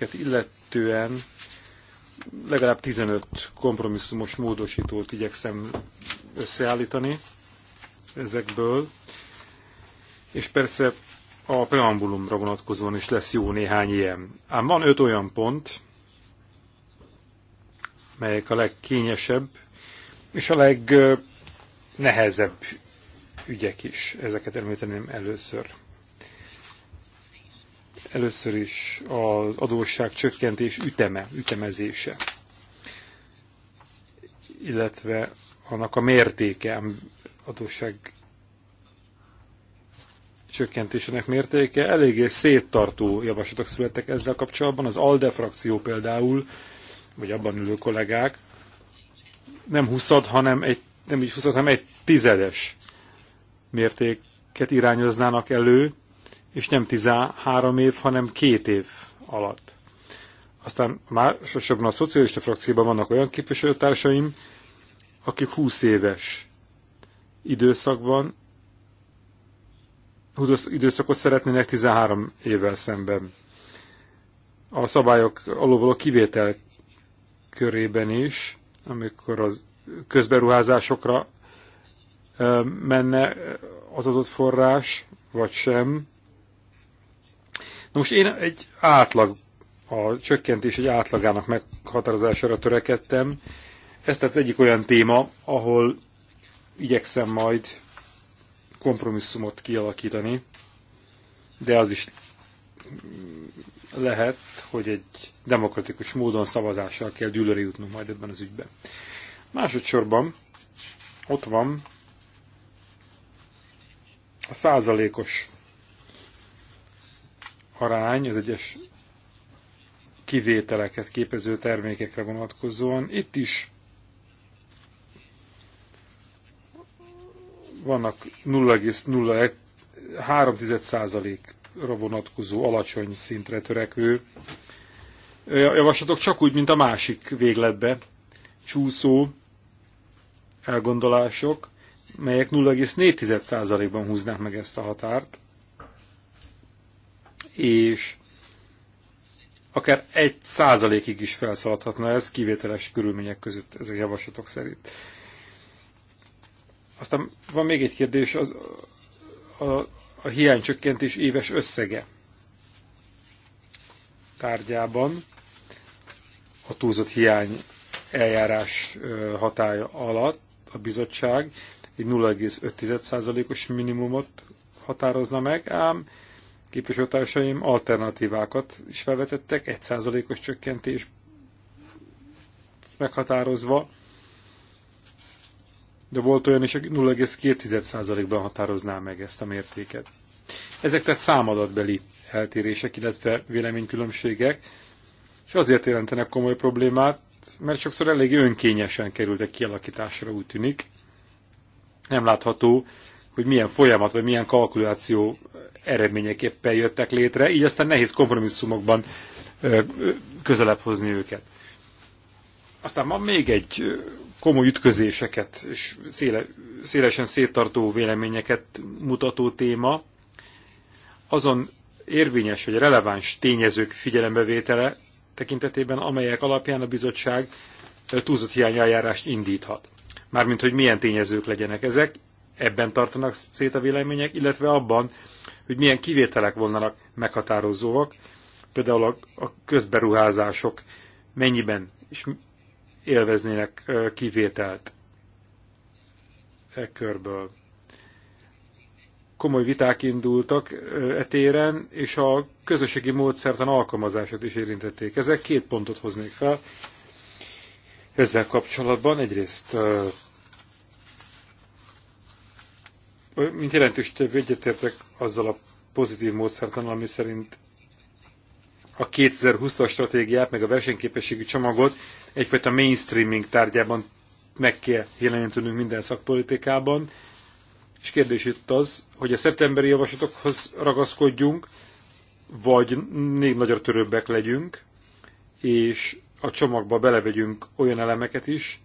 amelyeket illetően legalább 15 kompromisszumos módosítót igyekszem összeállítani ezekből, és persze a preambulumra vonatkozóan is lesz jó néhány ilyen. Ám van öt olyan pont, melyek a legkényesebb, és a legnehezebb ügyek is. Ezeket említeném először. Először is az adósság csökkentés üteme, ütemezése, illetve annak a mértéke, adósság csökkentésének mértéke. Eléggé széttartó javaslatok születtek ezzel kapcsolatban. Az ALDE frakció például, vagy abban ülő kollégák, nem 20 hanem egy, nem így 20 hanem egy tizedes mértéket irányoznának elő, és nem 13 év, hanem két év alatt. Aztán már sosabban a szocialista frakcióban vannak olyan képviselőtársaim, akik 20 éves időszakban, 20 időszakot szeretnének 13 évvel szemben. A szabályok alól kivétel körében is, amikor az közberuházásokra menne az adott forrás, vagy sem, Na most én egy átlag, a csökkentés egy átlagának meghatározására törekedtem. Ez tehát az egyik olyan téma, ahol igyekszem majd kompromisszumot kialakítani, de az is lehet, hogy egy demokratikus módon szavazással kell dűlőre jutnunk majd ebben az ügyben. Másodszorban ott van a százalékos arány az egyes kivételeket képező termékekre vonatkozóan. Itt is vannak 0,03%-ra vonatkozó alacsony szintre törekvő javaslatok, csak úgy, mint a másik végletbe csúszó elgondolások, melyek 0,4%-ban húznák meg ezt a határt és akár egy százalékig is felszaladhatna ez kivételes körülmények között ezek javaslatok szerint. Aztán van még egy kérdés, az a, a, hiánycsökkentés éves összege tárgyában a túlzott hiány eljárás hatája alatt a bizottság egy 0,5%-os minimumot határozna meg, ám képviselőtársaim alternatívákat is felvetettek, egy os csökkentés meghatározva, de volt olyan is, hogy 0,2%-ban határozná meg ezt a mértéket. Ezek tehát számadatbeli eltérések, illetve véleménykülönbségek, és azért jelentenek komoly problémát, mert sokszor elég önkényesen kerültek kialakításra, úgy tűnik. Nem látható hogy milyen folyamat vagy milyen kalkuláció eredményeképpen jöttek létre, így aztán nehéz kompromisszumokban közelebb hozni őket. Aztán van még egy komoly ütközéseket és széle, szélesen széttartó véleményeket mutató téma, azon érvényes vagy releváns tényezők figyelembevétele tekintetében, amelyek alapján a bizottság túlzott hiányajárást indíthat. Mármint, hogy milyen tényezők legyenek ezek, ebben tartanak szét a vélemények, illetve abban, hogy milyen kivételek volnának meghatározóak, például a, a közberuházások mennyiben is élveznének kivételt e körből. Komoly viták indultak e téren, és a közösségi módszertan alkalmazását is érintették. Ezek két pontot hoznék fel. Ezzel kapcsolatban egyrészt mint jelentős tevő egyetértek azzal a pozitív módszertan, ami szerint a 2020-as stratégiát, meg a versenyképességi csomagot egyfajta mainstreaming tárgyában meg kell jelenítenünk minden szakpolitikában. És kérdés itt az, hogy a szeptemberi javaslatokhoz ragaszkodjunk, vagy még nagyobb törőbbek legyünk, és a csomagba belevegyünk olyan elemeket is,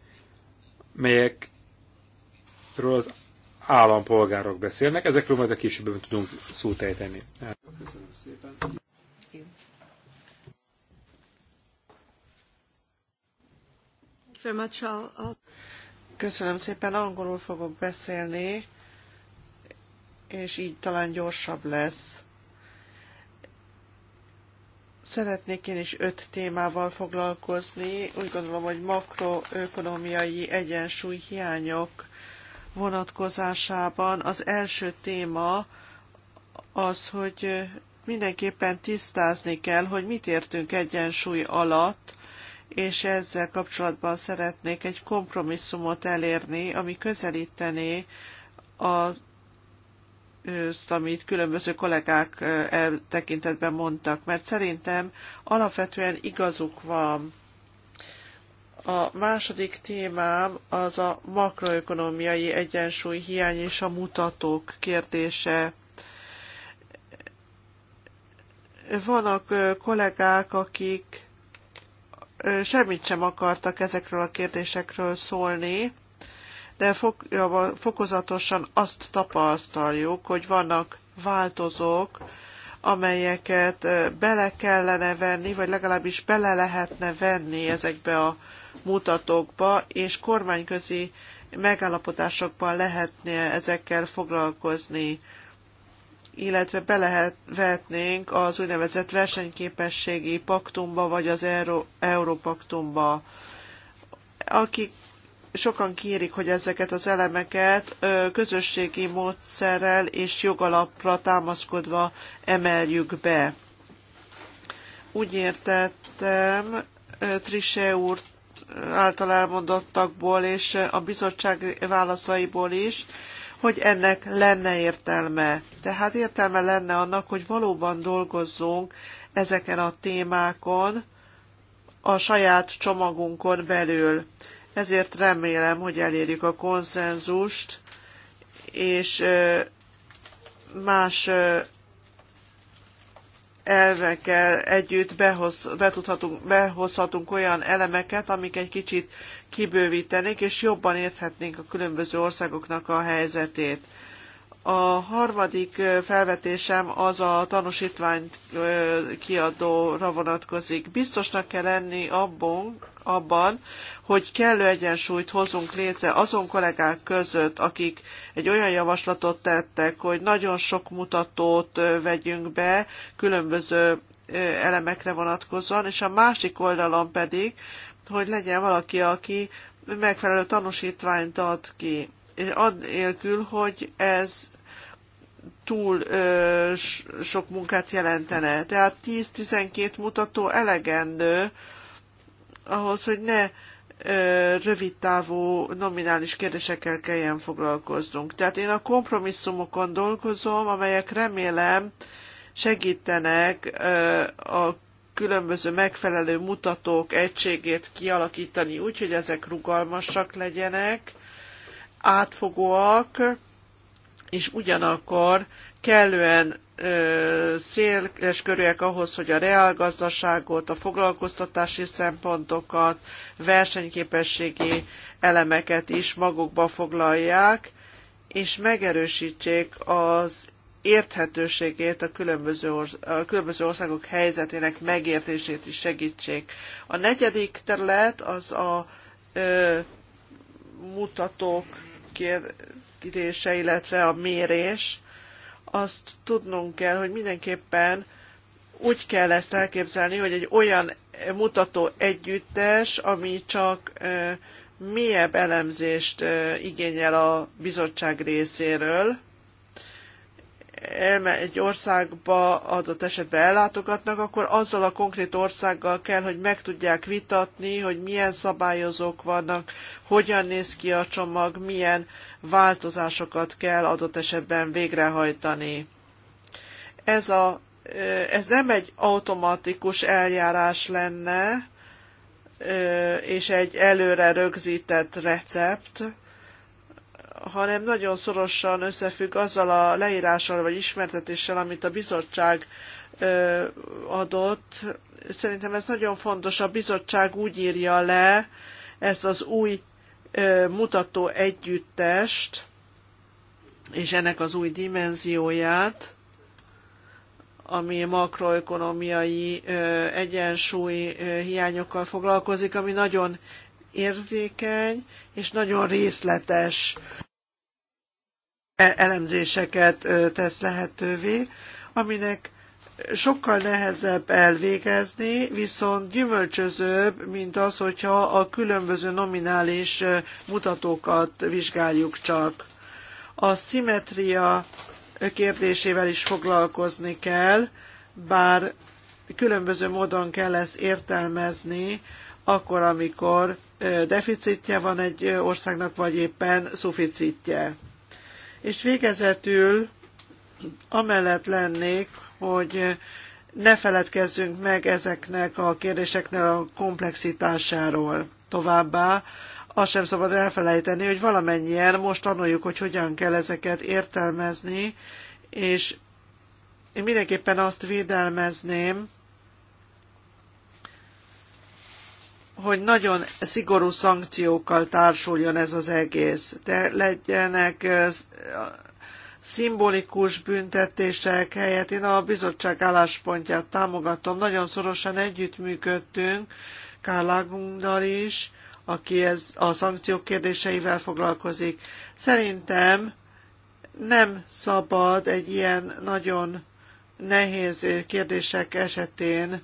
melyekről az állampolgárok beszélnek. Ezekről majd a később tudunk szót ejteni. Köszönöm szépen. Köszönöm szépen, angolul fogok beszélni, és így talán gyorsabb lesz. Szeretnék én is öt témával foglalkozni. Úgy gondolom, hogy makroökonomiai egyensúly hiányok vonatkozásában az első téma az, hogy mindenképpen tisztázni kell, hogy mit értünk egyensúly alatt, és ezzel kapcsolatban szeretnék egy kompromisszumot elérni, ami közelítené azt, amit különböző kollégák eh, tekintetben mondtak, mert szerintem alapvetően igazuk van a második témám az a makroökonomiai egyensúly hiány és a mutatók kérdése. Vannak kollégák, akik semmit sem akartak ezekről a kérdésekről szólni, de fokozatosan azt tapasztaljuk, hogy vannak változók, amelyeket bele kellene venni, vagy legalábbis bele lehetne venni ezekbe a mutatókba, és kormányközi megállapodásokba lehetne ezekkel foglalkozni, illetve be az úgynevezett versenyképességi paktumba, vagy az Euró, Európaktumba. Akik sokan kérik, hogy ezeket az elemeket közösségi módszerrel és jogalapra támaszkodva emeljük be. Úgy értettem Trise úrt által elmondottakból és a bizottság válaszaiból is, hogy ennek lenne értelme. Tehát értelme lenne annak, hogy valóban dolgozzunk ezeken a témákon a saját csomagunkon belül. Ezért remélem, hogy elérjük a konszenzust, és más elvekkel együtt behoz, be tudhatunk, behozhatunk olyan elemeket, amik egy kicsit kibővítenék, és jobban érthetnénk a különböző országoknak a helyzetét. A harmadik felvetésem az a tanúsítványt kiadóra vonatkozik. Biztosnak kell lenni abban, abban, hogy kellő egyensúlyt hozunk létre azon kollégák között, akik egy olyan javaslatot tettek, hogy nagyon sok mutatót vegyünk be különböző elemekre vonatkozóan, és a másik oldalon pedig, hogy legyen valaki, aki megfelelő tanúsítványt ad ki. Annélkül, hogy ez túl ö, sok munkát jelentene. Tehát 10-12 mutató elegendő ahhoz, hogy ne távú nominális kérdésekkel kelljen foglalkoznunk. Tehát én a kompromisszumokon dolgozom, amelyek remélem segítenek a különböző megfelelő mutatók egységét kialakítani úgy, hogy ezek rugalmasak legyenek, átfogóak, és ugyanakkor kellően széles körűek ahhoz, hogy a reálgazdaságot, a foglalkoztatási szempontokat, versenyképességi elemeket is magukba foglalják, és megerősítsék az érthetőségét, a különböző, a különböző országok helyzetének megértését is segítsék. A negyedik terület az a ö, mutatók kérdése, illetve a mérés azt tudnunk kell, hogy mindenképpen úgy kell ezt elképzelni, hogy egy olyan mutató együttes, ami csak mélyebb elemzést igényel a bizottság részéről, egy országba adott esetben ellátogatnak, akkor azzal a konkrét országgal kell, hogy meg tudják vitatni, hogy milyen szabályozók vannak, hogyan néz ki a csomag, milyen változásokat kell adott esetben végrehajtani. Ez, a, eh, ez nem egy automatikus eljárás lenne, eh, és egy előre rögzített recept, hanem nagyon szorosan összefügg azzal a leírással vagy ismertetéssel, amit a bizottság adott. Szerintem ez nagyon fontos. A bizottság úgy írja le ezt az új mutató együttest, és ennek az új dimenzióját, ami makroökonomiai egyensúly hiányokkal foglalkozik, ami nagyon érzékeny és nagyon részletes. E- elemzéseket tesz lehetővé, aminek sokkal nehezebb elvégezni, viszont gyümölcsözőbb, mint az, hogyha a különböző nominális mutatókat vizsgáljuk csak. A szimetria kérdésével is foglalkozni kell, bár különböző módon kell ezt értelmezni, akkor, amikor deficitje van egy országnak, vagy éppen szuficitje. És végezetül amellett lennék, hogy ne feledkezzünk meg ezeknek a kérdéseknek a komplexitásáról. Továbbá azt sem szabad elfelejteni, hogy valamennyien most tanuljuk, hogy hogyan kell ezeket értelmezni, és én mindenképpen azt védelmezném, hogy nagyon szigorú szankciókkal társuljon ez az egész. De legyenek szimbolikus büntetések helyett én a bizottság álláspontját támogatom. Nagyon szorosan együttműködtünk Kárlágunknal is, aki ez a szankciók kérdéseivel foglalkozik. Szerintem nem szabad egy ilyen nagyon nehéz kérdések esetén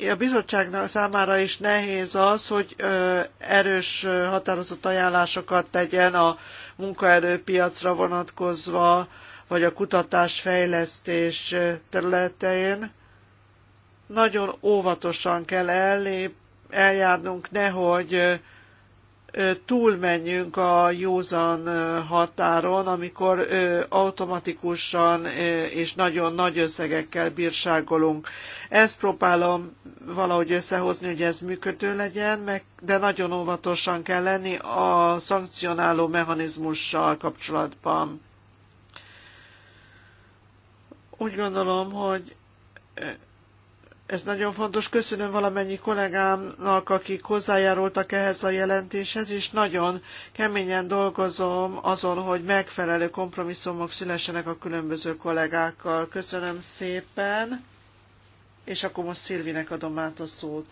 a bizottság számára is nehéz az, hogy erős határozott ajánlásokat tegyen a munkaerőpiacra vonatkozva, vagy a kutatás-fejlesztés területén. Nagyon óvatosan kell eljárnunk, nehogy túlmenjünk a józan határon, amikor automatikusan és nagyon nagy összegekkel bírságolunk. Ezt próbálom valahogy összehozni, hogy ez működő legyen, de nagyon óvatosan kell lenni a szankcionáló mechanizmussal kapcsolatban. Úgy gondolom, hogy ez nagyon fontos. Köszönöm valamennyi kollégámnak, akik hozzájárultak ehhez a jelentéshez, és nagyon keményen dolgozom azon, hogy megfelelő kompromisszumok szülessenek a különböző kollégákkal. Köszönöm szépen, és akkor most Szilvinek adom át a szót.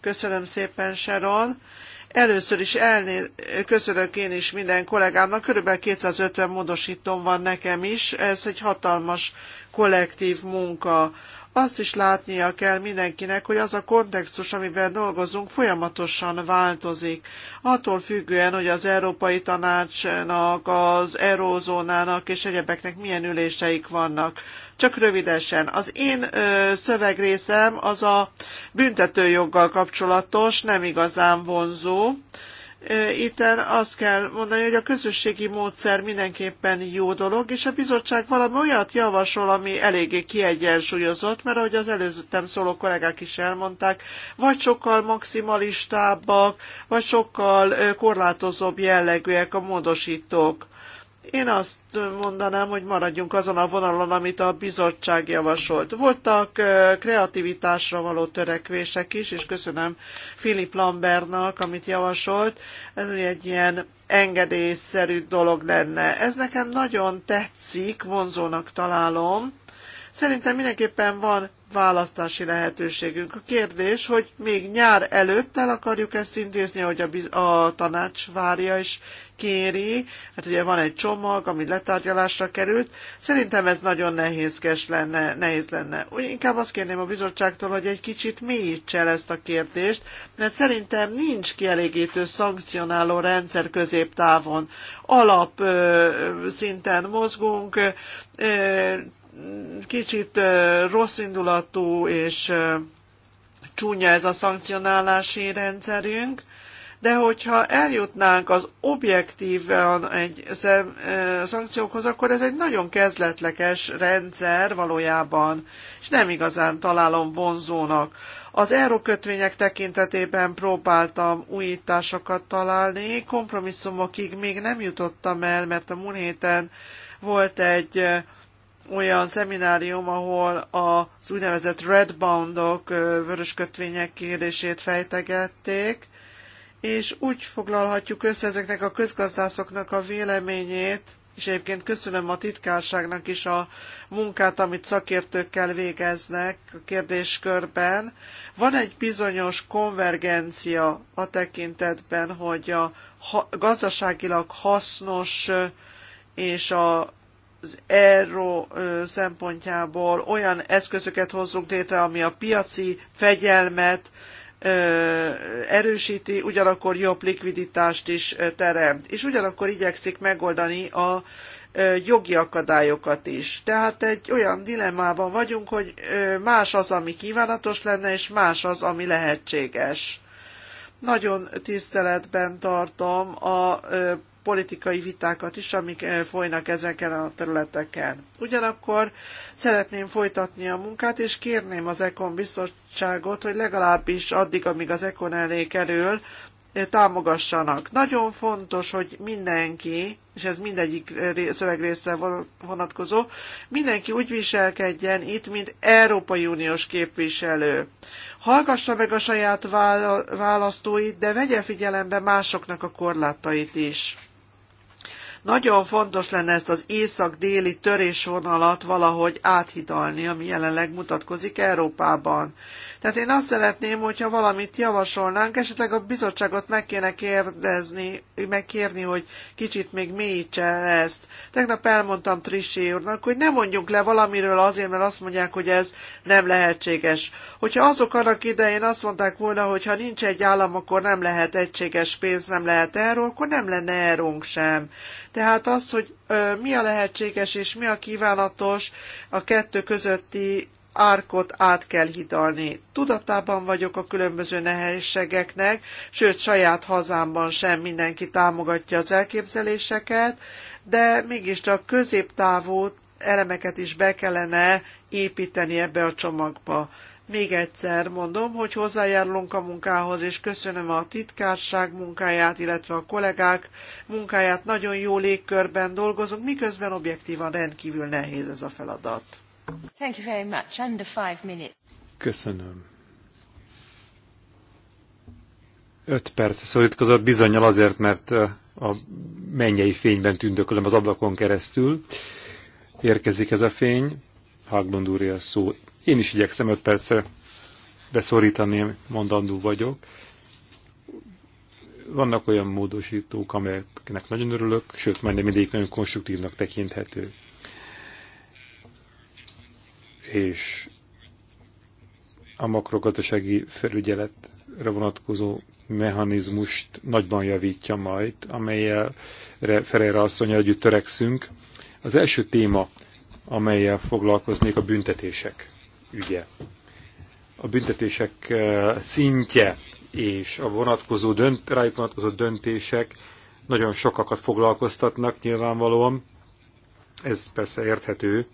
Köszönöm szépen, Sharon. Először is elnéz, köszönök én is minden kollégámnak, körülbelül 250 módosítom van nekem is, ez egy hatalmas kollektív munka azt is látnia kell mindenkinek, hogy az a kontextus, amiben dolgozunk, folyamatosan változik. Attól függően, hogy az Európai Tanácsnak, az Eurózónának és egyebeknek milyen üléseik vannak. Csak rövidesen. Az én ö, szövegrészem az a büntetőjoggal kapcsolatos, nem igazán vonzó. Ö, Itten azt kell mondani, hogy a közösségi módszer mindenképpen jó dolog, és a bizottság valami olyat javasol, ami eléggé kiegyensúlyozott, mert ahogy az előzöttem szóló kollégák is elmondták, vagy sokkal maximalistábbak, vagy sokkal korlátozóbb jellegűek a módosítók. Én azt mondanám, hogy maradjunk azon a vonalon, amit a bizottság javasolt. Voltak kreativitásra való törekvések is, és köszönöm Philip Lambernak, amit javasolt. Ez egy ilyen engedélyszerű dolog lenne. Ez nekem nagyon tetszik, vonzónak találom. Szerintem mindenképpen van választási lehetőségünk. A kérdés, hogy még nyár előtt el akarjuk ezt intézni, hogy a, biz- a tanács várja és kéri, mert ugye van egy csomag, ami letárgyalásra került. Szerintem ez nagyon nehézkes lenne, nehéz lenne. Úgy inkább azt kérném a bizottságtól, hogy egy kicsit mélyítse el ezt a kérdést, mert szerintem nincs kielégítő szankcionáló rendszer középtávon. Alap ö, szinten mozgunk, ö, kicsit rosszindulatú és csúnya ez a szankcionálási rendszerünk, de hogyha eljutnánk az objektíven egy szankciókhoz, akkor ez egy nagyon kezdetlekes rendszer valójában, és nem igazán találom vonzónak. Az eurókötvények tekintetében próbáltam újításokat találni, kompromisszumokig még nem jutottam el, mert a múlt héten volt egy olyan szeminárium, ahol az úgynevezett red bondok, vörös kötvények kérdését fejtegették, és úgy foglalhatjuk össze ezeknek a közgazdászoknak a véleményét, és egyébként köszönöm a titkárságnak is a munkát, amit szakértőkkel végeznek a kérdéskörben. Van egy bizonyos konvergencia a tekintetben, hogy a gazdaságilag hasznos és a az ERO szempontjából olyan eszközöket hozzunk létre, ami a piaci fegyelmet erősíti, ugyanakkor jobb likviditást is teremt, és ugyanakkor igyekszik megoldani a jogi akadályokat is. Tehát egy olyan dilemmában vagyunk, hogy más az, ami kívánatos lenne, és más az, ami lehetséges. Nagyon tiszteletben tartom a politikai vitákat is, amik eh, folynak ezeken a területeken. Ugyanakkor szeretném folytatni a munkát, és kérném az ECON bizottságot, hogy legalábbis addig, amíg az ECON elé kerül, eh, támogassanak. Nagyon fontos, hogy mindenki, és ez mindegyik szövegrészre vonatkozó, mindenki úgy viselkedjen itt, mint Európai Uniós képviselő. Hallgassa meg a saját választóit, de vegye figyelembe másoknak a korlátait is. Nagyon fontos lenne ezt az észak-déli törésvonalat valahogy áthidalni, ami jelenleg mutatkozik Európában. Tehát én azt szeretném, hogyha valamit javasolnánk, esetleg a bizottságot meg kéne kérdezni, megkérni, hogy kicsit még mélyítse ezt. Tegnap elmondtam Trissi úrnak, hogy ne mondjunk le valamiről azért, mert azt mondják, hogy ez nem lehetséges. Hogyha azok annak idején azt mondták volna, hogy ha nincs egy állam, akkor nem lehet egységes pénz, nem lehet erről, akkor nem lenne erőnk sem. Tehát az, hogy mi a lehetséges és mi a kívánatos, a kettő közötti árkot át kell hidalni. Tudatában vagyok a különböző nehézségeknek, sőt saját hazámban sem mindenki támogatja az elképzeléseket, de mégiscsak középtávú elemeket is be kellene építeni ebbe a csomagba. Még egyszer mondom, hogy hozzájárulunk a munkához, és köszönöm a titkárság munkáját, illetve a kollégák munkáját. Nagyon jó légkörben dolgozunk, miközben objektívan rendkívül nehéz ez a feladat. Thank you very much. Under five minutes. Köszönöm. Öt perc szorítkozott bizonyal azért, mert a mennyei fényben tündökölöm az ablakon keresztül. Érkezik ez a fény. Haglund úr a szó én is igyekszem öt percre beszorítani, mondandó vagyok. Vannak olyan módosítók, amelyeknek nagyon örülök, sőt, majdnem mindig nagyon konstruktívnak tekinthető. És a makrogazdasági felügyeletre vonatkozó mechanizmust nagyban javítja majd, amelyel Ferreira asszony együtt törekszünk. Az első téma, amelyel foglalkoznék, a büntetések ügye, a büntetések eh, szintje és a vonatkozó dönt, rájuk vonatkozó döntések nagyon sokakat foglalkoztatnak nyilvánvalóan. Ez persze érthető,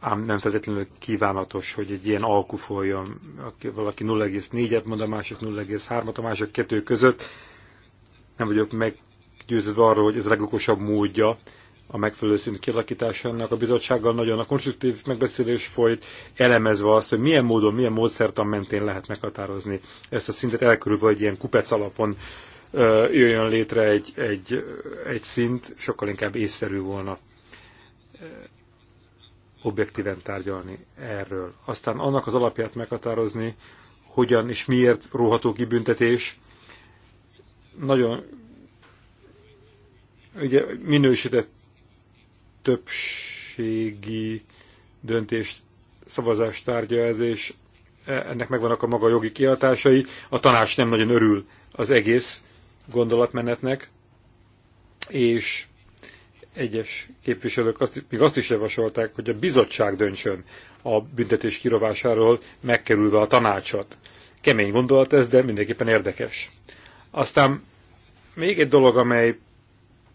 ám nem feltétlenül kívánatos, hogy egy ilyen aki valaki 0,4-et mond, a másik 0,3-at, a másik kettő között. Nem vagyok meggyőződve arról, hogy ez a legokosabb módja a megfelelő szint kialakításának a bizottsággal nagyon a konstruktív megbeszélés folyt, elemezve azt, hogy milyen módon, milyen módszertan mentén lehet meghatározni ezt a szintet elkörülve, hogy ilyen kupec alapon ö, jöjjön létre egy, egy, egy szint, sokkal inkább észszerű volna objektíven tárgyalni erről. Aztán annak az alapját meghatározni, hogyan és miért róható kibüntetés, Nagyon ugye minősített többségi döntés, szavazást tárgya ez, és ennek megvannak a maga jogi kiadásai. A tanács nem nagyon örül az egész gondolatmenetnek, és egyes képviselők azt, még azt is javasolták, hogy a bizottság döntsön a büntetés kirovásáról, megkerülve a tanácsot. Kemény gondolat ez, de mindenképpen érdekes. Aztán még egy dolog, amely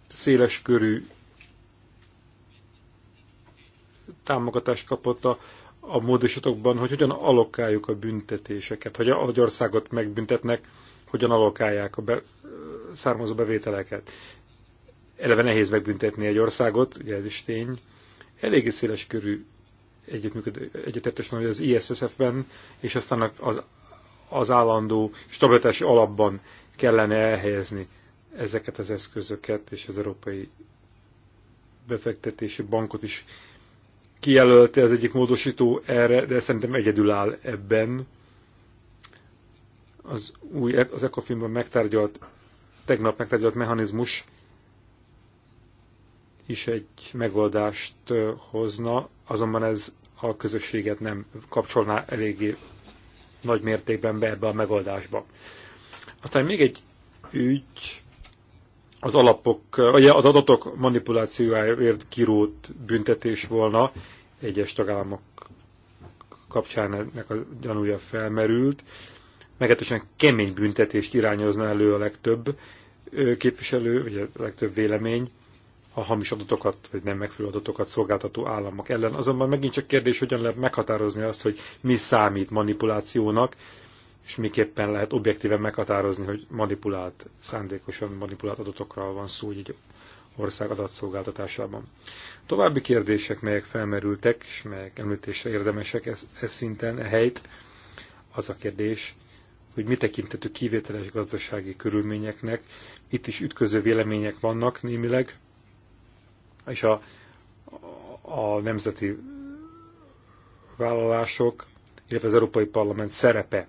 széles körű támogatást kapott a, a módosítókban, hogy hogyan alokáljuk a büntetéseket, hogy a országot megbüntetnek, hogyan alokálják a be, származó bevételeket. Eleve nehéz megbüntetni egy országot, ugye ez is tény. Eléggé széles körű egyetértés van, hogy az ISSF-ben, és aztán az, az állandó stabilitási alapban kellene elhelyezni ezeket az eszközöket, és az Európai Befektetési Bankot is kijelölte az egyik módosító erre, de szerintem egyedül áll ebben. Az új, e- az ECOFIN-ban megtárgyalt, tegnap megtárgyalt mechanizmus is egy megoldást hozna, azonban ez a közösséget nem kapcsolná eléggé nagy mértékben be ebbe a megoldásba. Aztán még egy ügy, az alapok, vagy az adatok manipulációjáért kirót büntetés volna, egyes tagállamok kapcsán ennek a gyanúja felmerült. Megetősen kemény büntetést irányozna elő a legtöbb képviselő, vagy a legtöbb vélemény a hamis adatokat, vagy nem megfelelő adatokat szolgáltató államok ellen. Azonban megint csak kérdés, hogyan lehet meghatározni azt, hogy mi számít manipulációnak, és miképpen lehet objektíven meghatározni, hogy manipulált, szándékosan manipulált adatokra van szó egy ország adatszolgáltatásában. További kérdések, melyek felmerültek, és melyek említésre érdemesek ez, ez szinten, e helyt, az a kérdés, hogy mi tekintető kivételes gazdasági körülményeknek. Itt is ütköző vélemények vannak némileg, és a, a nemzeti vállalások, illetve az Európai Parlament szerepe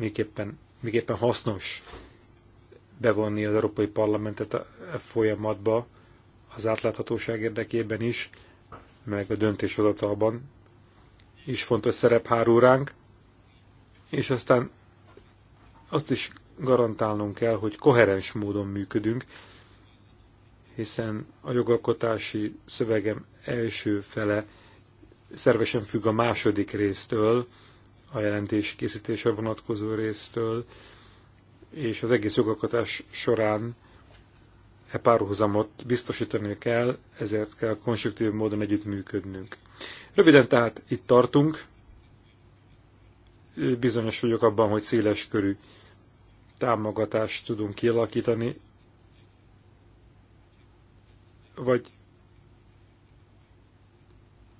miképpen, miképpen hasznos bevonni az Európai Parlamentet a folyamatba az átláthatóság érdekében is, meg a döntéshozatalban is fontos szerep hárul ránk, és aztán azt is garantálnunk kell, hogy koherens módon működünk, hiszen a jogalkotási szövegem első fele szervesen függ a második résztől, a jelentés készítése vonatkozó résztől, és az egész jogalkotás során e párhuzamot biztosítani kell, ezért kell konstruktív módon együttműködnünk. Röviden tehát itt tartunk, bizonyos vagyok abban, hogy széles körű támogatást tudunk kialakítani, vagy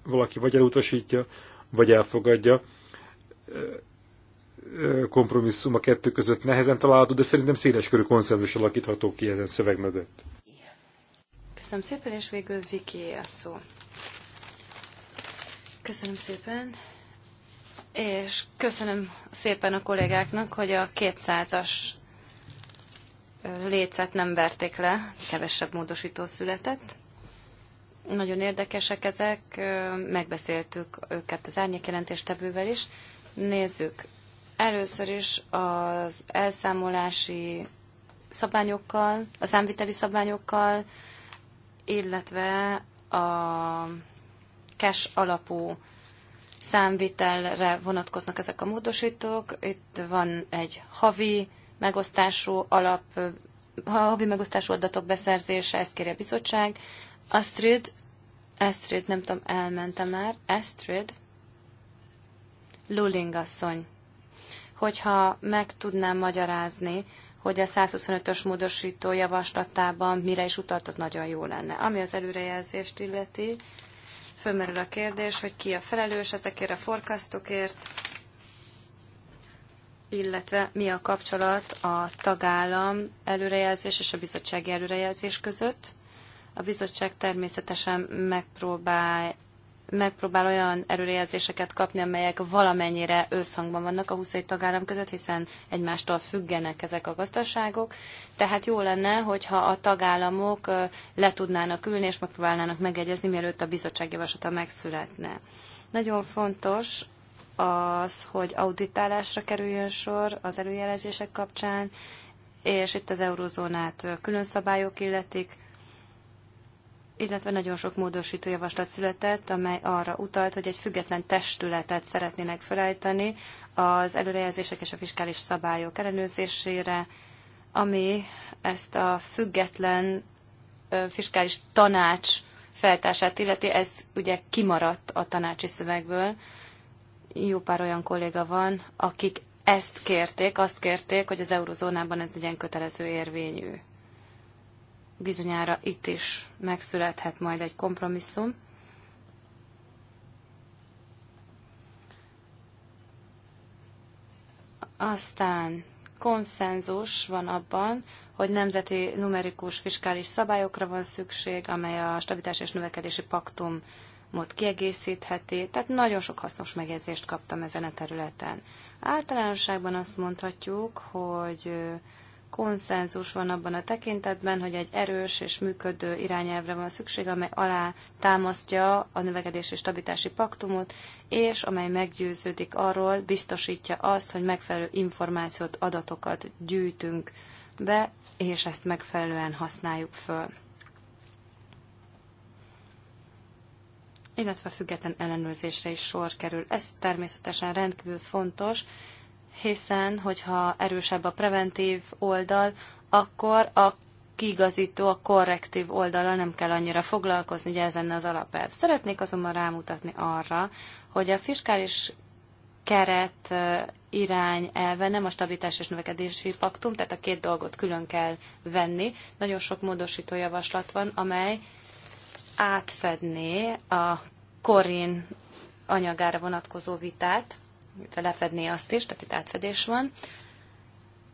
valaki vagy elutasítja, vagy elfogadja kompromisszum a kettő között nehezen található, de szerintem széleskörű konszenzus alakítható ki ezen szöveg mögött. Köszönöm szépen, és végül Viki a szó. Köszönöm szépen, és köszönöm szépen a kollégáknak, hogy a 200-as lécet nem verték le, kevesebb módosító született. Nagyon érdekesek ezek, megbeszéltük őket az árnyékjelentéstevővel is. Nézzük. Először is az elszámolási szabályokkal a számviteli szabályokkal illetve a cash alapú számvitelre vonatkoznak ezek a módosítók. Itt van egy havi megosztású alap, havi megosztású adatok beszerzése, ezt kéri a bizottság. Astrid, Astrid, nem tudom, elmentem már, Astrid, Luling asszony, hogyha meg tudnám magyarázni, hogy a 125-ös módosító javaslatában mire is utalt, az nagyon jó lenne. Ami az előrejelzést illeti, fölmerül a kérdés, hogy ki a felelős ezekért a forkasztokért, illetve mi a kapcsolat a tagállam előrejelzés és a bizottsági előrejelzés között. A bizottság természetesen megpróbál megpróbál olyan erőrejelzéseket kapni, amelyek valamennyire összhangban vannak a 27 tagállam között, hiszen egymástól függenek ezek a gazdaságok. Tehát jó lenne, hogyha a tagállamok le tudnának ülni és megpróbálnának megegyezni, mielőtt a bizottság javaslata megszületne. Nagyon fontos az, hogy auditálásra kerüljön sor az előjelezések kapcsán, és itt az eurozónát külön szabályok illetik, illetve nagyon sok módosító javaslat született, amely arra utalt, hogy egy független testületet szeretnének felállítani az előrejelzések és a fiskális szabályok ellenőrzésére, ami ezt a független fiskális tanács feltását illeti, ez ugye kimaradt a tanácsi szövegből. Jó pár olyan kolléga van, akik ezt kérték, azt kérték, hogy az eurozónában ez legyen kötelező érvényű bizonyára itt is megszülethet majd egy kompromisszum. Aztán konszenzus van abban, hogy nemzeti numerikus fiskális szabályokra van szükség, amely a stabilitás és növekedési paktumot kiegészítheti. Tehát nagyon sok hasznos megjegyzést kaptam ezen a területen. Általánosságban azt mondhatjuk, hogy konszenzus van abban a tekintetben, hogy egy erős és működő irányelvre van szükség, amely alá támasztja a növekedési stabilitási paktumot, és amely meggyőződik arról, biztosítja azt, hogy megfelelő információt, adatokat gyűjtünk be, és ezt megfelelően használjuk föl. illetve független ellenőrzésre is sor kerül. Ez természetesen rendkívül fontos, hiszen hogyha erősebb a preventív oldal, akkor a kigazító, a korrektív oldala nem kell annyira foglalkozni, ugye ez lenne az alapelv. Szeretnék azonban rámutatni arra, hogy a fiskális keret irány elve nem a stabilitás és növekedési paktum, tehát a két dolgot külön kell venni. Nagyon sok módosító javaslat van, amely átfedné a Korin anyagára vonatkozó vitát, lefedni azt is, tehát itt átfedés van.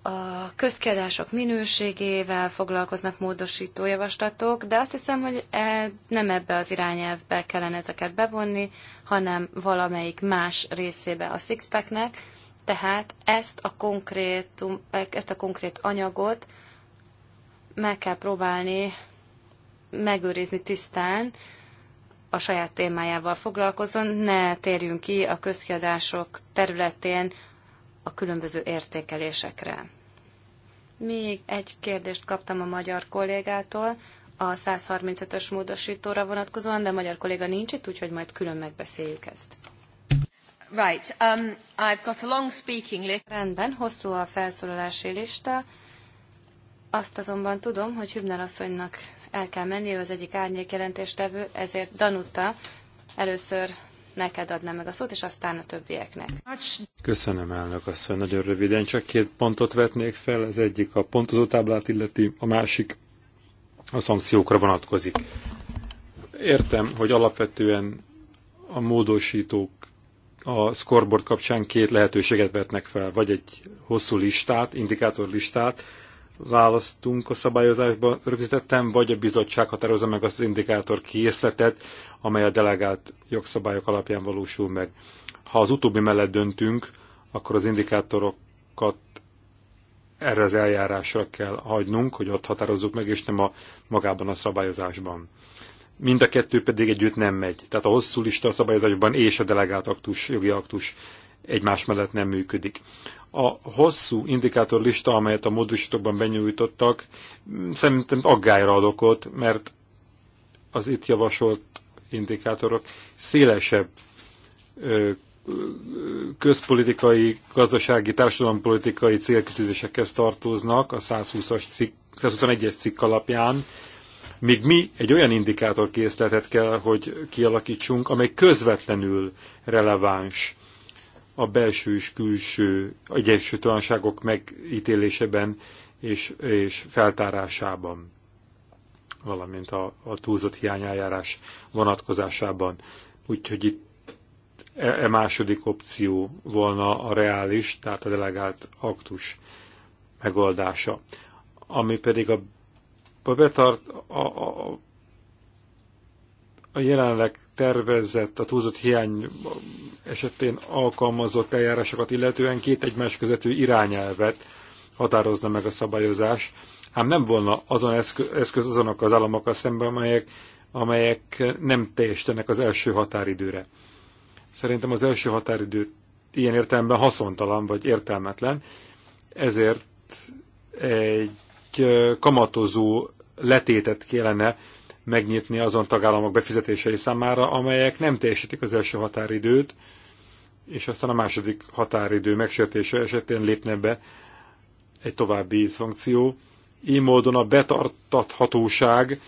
A közkiadások minőségével foglalkoznak módosító javaslatok, de azt hiszem, hogy e, nem ebbe az irányelvbe kellene ezeket bevonni, hanem valamelyik más részébe a Sixpacknek, tehát ezt a, konkrétum, ezt a konkrét anyagot meg kell próbálni megőrizni tisztán, a saját témájával foglalkozzon, ne térjünk ki a közkiadások területén a különböző értékelésekre. Még egy kérdést kaptam a magyar kollégától, a 135-ös módosítóra vonatkozóan, de a magyar kolléga nincs itt, úgyhogy majd külön megbeszéljük ezt. Right, um, I've got a long speaking list. Rendben, hosszú a felszólalási lista. Azt azonban tudom, hogy Hübner asszonynak el kell menni, ő az egyik árnyék jelentéstevő, ezért Danuta először neked adna meg a szót, és aztán a többieknek. Köszönöm, elnök asszony. Nagyon röviden csak két pontot vetnék fel. Az egyik a pontozó táblát illeti, a másik a szankciókra vonatkozik. Értem, hogy alapvetően a módosítók a scoreboard kapcsán két lehetőséget vetnek fel, vagy egy hosszú listát, indikátorlistát, választunk a szabályozásban rögzítettem, vagy a bizottság határozza meg az indikátor készletet, amely a delegált jogszabályok alapján valósul meg. Ha az utóbbi mellett döntünk, akkor az indikátorokat erre az eljárásra kell hagynunk, hogy ott határozzuk meg, és nem a magában a szabályozásban. Mind a kettő pedig együtt nem megy. Tehát a hosszú lista a szabályozásban és a delegált aktus, jogi aktus egymás mellett nem működik. A hosszú indikátorlista, amelyet a módosítókban benyújtottak, szerintem aggályra ad okot, mert az itt javasolt indikátorok szélesebb közpolitikai, gazdasági, társadalompolitikai célkitűzésekhez tartoznak a 120-as cikk, 121-es cikk alapján, míg mi egy olyan indikátorkészletet kell, hogy kialakítsunk, amely közvetlenül releváns a belső és külső egyensúlytalanságok megítélésében és, és feltárásában, valamint a, a túlzott hiányájárás vonatkozásában. Úgyhogy itt e, e második opció volna a reális, tehát a delegált aktus megoldása. Ami pedig a, a betart a, a, a jelenleg tervezett, a túlzott hiány esetén alkalmazott eljárásokat illetően két egymás közöttű irányelvet határozna meg a szabályozás, ám nem volna azon eszköz azonok az államokkal szemben, amelyek, amelyek nem teljesítenek az első határidőre. Szerintem az első határidő ilyen értelemben haszontalan vagy értelmetlen, ezért egy kamatozó letétet kellene megnyitni azon tagállamok befizetései számára, amelyek nem teljesítik az első határidőt, és aztán a második határidő megsértése esetén lépne be egy további szankció. Így módon a betartathatóság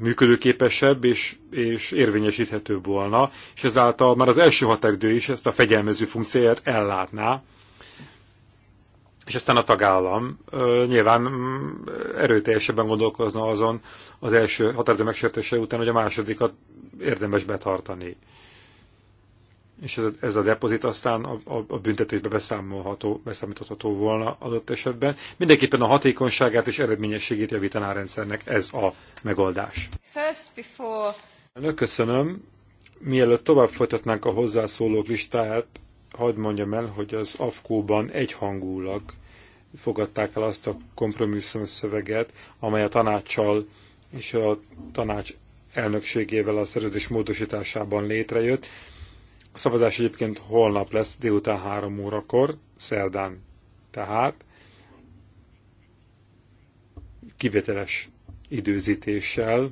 működőképesebb és, és érvényesíthetőbb volna, és ezáltal már az első határidő is ezt a fegyelmező funkcióját ellátná, és aztán a tagállam ö, nyilván mm, erőteljesebben gondolkozna azon az első határidő megsértése után, hogy a másodikat érdemes betartani. És ez, a, ez a depozit aztán a, a, a büntetésbe beszámolható, beszámítható volna adott esetben. Mindenképpen a hatékonyságát és eredményességét javítaná a rendszernek ez a megoldás. First before... Köszönöm. Mielőtt tovább folytatnánk a hozzászólók listáját, hadd mondjam el, hogy az AFKO-ban egyhangulag fogadták el azt a kompromisszum szöveget, amely a tanácssal és a tanács elnökségével a szerződés módosításában létrejött. A szavazás egyébként holnap lesz délután három órakor, szerdán tehát, kivételes időzítéssel.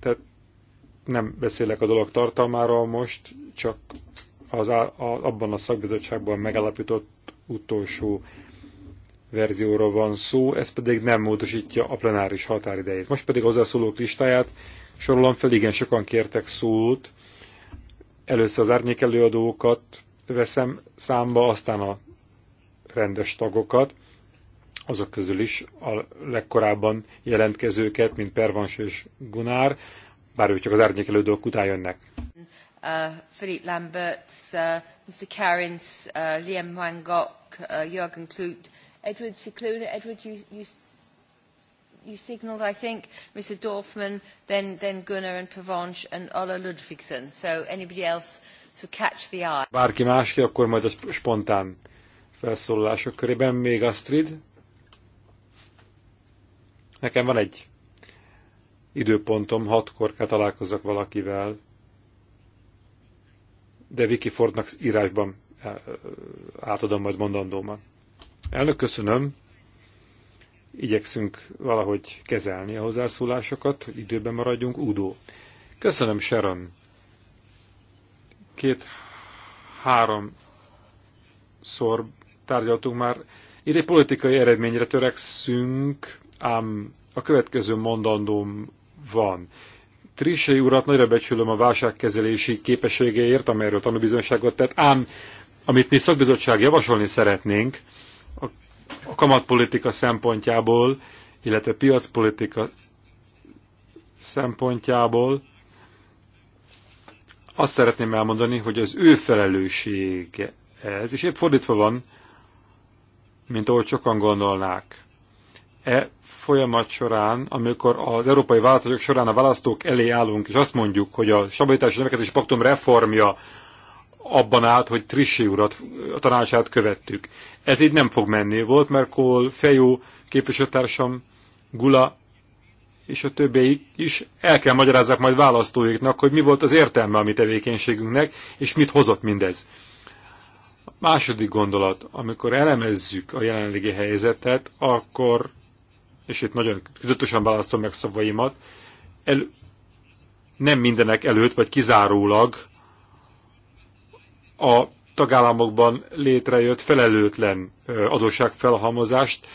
Tehát nem beszélek a dolog tartalmáról most, csak az a, abban a szakbizottságban megállapított utolsó verzióra van szó, ez pedig nem módosítja a plenáris határidejét. Most pedig hozzászólók listáját sorolom fel, igen, sokan kértek szót. Először az árnyék előadókat veszem számba, aztán a rendes tagokat, azok közül is a legkorábban jelentkezőket, mint Pervans és Gunár, bár ők csak az árnyék előadók után jönnek uh, Philippe Lamberts, uh, Mr. Karins, uh, Liam Wangok, uh, Jürgen Kloot, Edward Cicluna. Edward, you, you, you signalled, I think, Mr. Dorfman, then, then Gunnar and Pavanch and Ola Ludvigsen. So anybody else to catch the eye? Bárki más, akkor majd a spontán felszólalások körében. Még Astrid? Nekem van egy időpontom, hatkor kell találkozok valakivel de Vicky Fordnak írásban átadom majd mondandóma. Elnök, köszönöm. Igyekszünk valahogy kezelni a hozzászólásokat, hogy időben maradjunk. Udo. Köszönöm, Sharon. Két-három szor tárgyaltunk már. Itt egy politikai eredményre törekszünk, ám a következő mondandóm van. Trisei urat nagyra becsülöm a válságkezelési képességeért, amelyről tanúbizonyságot tett, ám amit mi szakbizottság javasolni szeretnénk, a, a kamatpolitika szempontjából, illetve piacpolitika szempontjából, azt szeretném elmondani, hogy az ő felelőssége ez, és épp fordítva van, mint ahogy sokan gondolnák. E folyamat során, amikor az európai választások során a választók elé állunk, és azt mondjuk, hogy a stabilitási növekedési paktum reformja abban állt, hogy Trissi urat a tanácsát követtük. Ez így nem fog menni. Volt Merkel, Fejó képviselőtársam, Gula és a többiek is el kell magyarázzák majd választóiknak, hogy mi volt az értelme a mi tevékenységünknek, és mit hozott mindez. Második gondolat, amikor elemezzük a jelenlegi helyzetet, akkor és itt nagyon tudatosan választom meg szavaimat, el, nem mindenek előtt, vagy kizárólag a tagállamokban létrejött felelőtlen adósságfelhalmozást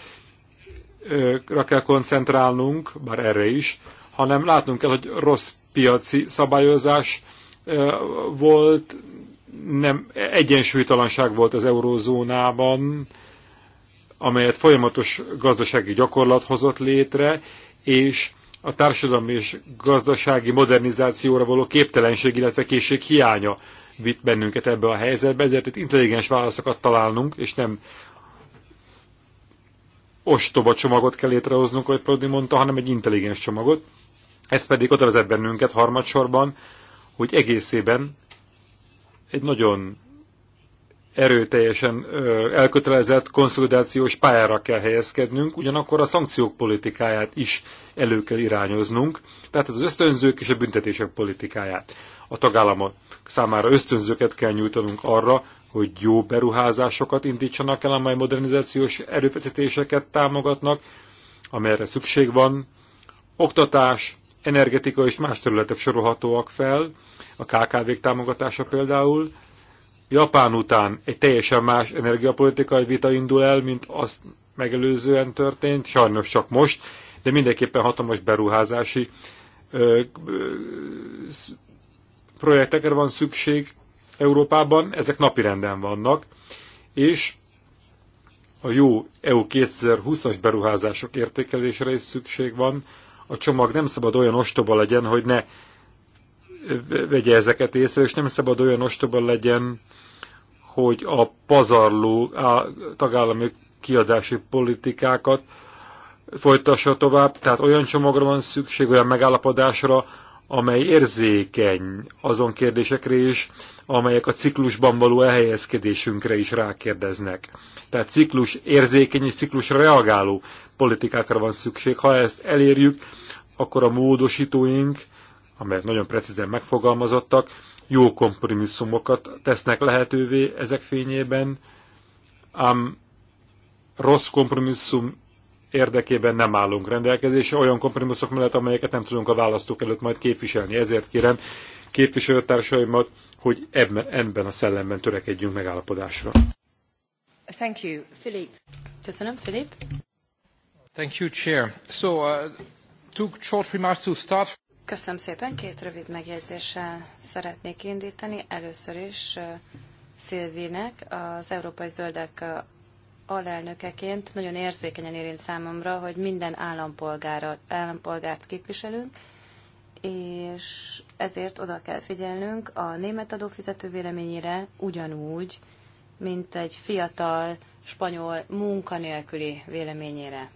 ra kell koncentrálnunk, bár erre is, hanem látnunk kell, hogy rossz piaci szabályozás volt, nem egyensúlytalanság volt az eurózónában, amelyet folyamatos gazdasági gyakorlat hozott létre, és a társadalmi és gazdasági modernizációra való képtelenség, illetve készség hiánya vitt bennünket ebbe a helyzetbe, ezért itt intelligens válaszokat találnunk, és nem ostoba csomagot kell létrehoznunk, ahogy Prodi mondta, hanem egy intelligens csomagot. Ez pedig oda vezet bennünket harmadsorban, hogy egészében egy nagyon erőteljesen elkötelezett konszolidációs pályára kell helyezkednünk, ugyanakkor a szankciók politikáját is elő kell irányoznunk, tehát az ösztönzők és a büntetések politikáját. A tagállamok számára ösztönzőket kell nyújtanunk arra, hogy jó beruházásokat indítsanak el, amely modernizációs erőfeszítéseket támogatnak, amelyre szükség van. Oktatás, energetika és más területek sorolhatóak fel, a KKV-k támogatása például, Japán után egy teljesen más energiapolitikai vita indul el, mint azt megelőzően történt, sajnos csak most, de mindenképpen hatalmas beruházási ö, ö, projektekre van szükség Európában, ezek napirenden vannak, és a jó EU 2020-as beruházások értékelésére is szükség van. A csomag nem szabad olyan ostoba legyen, hogy ne vegye ezeket észre, és nem szabad olyan ostoba legyen, hogy a pazarló a tagállami kiadási politikákat folytassa tovább, tehát olyan csomagra van szükség, olyan megállapodásra, amely érzékeny azon kérdésekre is, amelyek a ciklusban való elhelyezkedésünkre is rákérdeznek. Tehát ciklus érzékeny és ciklusra reagáló politikákra van szükség. Ha ezt elérjük, akkor a módosítóink amelyek nagyon precízen megfogalmazottak, jó kompromisszumokat tesznek lehetővé ezek fényében, ám rossz kompromisszum érdekében nem állunk rendelkezésre, olyan kompromisszok mellett, amelyeket nem tudunk a választók előtt majd képviselni. Ezért kérem képviselőtársaimat, hogy ebben a szellemben törekedjünk megállapodásra. Thank you, Philip. Köszönöm, Philip. Thank you, Chair. So, uh, two short remarks to start. Köszönöm szépen, két rövid megjegyzéssel szeretnék indítani. Először is Szilvinek, az Európai Zöldek alelnökeként nagyon érzékenyen érint számomra, hogy minden állampolgárt képviselünk, és ezért oda kell figyelnünk a német adófizető véleményére ugyanúgy, mint egy fiatal spanyol munkanélküli véleményére.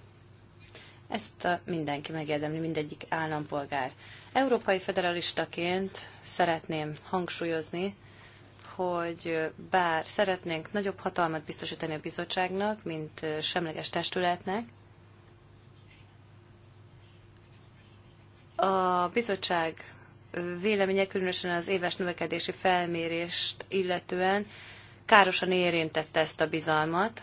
Ezt eh, mindenki megérdemli, mindegyik állampolgár. Európai federalistaként szeretném hangsúlyozni, hogy eh, bár szeretnénk nagyobb hatalmat biztosítani a bizottságnak, mint eh, semleges testületnek, a bizottság véleménye különösen az éves növekedési felmérést illetően károsan érintette ezt a bizalmat,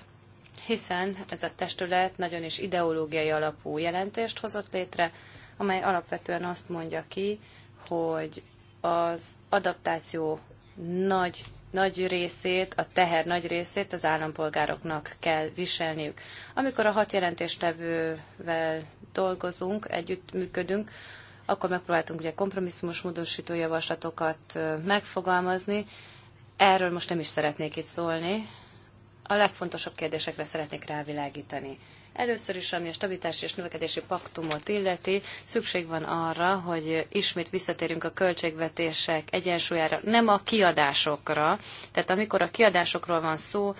hiszen ez a testület nagyon is ideológiai alapú jelentést hozott létre, amely alapvetően azt mondja ki, hogy az adaptáció nagy, nagy részét, a teher nagy részét az állampolgároknak kell viselniük. Amikor a hat jelentéstevővel dolgozunk, együttműködünk, akkor megpróbáltunk ugye kompromisszumos módosító javaslatokat megfogalmazni. Erről most nem is szeretnék itt szólni, a legfontosabb kérdésekre szeretnék rávilágítani. Először is, ami a stabilitási és növekedési paktumot illeti, szükség van arra, hogy ismét visszatérünk a költségvetések egyensúlyára, nem a kiadásokra. Tehát amikor a kiadásokról van szó,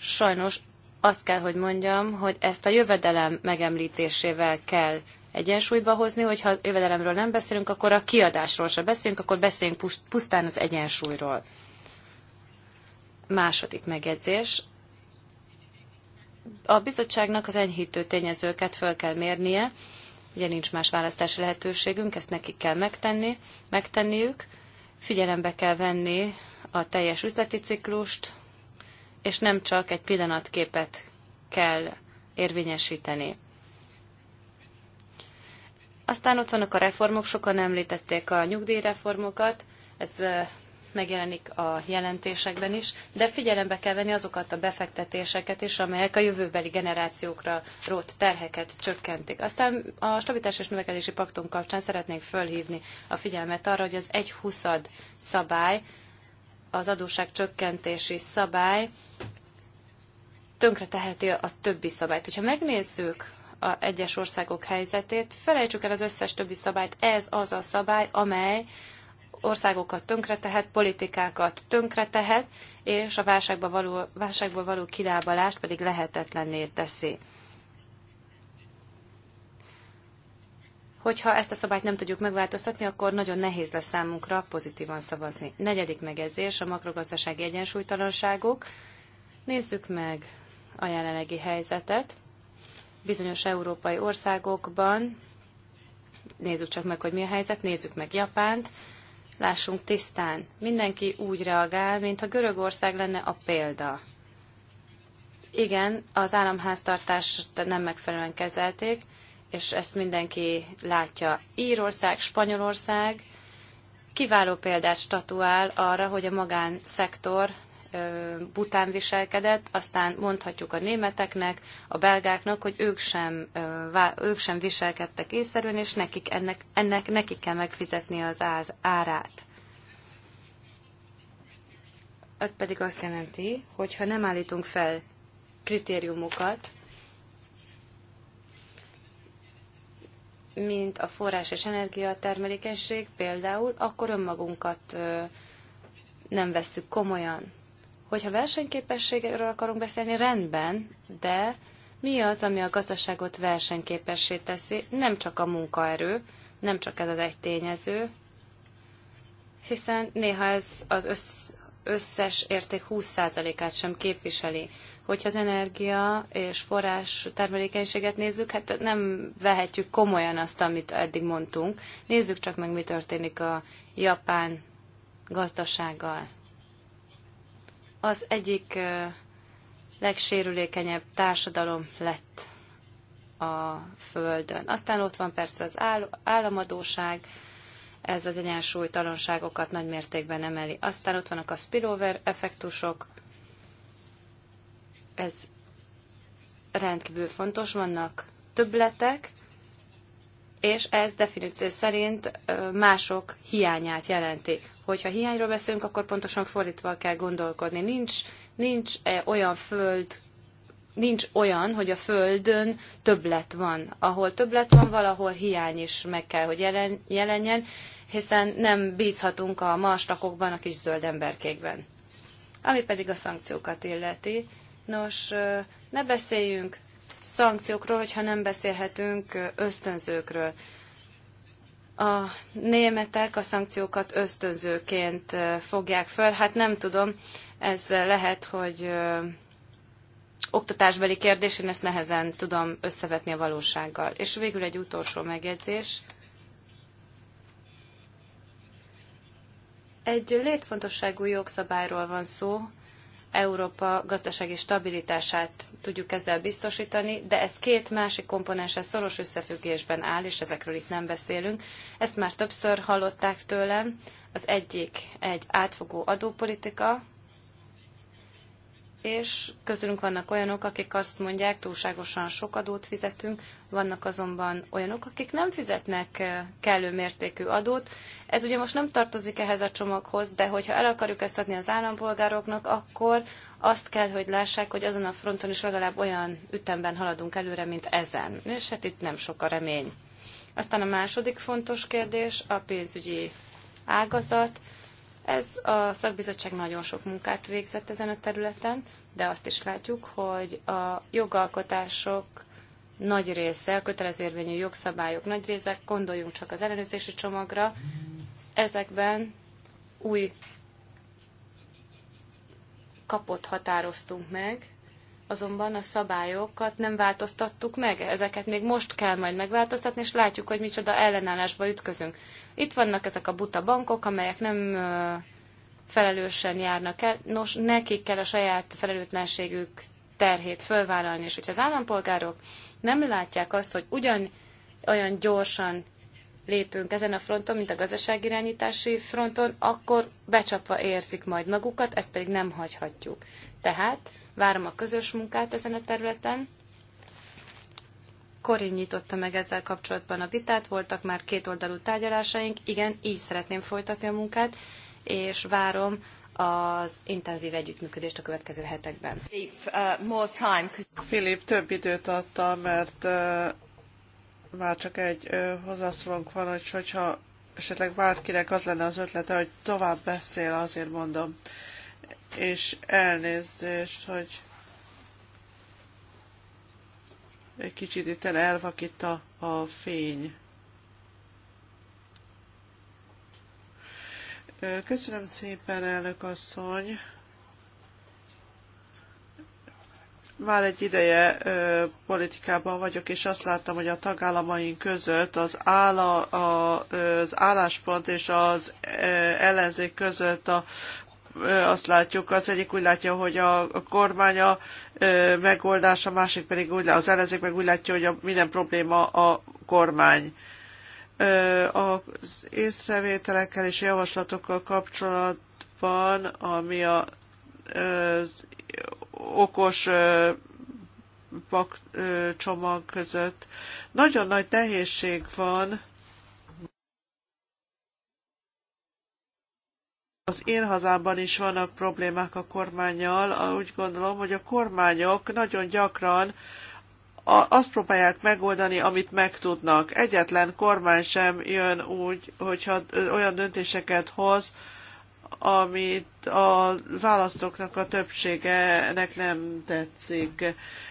sajnos azt kell, hogy mondjam, hogy ezt a jövedelem megemlítésével kell egyensúlyba hozni, hogyha jövedelemről nem beszélünk, akkor a kiadásról se beszélünk, akkor beszéljünk pusztán az egyensúlyról. Második megjegyzés. A bizottságnak az enyhítő tényezőket föl kell mérnie, ugye nincs más választási lehetőségünk, ezt nekik kell megtenni, megtenniük. Figyelembe kell venni a teljes üzleti ciklust, és nem csak egy pillanatképet kell érvényesíteni. Aztán ott vannak a reformok, sokan említették a nyugdíjreformokat, ez megjelenik a jelentésekben is, de figyelembe kell venni azokat a befektetéseket is, amelyek a jövőbeli generációkra rót terheket csökkentik. Aztán a stabilitás és növekedési paktum kapcsán szeretnénk fölhívni a figyelmet arra, hogy az huszad szabály, az adósság csökkentési szabály tönkre teheti a többi szabályt. Hogyha megnézzük a egyes országok helyzetét, felejtsük el az összes többi szabályt, ez az a szabály, amely országokat tönkretehet, politikákat tönkretehet, és a válságba való, válságból való kilábalást pedig lehetetlenné teszi. Hogyha ezt a szabályt nem tudjuk megváltoztatni, akkor nagyon nehéz lesz számunkra pozitívan szavazni. Negyedik megezés a makrogazdasági egyensúlytalanságok. Nézzük meg a jelenlegi helyzetet. Bizonyos európai országokban nézzük csak meg, hogy mi a helyzet, nézzük meg Japánt, Lássunk tisztán, mindenki úgy reagál, mintha Görögország lenne a példa. Igen, az államháztartást nem megfelelően kezelték, és ezt mindenki látja. Írország, Spanyolország kiváló példát statuál arra, hogy a magánszektor bután viselkedett, aztán mondhatjuk a németeknek, a belgáknak, hogy ők sem, ők sem viselkedtek észszerűen, és nekik, ennek, ennek nekik kell megfizetni az áz, árát. Az pedig azt jelenti, hogy ha nem állítunk fel kritériumokat, mint a forrás és energia termelékenység például, akkor önmagunkat nem vesszük komolyan. Hogyha versenyképességről akarunk beszélni, rendben, de mi az, ami a gazdaságot versenyképessé teszi, nem csak a munkaerő, nem csak ez az egy tényező, hiszen néha ez az össz, összes érték 20%-át sem képviseli. Hogyha az energia és forrás termelékenységet nézzük, hát nem vehetjük komolyan azt, amit eddig mondtunk. Nézzük csak meg, mi történik a japán gazdasággal az egyik legsérülékenyebb társadalom lett a Földön. Aztán ott van persze az államadóság, ez az egyensúlytalanságokat nagy mértékben emeli. Aztán ott vannak a spillover effektusok, ez rendkívül fontos, vannak többletek, és ez definíció szerint mások hiányát jelenti hogyha hiányról beszélünk, akkor pontosan fordítva kell gondolkodni. Nincs, nincs -e olyan föld, nincs olyan, hogy a Földön többlet van. Ahol többlet van, valahol hiány is meg kell, hogy jelen, jelenjen, hiszen nem bízhatunk a más lakokban, a kis zöld emberkékben. Ami pedig a szankciókat illeti. Nos, eh, ne beszéljünk szankciókról, hogyha nem beszélhetünk eh, ösztönzőkről a németek a szankciókat ösztönzőként fogják föl. Hát nem tudom, ez lehet, hogy oktatásbeli kérdés, én ezt nehezen tudom összevetni a valósággal. És végül egy utolsó megjegyzés. Egy létfontosságú jogszabályról van szó, Európa gazdasági stabilitását tudjuk ezzel biztosítani, de ez két másik komponenssel szoros összefüggésben áll, és ezekről itt nem beszélünk. Ezt már többször hallották tőlem. Az egyik egy átfogó adópolitika, és közülünk vannak olyanok, akik azt mondják, túlságosan sok adót fizetünk, vannak azonban olyanok, akik nem fizetnek kellő mértékű adót. Ez ugye most nem tartozik ehhez a csomaghoz, de hogyha el akarjuk ezt adni az állampolgároknak, akkor azt kell, hogy lássák, hogy azon a fronton is legalább olyan ütemben haladunk előre, mint ezen. És hát itt nem sok a remény. Aztán a második fontos kérdés a pénzügyi ágazat. Ez a szakbizottság nagyon sok munkát végzett ezen a területen, de azt is látjuk, hogy a jogalkotások nagy része, a kötelező érvényű jogszabályok nagy része, gondoljunk csak az ellenőrzési csomagra, ezekben új kapot határoztunk meg, azonban a szabályokat nem változtattuk meg, ezeket még most kell majd megváltoztatni, és látjuk, hogy micsoda ellenállásba ütközünk. Itt vannak ezek a buta bankok, amelyek nem felelősen járnak el, nos, nekik kell a saját felelőtlenségük terhét fölvállalni, és hogyha az állampolgárok nem látják azt, hogy ugyan olyan gyorsan lépünk ezen a fronton, mint a gazdaságirányítási fronton, akkor becsapva érzik majd magukat, ezt pedig nem hagyhatjuk. Tehát Várom a közös munkát ezen a területen. Korin nyitotta meg ezzel kapcsolatban a vitát, voltak már kétoldalú tárgyalásaink, igen, így szeretném folytatni a munkát, és várom az intenzív együttműködést a következő hetekben. Filip több időt adta, mert uh, már csak egy uh, hozzászólónk van, hogy hogyha esetleg bárkinek az lenne az ötlete, hogy tovább beszél, azért mondom és elnézést, hogy egy kicsit itt elvakít a, a fény. Köszönöm szépen, elnök asszony. Már egy ideje ö, politikában vagyok, és azt láttam, hogy a tagállamaink között az, ála, a, az álláspont és az ö, ellenzék között a azt látjuk, az egyik úgy látja, hogy a, a kormány a megoldás, a másik pedig úgy, az ellenzék meg úgy látja, hogy a, minden probléma a kormány. Az észrevételekkel és javaslatokkal kapcsolatban, ami a, az okos pak, csomag között, nagyon nagy nehézség van, az én hazámban is vannak problémák a kormányjal, úgy gondolom, hogy a kormányok nagyon gyakran azt próbálják megoldani, amit megtudnak. Egyetlen kormány sem jön úgy, hogyha olyan döntéseket hoz, amit a választóknak a többségenek nem tetszik.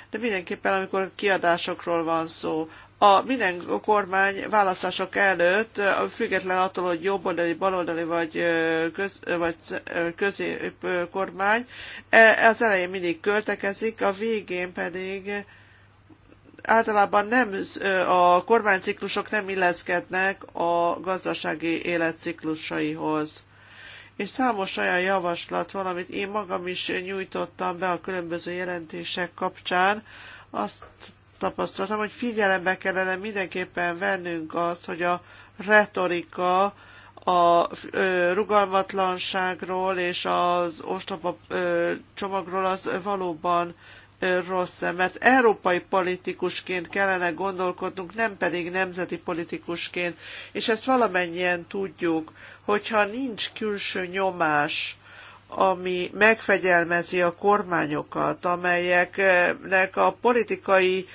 De mindenképpen, amikor kiadásokról van szó, a minden kormány választások előtt, független attól, hogy jobboldali, baloldali vagy, köz, vagy kormány. E, az elején mindig költekezik, a végén pedig általában nem a kormányciklusok nem illeszkednek a gazdasági életciklusaihoz. És számos olyan javaslat van, amit én magam is nyújtottam be a különböző jelentések kapcsán, azt tapasztaltam, hogy figyelembe kellene mindenképpen vennünk azt, hogy a retorika a rugalmatlanságról és az ostoba csomagról az valóban rossz -e, mert európai politikusként kellene gondolkodnunk, nem pedig nemzeti politikusként, és ezt valamennyien tudjuk, hogyha nincs külső nyomás, ami megfegyelmezi a kormányokat, amelyeknek a politikai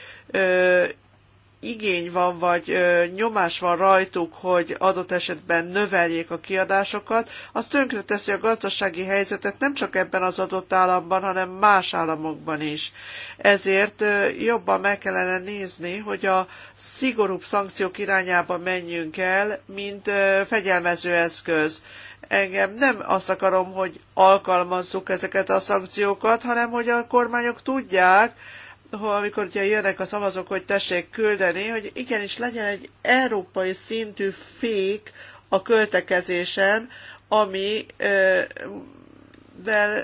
igény van, vagy nyomás van rajtuk, hogy adott esetben növeljék a kiadásokat, az tönkreteszi a gazdasági helyzetet nem csak ebben az adott államban, hanem más államokban is. Ezért jobban meg kellene nézni, hogy a szigorúbb szankciók irányába menjünk el, mint fegyelmező eszköz engem nem azt akarom, hogy alkalmazzuk ezeket a szankciókat, hanem hogy a kormányok tudják, amikor ugye jönnek a szavazók, hogy tessék küldeni, hogy igenis legyen egy európai szintű fék a költekezésen, ami vel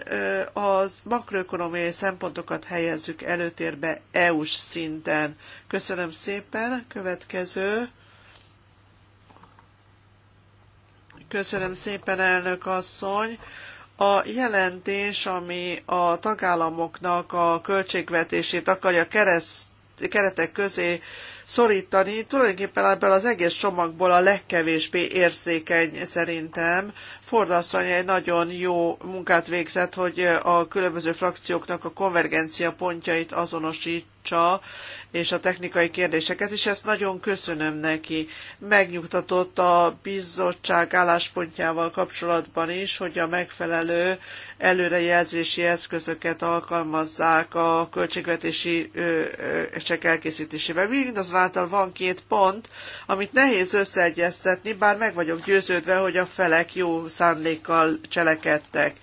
az makroökonomiai szempontokat helyezzük előtérbe EU-s szinten. Köszönöm szépen. Következő. Köszönöm szépen, elnök asszony. A jelentés, ami a tagállamoknak a költségvetését akarja kereszt, keretek közé szorítani, tulajdonképpen ebből az egész csomagból a legkevésbé érzékeny szerintem. Ford asszony egy nagyon jó munkát végzett, hogy a különböző frakcióknak a konvergencia pontjait azonosít, tanácsa és a technikai kérdéseket, és ezt nagyon köszönöm neki. Megnyugtatott a bizottság álláspontjával kapcsolatban is, hogy a megfelelő előrejelzési eszközöket alkalmazzák a költségvetési csak elkészítésében. Mindazonáltal van két pont, amit nehéz összeegyeztetni, bár meg vagyok győződve, hogy a felek jó szándékkal cselekedtek.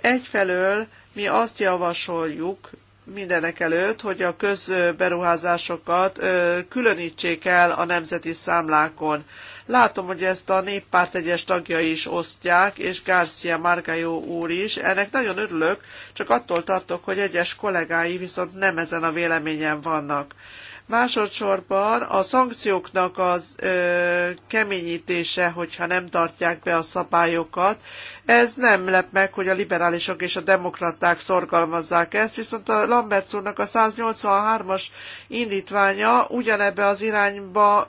Egyfelől mi azt javasoljuk, mindenek előtt, hogy a közberuházásokat különítsék el a nemzeti számlákon. Látom, hogy ezt a néppárt egyes tagjai is osztják, és Garcia Margajó úr is. Ennek nagyon örülök, csak attól tartok, hogy egyes kollégái viszont nem ezen a véleményen vannak. Másodszorban a szankcióknak az ö, keményítése, hogyha nem tartják be a szabályokat, ez nem lep meg, hogy a liberálisok és a demokraták szorgalmazzák ezt, viszont a Lambert úrnak a 183-as indítványa ugyanebbe az irányba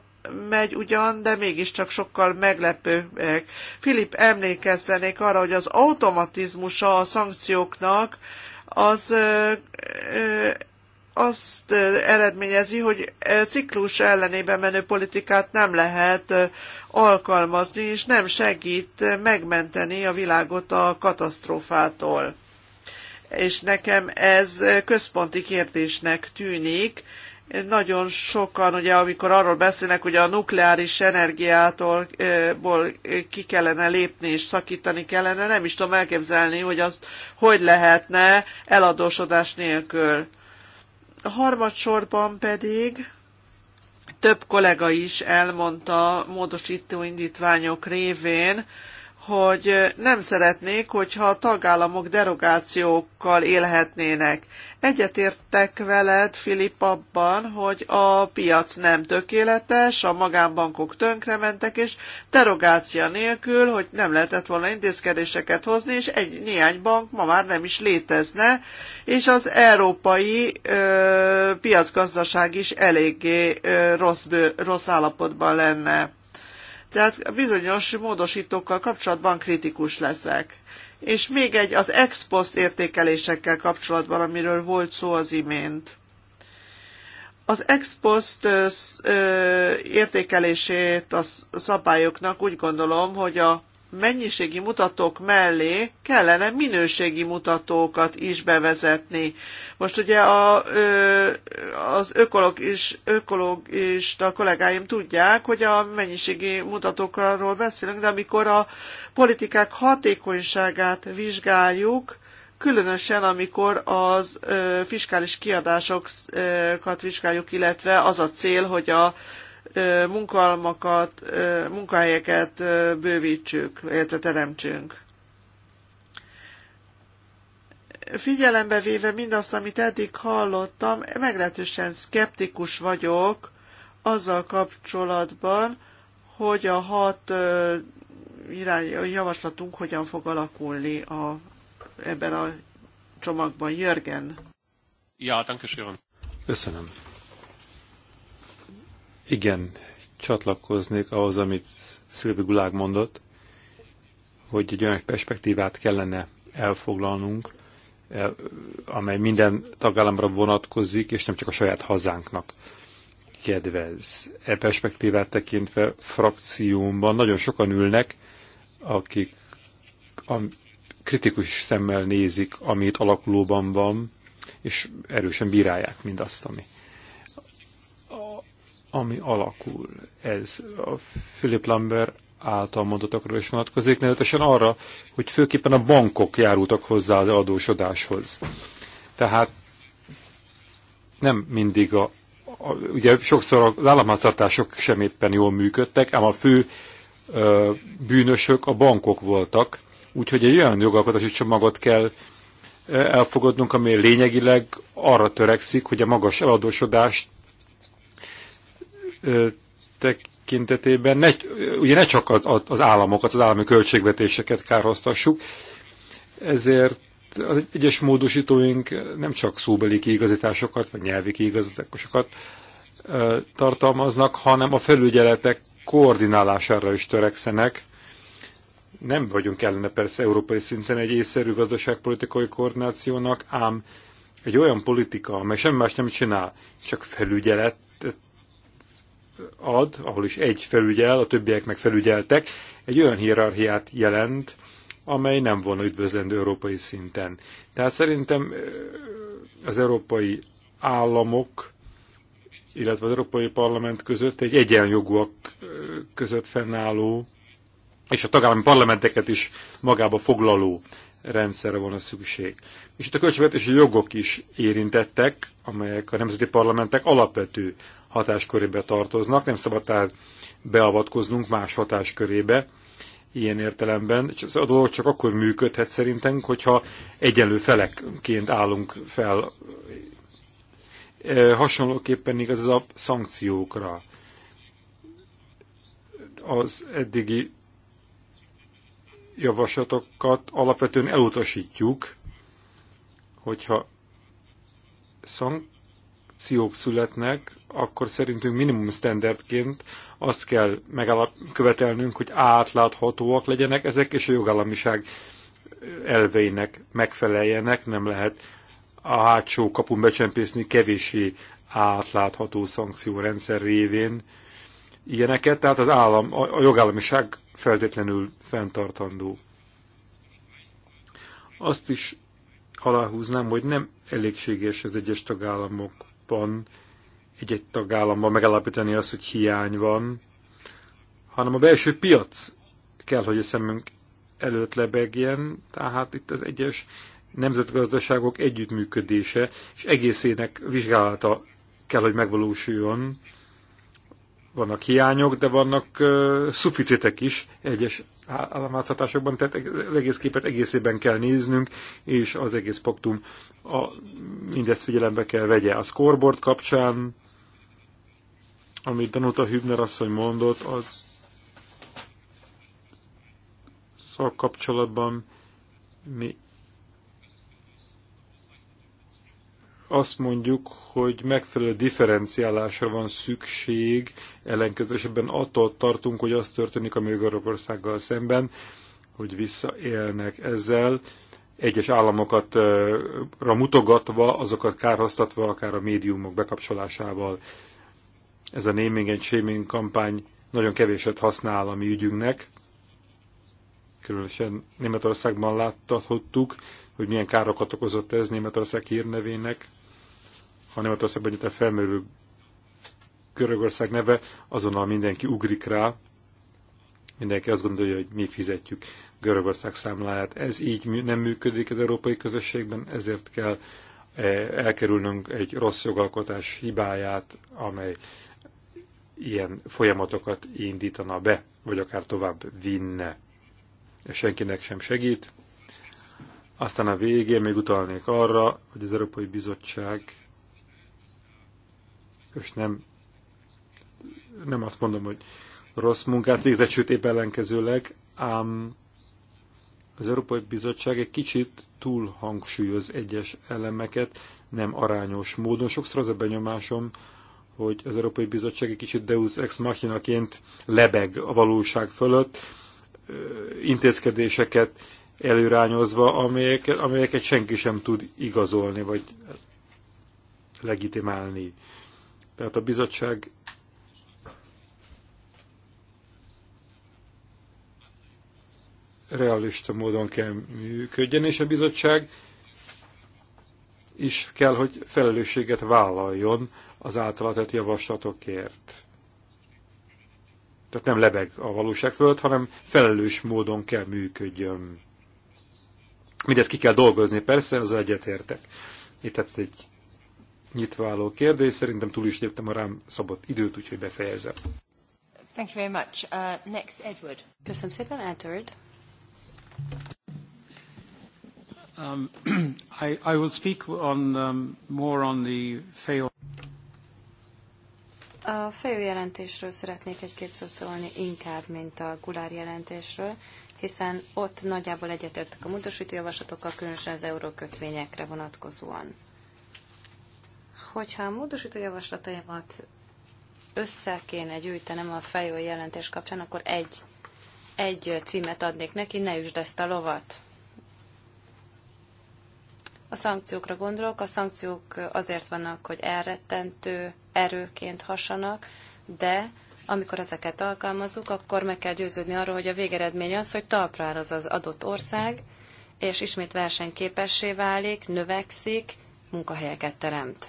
megy ugyan, de mégiscsak sokkal meglepőbbek. Filip emlékeztenék arra, hogy az automatizmusa a szankcióknak az ö, ö, azt eredményezi, hogy ciklus ellenében menő politikát nem lehet alkalmazni, és nem segít megmenteni a világot a katasztrófától. És nekem ez központi kérdésnek tűnik. Nagyon sokan, ugye, amikor arról beszélnek, hogy a nukleáris energiától ki kellene lépni és szakítani kellene, nem is tudom elképzelni, hogy azt hogy lehetne eladósodás nélkül Harmadsorban pedig több kollega is elmondta módosító indítványok révén, hogy nem szeretnék, hogyha a tagállamok derogációkkal élhetnének. Egyetértek veled, Filip, abban, hogy a piac nem tökéletes, a magánbankok tönkrementek, és derogácia nélkül, hogy nem lehetett volna intézkedéseket hozni, és egy néhány bank ma már nem is létezne, és az európai ö, piacgazdaság is eléggé ö, rossz, bő, rossz állapotban lenne tehát bizonyos módosítókkal kapcsolatban kritikus leszek. És még egy az ex post értékelésekkel kapcsolatban, amiről volt szó az imént. Az ex post értékelését a szabályoknak úgy gondolom, hogy a mennyiségi mutatók mellé kellene minőségi mutatókat is bevezetni. Most ugye a, az ökologis, ökologista kollégáim tudják, hogy a mennyiségi mutatókról beszélünk, de amikor a politikák hatékonyságát vizsgáljuk, különösen amikor az fiskális kiadásokat vizsgáljuk, illetve az a cél, hogy a munkalmakat, munkahelyeket bővítsük, illetve teremtsünk. Figyelembe véve mindazt, amit eddig hallottam, meglehetősen szkeptikus vagyok azzal kapcsolatban, hogy a hat irány, a javaslatunk hogyan fog alakulni a, ebben a csomagban. Jörgen. Ja, danke Köszönöm. Igen, csatlakoznék ahhoz, amit Szilvi Gulág mondott, hogy egy olyan perspektívát kellene elfoglalnunk, e, amely minden tagállamra vonatkozik, és nem csak a saját hazánknak kedvez. E perspektívát tekintve frakciómban nagyon sokan ülnek, akik a kritikus szemmel nézik, amit alakulóban van, és erősen bírálják mindazt, ami ami alakul. Ez a Philip Lambert által mondatokra is vonatkozik, nevetesen arra, hogy főképpen a bankok járultak hozzá az adósodáshoz. Tehát nem mindig a, a ugye sokszor az államháztartások sem éppen jól működtek, ám a fő ö, bűnösök a bankok voltak, úgyhogy egy olyan jogalkotási csomagot kell elfogadnunk, ami lényegileg arra törekszik, hogy a magas eladósodást tekintetében ne, ugye ne csak az, az államokat, az állami költségvetéseket kárhoztassuk, ezért az egyes módosítóink nem csak szóbeli kiigazításokat, vagy nyelvi kiigazításokat tartalmaznak, hanem a felügyeletek koordinálására is törekszenek. Nem vagyunk ellene persze európai szinten egy észszerű gazdaságpolitikai koordinációnak, ám egy olyan politika, amely semmi más nem csinál, csak felügyelet ad, ahol is egy felügyel, a többiek meg felügyeltek, egy olyan hierarchiát jelent, amely nem volna üdvözlendő európai szinten. Tehát szerintem az európai államok, illetve az Európai Parlament között egy egyenjogúak között fennálló, és a tagállami parlamenteket is magába foglaló rendszerre van a szükség. És itt a költségvetési jogok is érintettek, amelyek a nemzeti parlamentek alapvető hatáskörébe tartoznak, nem szabad tehát beavatkoznunk más hatáskörébe ilyen értelemben. A dolog csak akkor működhet szerintem, hogyha egyenlő felekként állunk fel. E, hasonlóképpen igaz az a szankciókra. Az eddigi javaslatokat alapvetően elutasítjuk, hogyha szankciók születnek, akkor szerintünk minimum standardként azt kell követelnünk, hogy átláthatóak legyenek ezek, és a jogállamiság elveinek megfeleljenek, nem lehet a hátsó kapun becsempészni kevési átlátható szankciórendszer révén ilyeneket, tehát az állam, a jogállamiság feltétlenül fenntartandó. Azt is aláhúznám, hogy nem elégséges az egyes tagállamokban egy-egy tagállamban megállapítani azt, hogy hiány van, hanem a belső piac kell, hogy a szemünk előtt lebegjen, tehát itt az egyes nemzetgazdaságok együttműködése és egészének vizsgálata kell, hogy megvalósuljon. Vannak hiányok, de vannak uh, szuficitek is egyes államáztatásokban, tehát az egész képet egészében kell néznünk, és az egész paktum a, mindezt figyelembe kell vegye. A scoreboard kapcsán amit Danuta Hübner asszony mondott, az szakkapcsolatban mi azt mondjuk, hogy megfelelő differenciálásra van szükség, ellenkezősebben attól tartunk, hogy az történik a Görögországgal szemben, hogy visszaélnek ezzel, egyes államokatra mutogatva, azokat kárhoztatva, akár a médiumok bekapcsolásával, ez a naming and shaming kampány nagyon kevéset használ a mi ügyünknek. Különösen Németországban láttathattuk, hogy milyen károkat okozott ez Németország hírnevének. Ha Németországban egyetlen a felmerülő Görögország neve, azonnal mindenki ugrik rá, mindenki azt gondolja, hogy mi fizetjük Görögország számláját. Ez így nem működik az európai közösségben, ezért kell eh, elkerülnünk egy rossz jogalkotás hibáját, amely ilyen folyamatokat indítana be, vagy akár tovább vinne. És senkinek sem segít. Aztán a végén még utalnék arra, hogy az Európai Bizottság, és nem, nem azt mondom, hogy rossz munkát végzett, sőt épp ellenkezőleg, ám az Európai Bizottság egy kicsit túl hangsúlyoz egyes elemeket, nem arányos módon. Sokszor az a benyomásom, hogy az Európai Bizottság egy kicsit Deus ex machina-ként lebeg a valóság fölött, intézkedéseket előrányozva, amelyeket, amelyeket senki sem tud igazolni, vagy legitimálni. Tehát a bizottság realista módon kell működjen, és a bizottság is kell, hogy felelősséget vállaljon az általa tett javaslatokért. Tehát nem lebeg a valóság fölött, hanem felelős módon kell működjön. Mindezt ki kell dolgozni, persze, az egyetértek. Itt tehát egy álló kérdés, szerintem túl is léptem a rám szabott időt, úgyhogy befejezem. Thank you very much. Uh, next, Edward. Köszönöm szépen, Edward. Um, I, I will speak on um, more on the fail. A jelentésről szeretnék egy-két szót szólni inkább, mint a gulár jelentésről, hiszen ott nagyjából egyetértek a módosító javaslatokkal, különösen az eurókötvényekre vonatkozóan. Hogyha a módosító javaslataimat össze kéne gyűjtenem a fejő jelentés kapcsán, akkor egy, egy címet adnék neki, ne üsd ezt a lovat. A szankciókra gondolok, a szankciók azért vannak, hogy elrettentő erőként hasanak, de amikor ezeket alkalmazzuk, akkor meg kell győződni arról, hogy a végeredmény az, hogy talpra az az adott ország, és ismét versenyképessé válik, növekszik, munkahelyeket teremt.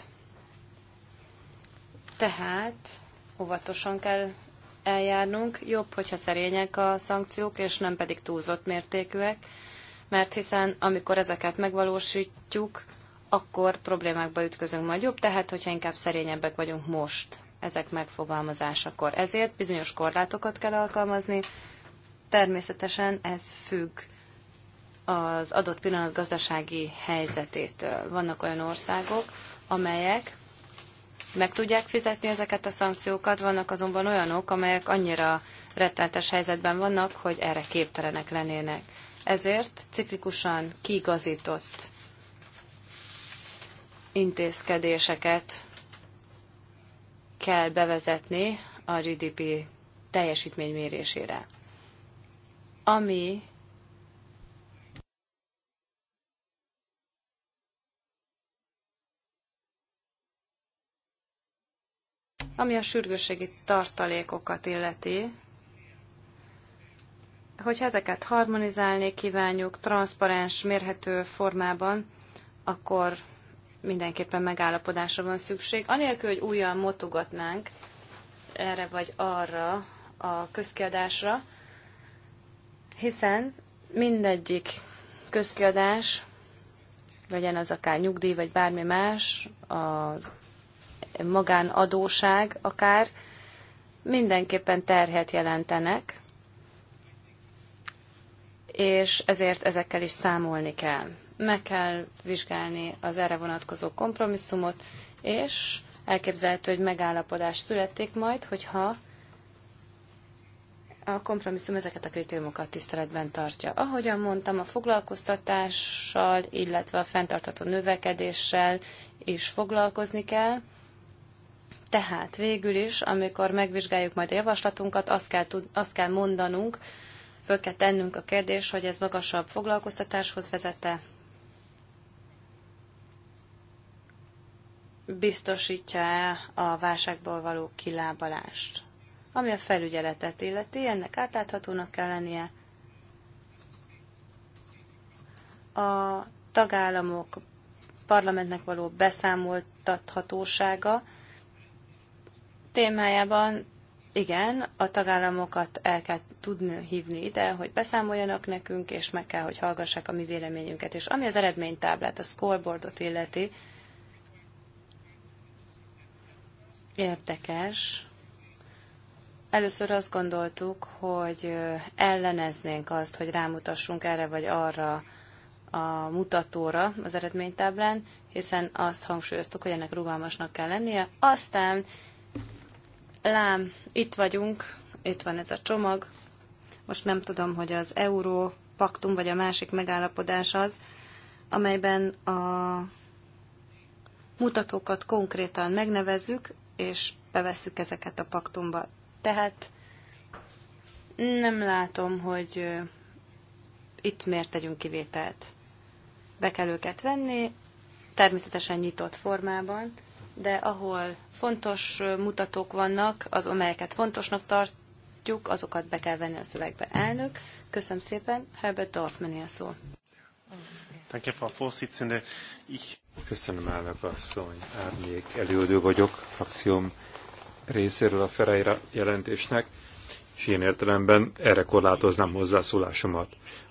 Tehát óvatosan kell eljárnunk, jobb, hogyha szerények a szankciók, és nem pedig túlzott mértékűek, mert hiszen amikor ezeket megvalósítjuk, akkor problémákba ütközünk majd jobb, tehát hogyha inkább szerényebbek vagyunk most ezek megfogalmazásakor. Ezért bizonyos korlátokat kell alkalmazni. Természetesen ez függ az adott pillanat gazdasági helyzetétől. Vannak olyan országok, amelyek meg tudják fizetni ezeket a szankciókat, vannak azonban olyanok, amelyek annyira rettenetes helyzetben vannak, hogy erre képtelenek lennének. Ezért ciklikusan kigazított intézkedéseket kell bevezetni a GDP teljesítmény mérésére. Ami ami a sürgősségi tartalékokat illeti, hogyha ezeket harmonizálni kívánjuk transzparens, mérhető formában, akkor mindenképpen megállapodásra van szükség. Anélkül, hogy újra motogatnánk erre vagy arra a közkiadásra, hiszen mindegyik közkiadás, legyen az akár nyugdíj, vagy bármi más, a magánadóság akár, mindenképpen terhet jelentenek, és ezért ezekkel is számolni kell meg kell vizsgálni az erre vonatkozó kompromisszumot, és elképzelhető, hogy megállapodás születik majd, hogyha a kompromisszum ezeket a kritériumokat tiszteletben tartja. Ahogyan mondtam, a foglalkoztatással, illetve a fenntartható növekedéssel is foglalkozni kell. Tehát végül is, amikor megvizsgáljuk majd a javaslatunkat, azt kell, tud, azt kell mondanunk, föl kell tennünk a kérdés, hogy ez magasabb foglalkoztatáshoz vezette, biztosítja-e a válságból való kilábalást. Ami a felügyeletet illeti, ennek átláthatónak kell lennie. A tagállamok parlamentnek való beszámoltathatósága témájában igen, a tagállamokat el kell tudni hívni ide, hogy beszámoljanak nekünk, és meg kell, hogy hallgassák a mi véleményünket. És ami az eredménytáblát, a scoreboardot illeti, Érdekes. Először azt gondoltuk, hogy elleneznénk azt, hogy rámutassunk erre vagy arra a mutatóra az eredménytáblán, hiszen azt hangsúlyoztuk, hogy ennek rugalmasnak kell lennie. Aztán lám, itt vagyunk, itt van ez a csomag. Most nem tudom, hogy az euró paktum vagy a másik megállapodás az, amelyben a mutatókat konkrétan megnevezzük, és bevesszük ezeket a paktumba. Tehát nem látom, hogy itt miért tegyünk kivételt. Be kell őket venni, természetesen nyitott formában, de ahol fontos mutatók vannak, az, amelyeket fontosnak tartjuk, azokat be kell venni a szövegbe. Elnök, köszönöm szépen, Herbert Dorfman a szó. Danke, Frau Vorsitzende. Ich Köszönöm, elnök asszony. Árnyék előadó vagyok frakcióm részéről a Ferreira jelentésnek, és én értelemben erre korlátoznám hozzászólásomat.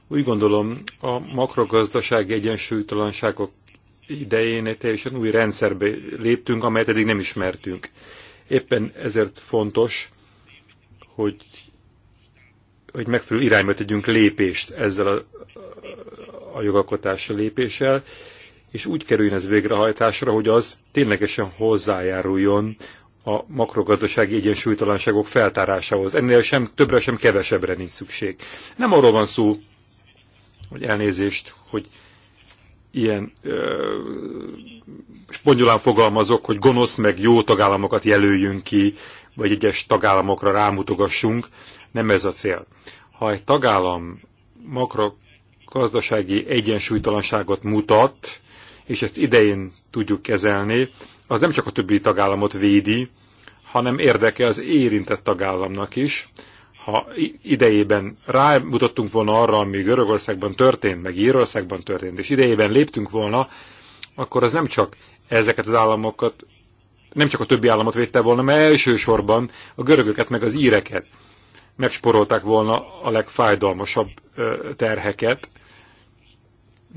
Úgy gondolom, a makrogazdasági egyensúlytalanságok idején egy teljesen új rendszerbe léptünk, amelyet eddig nem ismertünk. Éppen ezért fontos, hogy, hogy megfelelő irányba tegyünk lépést ezzel a, a jogalkotási lépéssel, és úgy kerüljön ez végrehajtásra, hogy az ténylegesen hozzájáruljon a makrogazdasági egyensúlytalanságok feltárásához. Ennél sem többre, sem kevesebbre nincs szükség. Nem arról van szó, hogy elnézést, hogy ilyen ö, spongyolán fogalmazok, hogy gonosz meg jó tagállamokat jelöljünk ki, vagy egyes tagállamokra rámutogassunk. Nem ez a cél. Ha egy tagállam makrogazdasági egyensúlytalanságot mutat, és ezt idején tudjuk kezelni, az nem csak a többi tagállamot védi, hanem érdeke az érintett tagállamnak is. Ha idejében rámutattunk volna arra, ami Görögországban történt, meg Írországban történt, és idejében léptünk volna, akkor az nem csak ezeket az államokat, nem csak a többi államot védte volna, mert elsősorban a görögöket, meg az íreket megsporolták volna a legfájdalmasabb terheket,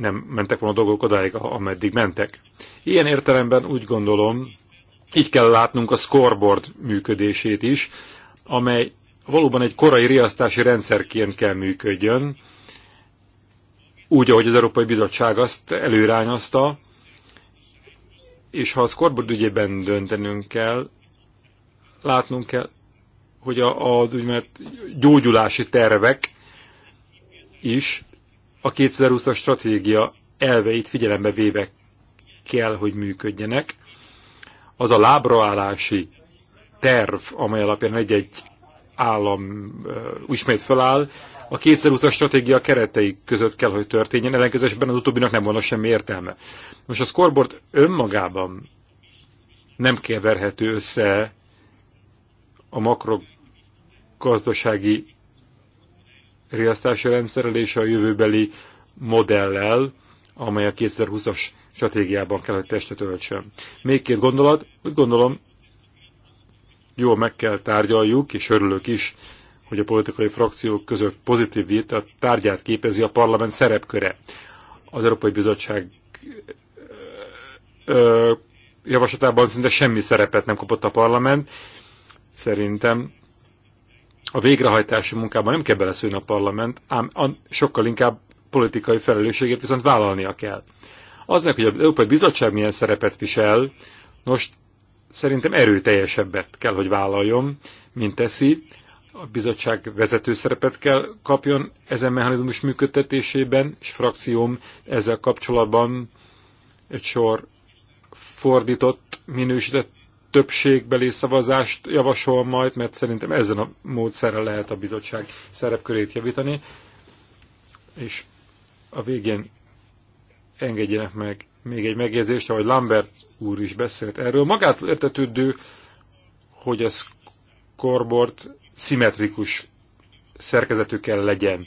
nem mentek volna a dolgok odáig, ameddig mentek. Ilyen értelemben úgy gondolom, így kell látnunk a scoreboard működését is, amely valóban egy korai riasztási rendszerként kell működjön, úgy, ahogy az Európai Bizottság azt előrányozta, és ha a scoreboard ügyében döntenünk kell, látnunk kell, hogy az úgynevezett gyógyulási tervek is a 2020-as stratégia elveit figyelembe véve kell, hogy működjenek. Az a lábraállási terv, amely alapján egy-egy állam uh, ismét feláll, a 2020-as stratégia keretei között kell, hogy történjen, ellenkezésben az utóbbinak nem volna semmi értelme. Most a scoreboard önmagában nem keverhető össze a makrogazdasági riasztási rendszerrel és a jövőbeli modellel, amely a 2020-as stratégiában kell, hogy testet öltsön. Még két gondolat, úgy gondolom, jól meg kell tárgyaljuk, és örülök is, hogy a politikai frakciók között pozitív vita tárgyát képezi a parlament szerepköre. Az Európai Bizottság ö, javaslatában szinte semmi szerepet nem kapott a parlament. Szerintem a végrehajtási munkában nem kell beleszülni a parlament, ám sokkal inkább politikai felelősségét viszont vállalnia kell. Az meg, hogy az Európai Bizottság milyen szerepet visel, most szerintem erőteljesebbet kell, hogy vállaljon, mint teszi. A bizottság vezető szerepet kell kapjon ezen mechanizmus működtetésében, és frakcióm ezzel kapcsolatban egy sor fordított, minősített többségbeli szavazást javasol majd, mert szerintem ezen a módszerrel lehet a bizottság szerepkörét javítani, és a végén engedjenek meg még egy megjegyzést, ahogy Lambert úr is beszélt erről. Magát értetődő, hogy a scoreboard szimmetrikus szerkezetű kell legyen.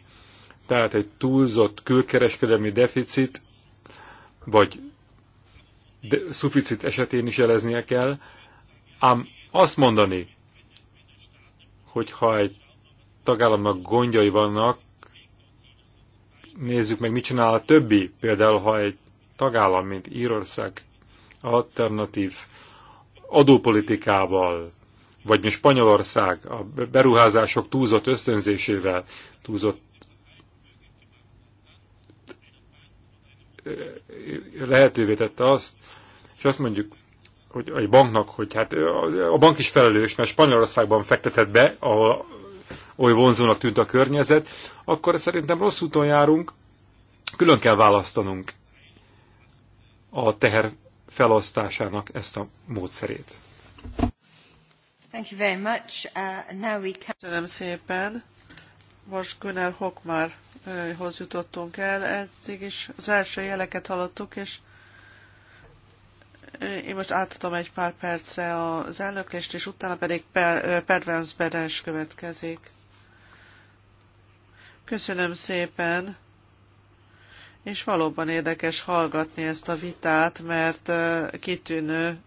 Tehát egy túlzott külkereskedelmi deficit, vagy de szuficit esetén is jeleznie kell, Ám azt mondani, hogy ha egy tagállamnak gondjai vannak, nézzük meg, mit csinál a többi. Például, ha egy tagállam, mint Írország alternatív adópolitikával, vagy mint Spanyolország a beruházások túlzott ösztönzésével, túlzott lehetővé tette azt, és azt mondjuk, hogy egy banknak, hogy hát a bank is felelős, mert Spanyolországban fektetett be, ahol oly vonzónak tűnt a környezet, akkor szerintem rossz úton járunk, külön kell választanunk a teher felosztásának ezt a módszerét. Thank you very much. Uh, now we can... Köszönöm szépen. Most Gunnar Hokmarhoz jutottunk el, eddig is az első jeleket hallottuk, és én most átadom egy pár percre az elnöklést, és utána pedig per, Beres következik. Köszönöm szépen, és valóban érdekes hallgatni ezt a vitát, mert kitűnő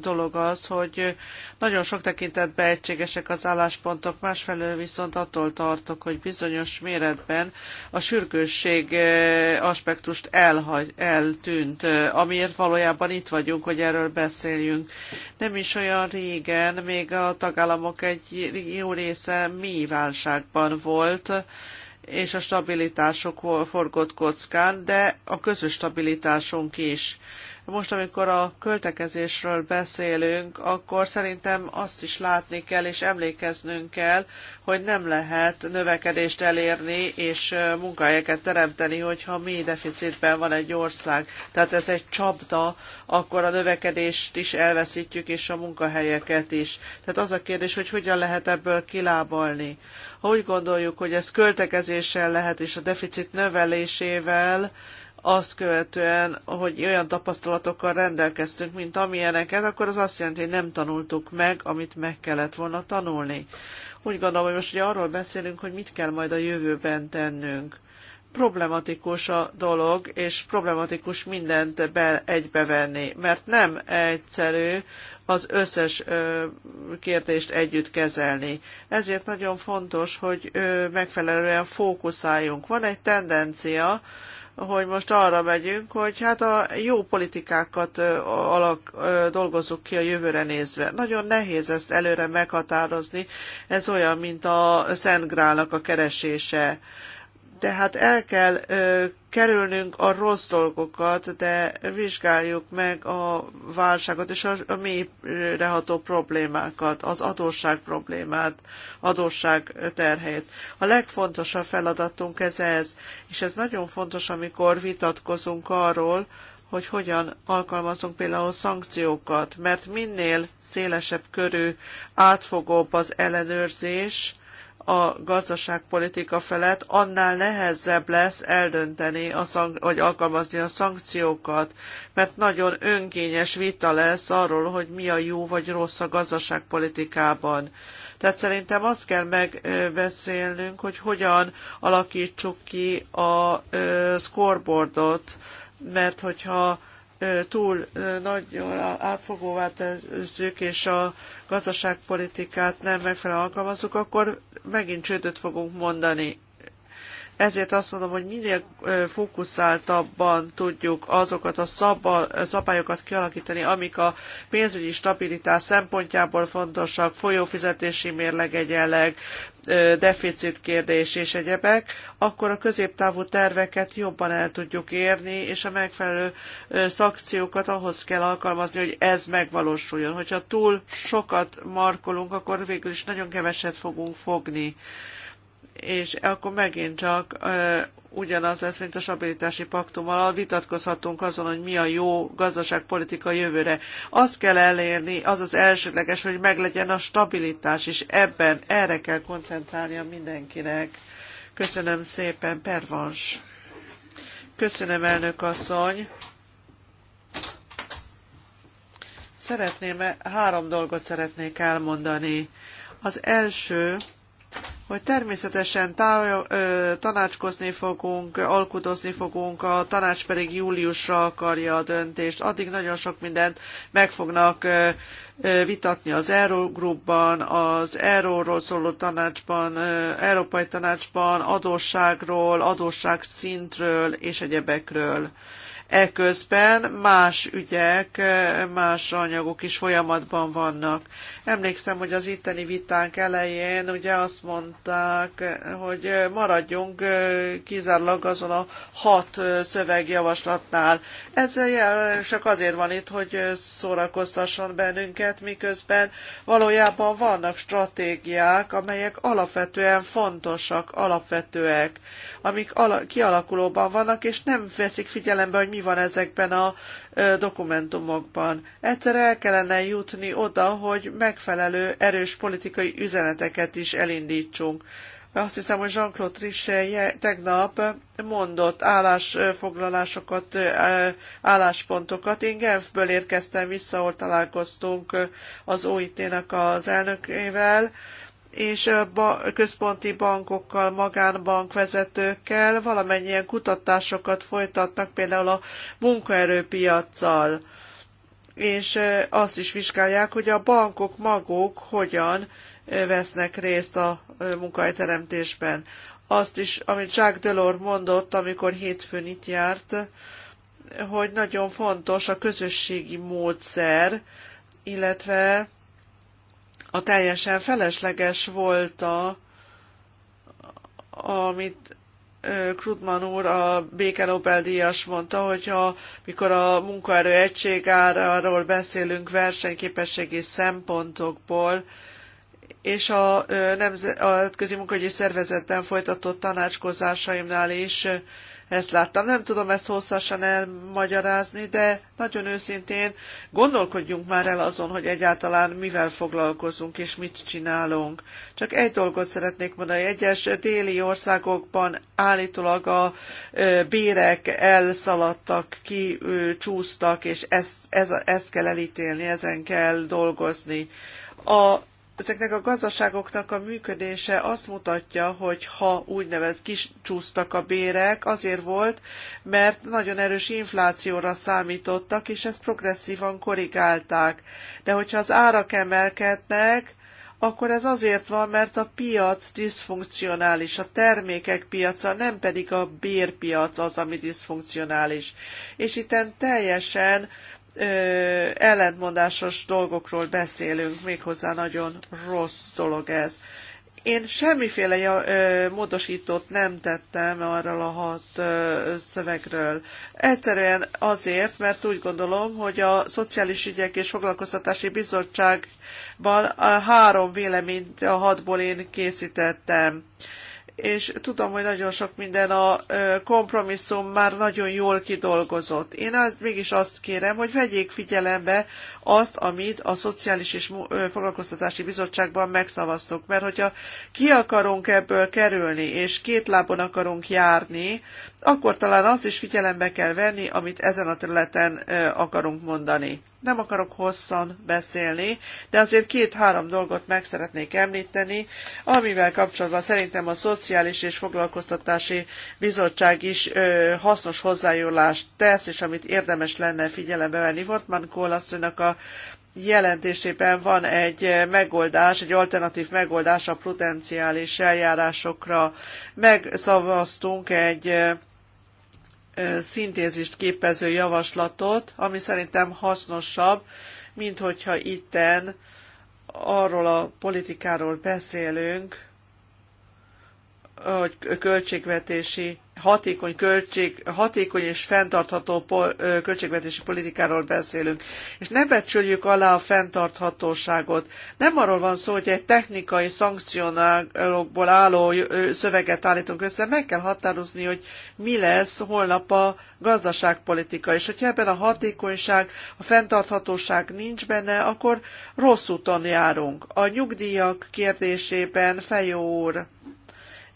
dolog az, hogy nagyon sok tekintetben egységesek az álláspontok, másfelől viszont attól tartok, hogy bizonyos méretben a sürgősség eh, aspektust elhagy, eltűnt, eh, amiért valójában itt vagyunk, hogy erről beszéljünk. Nem is olyan régen, még a tagállamok egy jó része mi válságban volt, és a stabilitások forgott kockán, de a közös stabilitásunk is. Most, amikor a költekezésről beszélünk, akkor szerintem azt is látni kell és emlékeznünk kell, hogy nem lehet növekedést elérni és munkahelyeket teremteni, hogyha mi deficitben van egy ország. Tehát ez egy csapda, akkor a növekedést is elveszítjük, és a munkahelyeket is. Tehát az a kérdés, hogy hogyan lehet ebből kilábalni. Ha úgy gondoljuk, hogy ez költekezéssel lehet, és a deficit növelésével, azt követően, hogy olyan tapasztalatokkal rendelkeztünk, mint amilyeneket, akkor az azt jelenti, hogy nem tanultuk meg, amit meg kellett volna tanulni. Úgy gondolom, hogy most ugye arról beszélünk, hogy mit kell majd a jövőben tennünk. Problematikus a dolog, és problematikus mindent be, egybevenni, mert nem egyszerű az összes ö, kérdést együtt kezelni. Ezért nagyon fontos, hogy ö, megfelelően fókuszáljunk. Van egy tendencia, hogy most arra megyünk, hogy hát a jó politikákat alak, dolgozzuk ki a jövőre nézve. Nagyon nehéz ezt előre meghatározni, ez olyan, mint a Szent Grálnak a keresése tehát el kell kerülnünk a rossz dolgokat, de vizsgáljuk meg a válságot és a, a mélyreható problémákat, az adósság problémát, adósság terhét. A legfontosabb feladatunk ez ez, és ez nagyon fontos, amikor vitatkozunk arról, hogy hogyan alkalmazunk például szankciókat, mert minél szélesebb körű, átfogóbb az ellenőrzés, a gazdaságpolitika felett, annál nehezebb lesz eldönteni a szank- vagy alkalmazni a szankciókat, mert nagyon önkényes vita lesz arról, hogy mi a jó vagy rossz a gazdaságpolitikában. Tehát szerintem azt kell megbeszélnünk, hogy hogyan alakítsuk ki a scoreboardot, mert hogyha túl nagyon átfogóvá tesszük, és a gazdaságpolitikát nem megfelelően alkalmazzuk, akkor megint csődöt fogunk mondani. Ezért azt mondom, hogy minél fókuszáltabban tudjuk azokat a szabályokat kialakítani, amik a pénzügyi stabilitás szempontjából fontosak, folyófizetési mérleg egyenleg, deficit kérdés és egyebek, akkor a középtávú terveket jobban el tudjuk érni, és a megfelelő szakciókat ahhoz kell alkalmazni, hogy ez megvalósuljon. Hogyha túl sokat markolunk, akkor végül is nagyon keveset fogunk fogni és akkor megint csak ugyanaz lesz, mint a stabilitási paktummal. Vitatkozhatunk azon, hogy mi a jó gazdaságpolitika jövőre. Azt kell elérni, az az elsődleges, hogy meglegyen a stabilitás, és ebben erre kell koncentrálnia mindenkinek. Köszönöm szépen, Pervans. Köszönöm, elnök asszony. Szeretném, három dolgot szeretnék elmondani. Az első, hogy természetesen tá- ö, tanácskozni fogunk, alkudozni fogunk, a tanács pedig júliusra akarja a döntést. Addig nagyon sok mindent meg fognak ö, ö, vitatni az Eurogroupban, az Euróról szóló tanácsban, ö, Európai Tanácsban, adósságról, adósságszintről és egyebekről. Eközben más ügyek, más anyagok is folyamatban vannak. Emlékszem, hogy az itteni vitánk elején ugye azt mondták, hogy maradjunk kizárólag azon a hat szövegjavaslatnál. Ez csak azért van itt, hogy szórakoztasson bennünket, miközben valójában vannak stratégiák, amelyek alapvetően fontosak, alapvetőek, amik kialakulóban vannak, és nem veszik figyelembe, hogy mi van ezekben a dokumentumokban. Egyszer el kellene jutni oda, hogy megfelelő erős politikai üzeneteket is elindítsunk. Azt hiszem, hogy Jean-Claude Trichet tegnap mondott állásfoglalásokat, álláspontokat. Én Genfből érkeztem vissza, ahol találkoztunk az OIT-nak az elnökével, és központi bankokkal, magánbankvezetőkkel valamennyien kutatásokat folytatnak, például a munkaerőpiaccal, és azt is vizsgálják, hogy a bankok maguk hogyan vesznek részt a munkahelyteremtésben. Azt is, amit Jacques Delors mondott, amikor hétfőn itt járt, hogy nagyon fontos a közösségi módszer, illetve a teljesen felesleges volt a, amit Krudman úr, a Béke Nobel-díjas mondta, hogy ha, mikor a munkaerő egységáról beszélünk versenyképességi szempontokból, és a nemzetközi munkahogyi szervezetben folytatott tanácskozásaimnál is ezt láttam. Nem tudom ezt hosszasan elmagyarázni, de nagyon őszintén gondolkodjunk már el azon, hogy egyáltalán mivel foglalkozunk és mit csinálunk. Csak egy dolgot szeretnék mondani. Egyes déli országokban állítólag a bérek elszaladtak, csúsztak, és ezt, ez, ezt kell elítélni, ezen kell dolgozni. A ezeknek a gazdaságoknak a működése azt mutatja, hogy ha úgynevezett kicsúsztak a bérek, azért volt, mert nagyon erős inflációra számítottak, és ezt progresszívan korrigálták. De hogyha az árak emelkednek, akkor ez azért van, mert a piac diszfunkcionális, a termékek piaca, nem pedig a bérpiac az, ami diszfunkcionális. És itten teljesen ellentmondásos dolgokról beszélünk, méghozzá nagyon rossz dolog ez. Én semmiféle ö, módosítót nem tettem arról a hat ö, szövegről. Egyszerűen azért, mert úgy gondolom, hogy a Szociális Ügyek és Foglalkoztatási Bizottságban a három véleményt a hatból én készítettem. Ö, és tudom, hogy nagyon sok minden a kompromisszum már nagyon jól kidolgozott. Én az, mégis azt kérem, hogy vegyék figyelembe azt, amit a Szociális és Foglalkoztatási Bizottságban megszavaztok, Mert hogyha ki akarunk ebből kerülni, és két lábon akarunk járni, akkor talán azt is figyelembe kell venni, amit ezen a területen akarunk mondani. Nem akarok hosszan beszélni, de azért két-három dolgot meg szeretnék említeni, amivel kapcsolatban szerintem a Szociális és Foglalkoztatási Bizottság is hasznos hozzájulást tesz, és amit érdemes lenne figyelembe venni. Wortmann Kohl asszonynak a jelentésében van egy megoldás, egy alternatív megoldás a prudenciális eljárásokra. Megszavaztunk egy szintézist képező javaslatot, ami szerintem hasznosabb, mint hogyha itten arról a politikáról beszélünk, hogy költségvetési hatékony, költség, hatékony és fenntartható költségvetési politikáról beszélünk. És ne becsüljük alá a fenntarthatóságot. Nem arról van szó, hogy egy technikai szankcionálókból álló szöveget állítunk össze, meg kell határozni, hogy mi lesz holnap a gazdaságpolitika. És hogyha ebben a hatékonyság, a fenntarthatóság nincs benne, akkor rossz úton járunk. A nyugdíjak kérdésében, Fejó úr,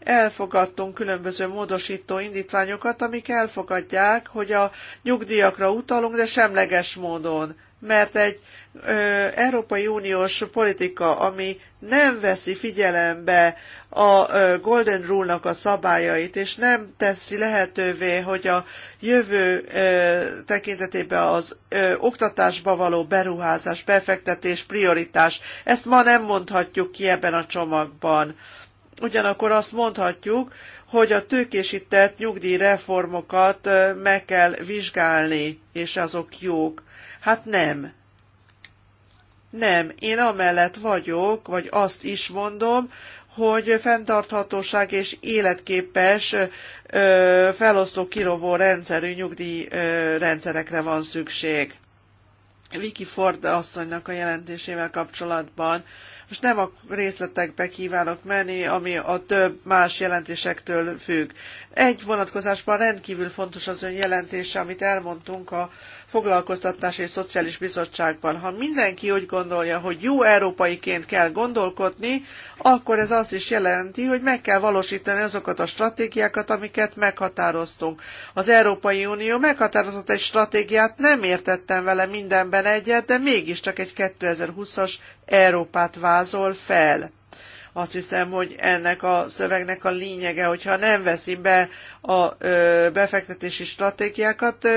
elfogadtunk különböző módosító indítványokat, amik elfogadják, hogy a nyugdíjakra utalunk, de semleges módon. Mert egy ö, Európai Uniós politika, ami nem veszi figyelembe a ö, Golden Rule-nak a szabályait, és nem teszi lehetővé, hogy a jövő ö, tekintetében az ö, oktatásba való beruházás, befektetés, prioritás, ezt ma nem mondhatjuk ki ebben a csomagban. Ö, Ugyanakkor azt mondhatjuk, hogy a tőkésített nyugdíjreformokat meg kell vizsgálni, és azok jók. Hát nem. Nem, én amellett vagyok, vagy azt is mondom, hogy fenntarthatóság és életképes ö, felosztó kirovó rendszerű nyugdíjrendszerekre van szükség. Vicky Ford asszonynak a jelentésével kapcsolatban most nem a részletekbe kívánok menni, ami a több más jelentésektől függ. Egy vonatkozásban rendkívül fontos az ön jelentése, amit elmondtunk a foglalkoztatás és szociális bizottságban. Ha mindenki úgy gondolja, hogy jó európaiként kell gondolkodni, akkor ez azt is jelenti, hogy meg kell valósítani azokat a stratégiákat, amiket meghatároztunk. Az Európai Unió meghatározott egy stratégiát, nem értettem vele mindenben egyet, de mégiscsak egy 2020-as Európát vázol fel. Azt hiszem, hogy ennek a szövegnek a lényege, hogyha nem veszi be a befektetési stratégiákat,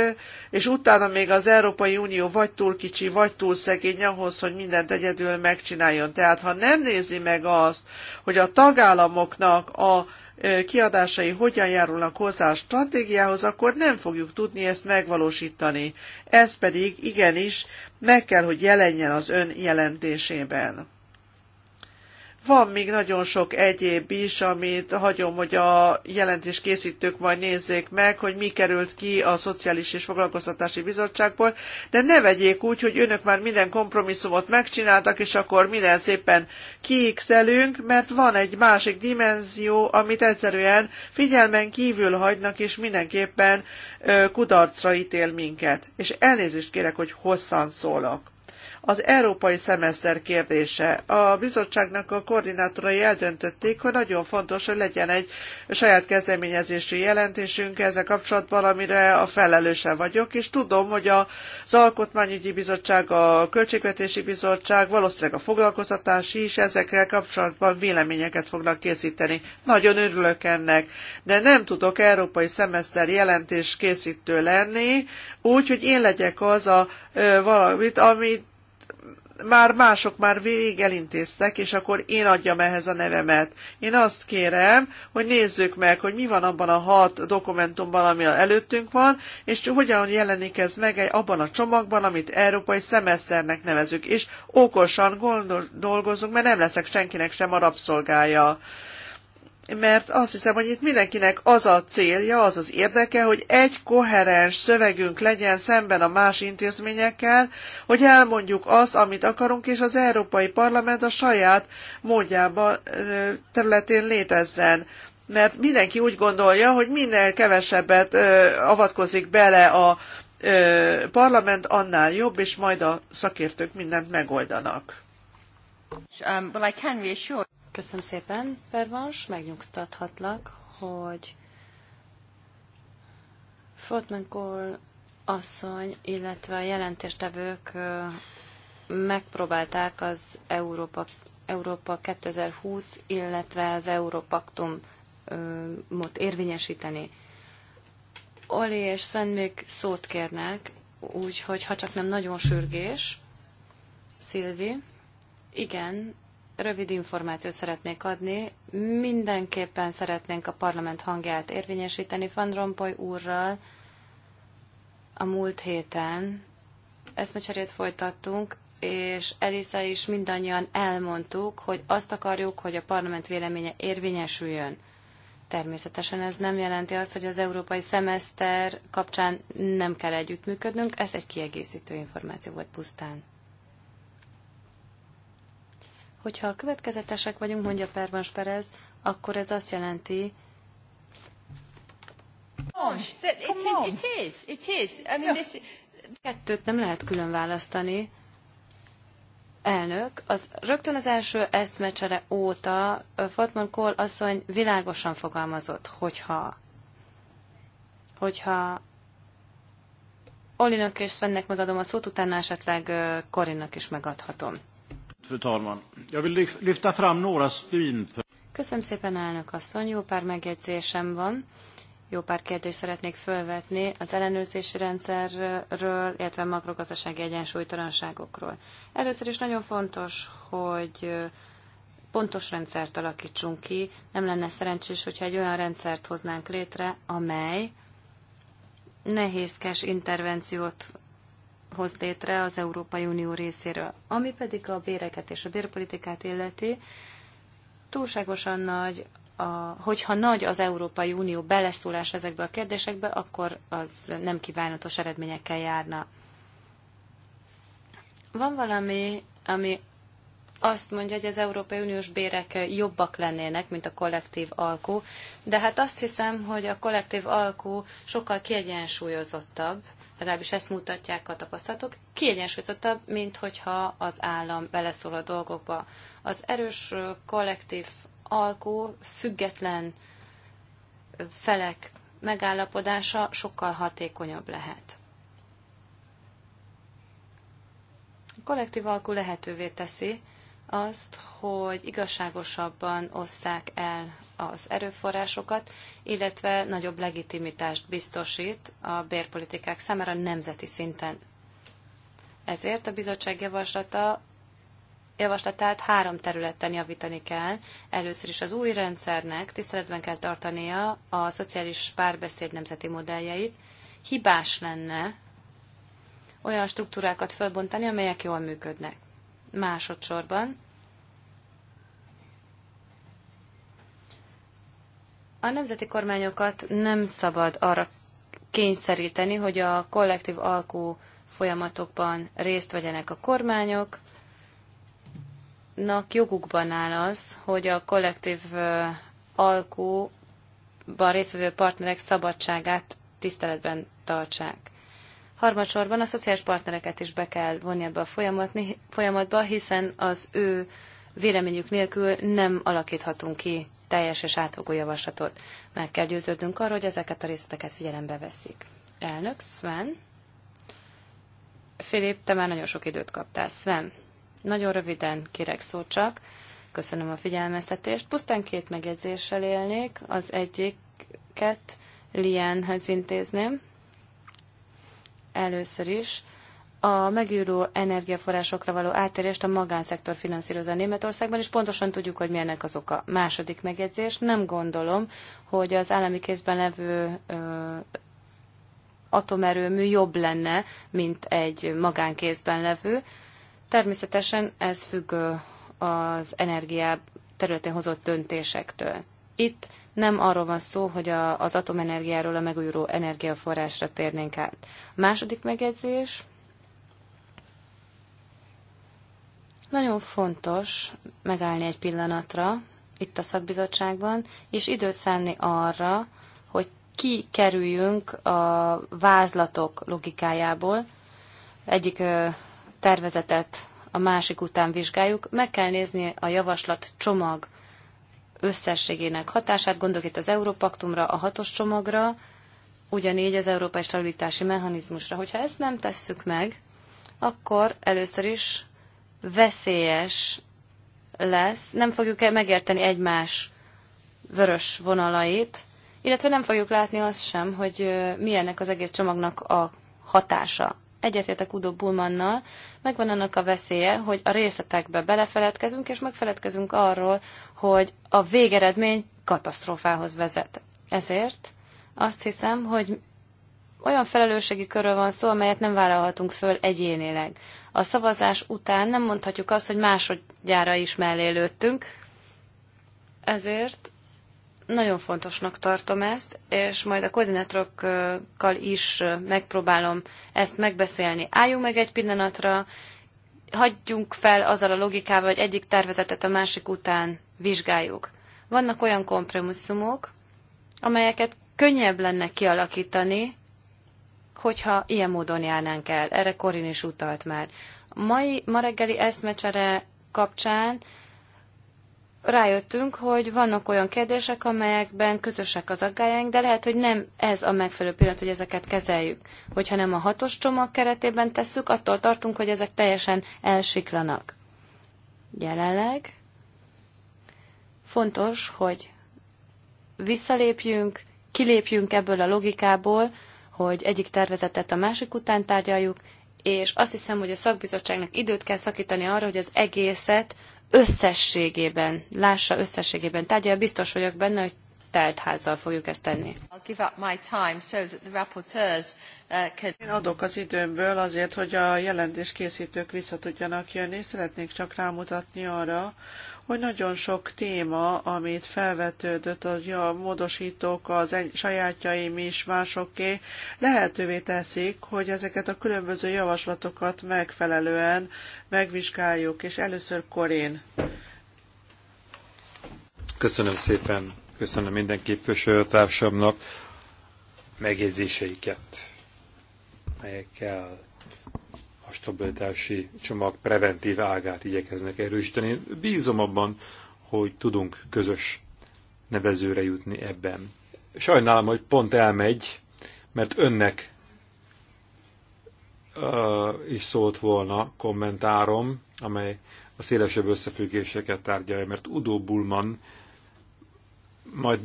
és utána még az Európai Unió vagy túl kicsi, vagy túl szegény ahhoz, hogy mindent egyedül megcsináljon. Tehát ha nem nézi meg azt, hogy a tagállamoknak a kiadásai hogyan járulnak hozzá a stratégiához, akkor nem fogjuk tudni ezt megvalósítani. Ez pedig igenis meg kell, hogy jelenjen az ön jelentésében. Van még nagyon sok egyéb is, amit hagyom, hogy a jelentés készítők majd nézzék meg, hogy mi került ki a Szociális és Foglalkoztatási Bizottságból, de ne vegyék úgy, hogy önök már minden kompromisszumot megcsináltak, és akkor minden szépen kiikszelünk, mert van egy másik dimenzió, amit egyszerűen figyelmen kívül hagynak, és mindenképpen kudarcra ítél minket. És elnézést kérek, hogy hosszan szólok. Az európai szemeszter kérdése. A bizottságnak a koordinátorai eldöntötték, hogy nagyon fontos, hogy legyen egy saját kezdeményezésű jelentésünk ezzel kapcsolatban, amire a felelőse vagyok, és tudom, hogy az Alkotmányügyi Bizottság, a Költségvetési Bizottság, valószínűleg a foglalkoztatási is ezekkel kapcsolatban véleményeket fognak készíteni. Nagyon örülök ennek, de nem tudok európai szemeszter jelentés készítő lenni, úgy, hogy én legyek az a valamit, amit már mások már végig elintéztek, és akkor én adjam ehhez a nevemet. Én azt kérem, hogy nézzük meg, hogy mi van abban a hat dokumentumban, ami előttünk van, és hogyan jelenik ez meg abban a csomagban, amit európai szemeszternek nevezünk, és okosan dolgozunk, mert nem leszek senkinek sem a rabszolgája mert azt hiszem, hogy itt mindenkinek az a célja, az az érdeke, hogy egy koherens szövegünk legyen szemben a más intézményekkel, hogy elmondjuk azt, amit akarunk, és az Európai Parlament a saját módjában területén létezzen. Mert mindenki úgy gondolja, hogy minél kevesebbet ö, avatkozik bele a ö, parlament, annál jobb, és majd a szakértők mindent megoldanak. Um, well, Köszönöm szépen, Pervans, megnyugtathatlak, hogy Fortmankol asszony, illetve a jelentéstevők megpróbálták az Európa, Európa 2020, illetve az Európaktumot érvényesíteni. Oli és Sven még szót kérnek, úgyhogy ha csak nem nagyon sürgés, Szilvi, igen, rövid információt szeretnék adni. Mindenképpen szeretnénk a parlament hangját érvényesíteni Van Rompuy úrral. A múlt héten eszmecserét folytattunk, és Elisa is mindannyian elmondtuk, hogy azt akarjuk, hogy a parlament véleménye érvényesüljön. Természetesen ez nem jelenti azt, hogy az európai szemeszter kapcsán nem kell együttműködnünk, ez egy kiegészítő információ volt pusztán. Hogyha következetesek vagyunk, mondja Pervans Perez, akkor ez azt jelenti, Kettőt nem lehet külön választani. Elnök, az rögtön az első eszmecsere óta Fatman Kohl asszony világosan fogalmazott, hogyha hogyha Olinak és Svennek megadom a szót, utána esetleg Korinak is megadhatom. Fru talman. Jag vill lyfta fram några synpunkter. Köszönöm szépen, elnök asszony. Jó pár megjegyzésem van. Jó pár kérdést szeretnék felvetni az ellenőrzési rendszerről, illetve makrogazdasági egyensúlytalanságokról. Először is nagyon fontos, hogy pontos rendszert alakítsunk ki. Nem lenne szerencsés, hogyha egy olyan rendszert hoznánk létre, amely nehézkes intervenciót hoz létre az Európai Unió részéről. Ami pedig a béreket és a bérpolitikát illeti, túlságosan nagy, a, hogyha nagy az Európai Unió beleszólás ezekbe a kérdésekbe, akkor az nem kívánatos eredményekkel járna. Van valami, ami azt mondja, hogy az Európai Uniós bérek jobbak lennének, mint a kollektív alkú, de hát azt hiszem, hogy a kollektív alkú sokkal kiegyensúlyozottabb, legalábbis ezt mutatják a tapasztalatok, kiegyensúlyozottabb, mint hogyha az állam beleszól a dolgokba. Az erős kollektív alkó független felek megállapodása sokkal hatékonyabb lehet. A kollektív alkú lehetővé teszi azt, hogy igazságosabban osszák el az erőforrásokat, illetve nagyobb legitimitást biztosít a bérpolitikák számára nemzeti szinten. Ezért a bizottság javaslata javaslatát három területen javítani kell. Először is az új rendszernek tiszteletben kell tartania a szociális párbeszéd nemzeti modelljeit. Hibás lenne olyan struktúrákat fölbontani, amelyek jól működnek. Másodszorban A nemzeti kormányokat nem szabad arra kényszeríteni, hogy a kollektív alkú folyamatokban részt vegyenek a kormányok, nak jogukban áll az, hogy a kollektív alkúban résztvevő partnerek szabadságát tiszteletben tartsák. Harmadsorban a szociális partnereket is be kell vonni ebbe a folyamatba, hiszen az ő véleményük nélkül nem alakíthatunk ki teljes és átfogó javaslatot. Meg kell győződnünk arról, hogy ezeket a részleteket figyelembe veszik. Elnök, Sven. Filip, te már nagyon sok időt kaptál. Sven, nagyon röviden kérek szó csak. Köszönöm a figyelmeztetést. Pusztán két megjegyzéssel élnék. Az egyiket Lienhez intézném. Először is a megújuló energiaforrásokra való áttérést a magánszektor finanszírozza Németországban, és pontosan tudjuk, hogy milyennek az oka. Második megjegyzés, nem gondolom, hogy az állami kézben levő ö, atomerőmű jobb lenne, mint egy magánkézben levő. Természetesen ez függ az energiá területén hozott döntésektől. Itt nem arról van szó, hogy a, az atomenergiáról a megújuló energiaforrásra térnénk át. Második megjegyzés, Nagyon fontos megállni egy pillanatra itt a szakbizottságban, és időt szánni arra, hogy kikerüljünk a vázlatok logikájából. Egyik tervezetet a másik után vizsgáljuk. Meg kell nézni a javaslat csomag összességének hatását, gondolok itt az Európaktumra, a hatos csomagra, ugyanígy az európai stabilitási mechanizmusra. Hogyha ezt nem tesszük meg, akkor először is veszélyes lesz, nem fogjuk -e megérteni egymás vörös vonalait, illetve nem fogjuk látni azt sem, hogy milyennek az egész csomagnak a hatása. Egyetértek Udo Bullmannal, megvan annak a veszélye, hogy a részletekbe belefeledkezünk, és megfeledkezünk arról, hogy a végeredmény katasztrófához vezet. Ezért azt hiszem, hogy olyan felelősségi körről van szó, amelyet nem vállalhatunk föl egyénileg. A szavazás után nem mondhatjuk azt, hogy másodjára is mellé lőttünk, ezért nagyon fontosnak tartom ezt, és majd a koordinátorokkal is megpróbálom ezt megbeszélni. Álljunk meg egy pillanatra, hagyjunk fel azzal a logikával, hogy egyik tervezetet a másik után vizsgáljuk. Vannak olyan kompromisszumok, amelyeket könnyebb lenne kialakítani, hogyha ilyen módon járnánk el. Erre Korin is utalt már. Mai, ma reggeli eszmecsere kapcsán rájöttünk, hogy vannak olyan kérdések, amelyekben közösek az aggájaink, de lehet, hogy nem ez a megfelelő pillanat, hogy ezeket kezeljük. Hogyha nem a hatos csomag keretében tesszük, attól tartunk, hogy ezek teljesen elsiklanak. Jelenleg fontos, hogy visszalépjünk, kilépjünk ebből a logikából, hogy egyik tervezetet a másik után tárgyaljuk, és azt hiszem, hogy a szakbizottságnak időt kell szakítani arra, hogy az egészet összességében, lássa összességében tárgyal. Biztos vagyok benne, hogy telt házzal fogjuk ezt tenni. Uh, Én adok az időmből azért, hogy a jelentés készítők vissza tudjanak jönni. Szeretnék csak rámutatni arra, hogy nagyon sok téma, amit felvetődött, az a módosítók, az en, sajátjaim is, másoké, lehetővé teszik, hogy ezeket a különböző javaslatokat megfelelően megvizsgáljuk, és először Korin. Köszönöm szépen, köszönöm minden képviselőtársamnak megjegyzéseiket, melyekkel a stabilitási csomag preventív ágát igyekeznek erősíteni. Bízom abban, hogy tudunk közös nevezőre jutni ebben. Sajnálom, hogy pont elmegy, mert önnek uh, is szólt volna kommentárom, amely a szélesebb összefüggéseket tárgyalja, mert Udo Bulman majd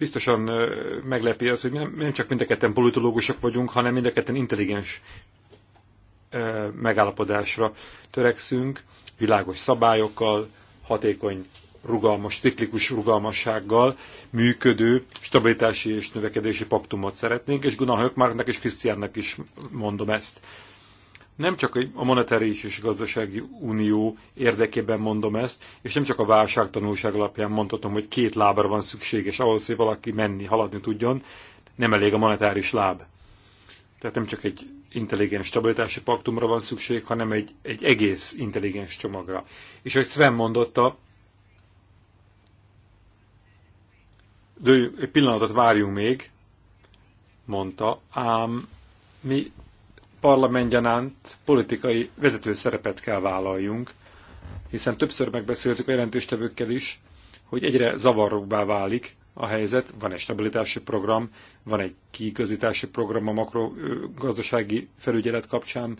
biztosan meglepi az, hogy nem, csak mind politológusok vagyunk, hanem mind intelligens megállapodásra törekszünk, világos szabályokkal, hatékony, rugalmas, ciklikus rugalmassággal működő stabilitási és növekedési paktumot szeretnénk, és Gunnar Höckmarknak és Krisztiánnak is mondom ezt nem csak a monetáris és gazdasági unió érdekében mondom ezt, és nem csak a válság alapján mondhatom, hogy két lábra van szükséges ahhoz, hogy valaki menni, haladni tudjon, nem elég a monetáris láb. Tehát nem csak egy intelligens stabilitási paktumra van szükség, hanem egy, egy egész intelligens csomagra. És ahogy Sven mondotta, de egy pillanatot várjunk még, mondta, ám mi parlamentgyanánt politikai vezető szerepet kell vállaljunk, hiszen többször megbeszéltük a jelentéstevőkkel is, hogy egyre zavaróbbá válik a helyzet, van egy stabilitási program, van egy kiigazítási program a makrogazdasági felügyelet kapcsán,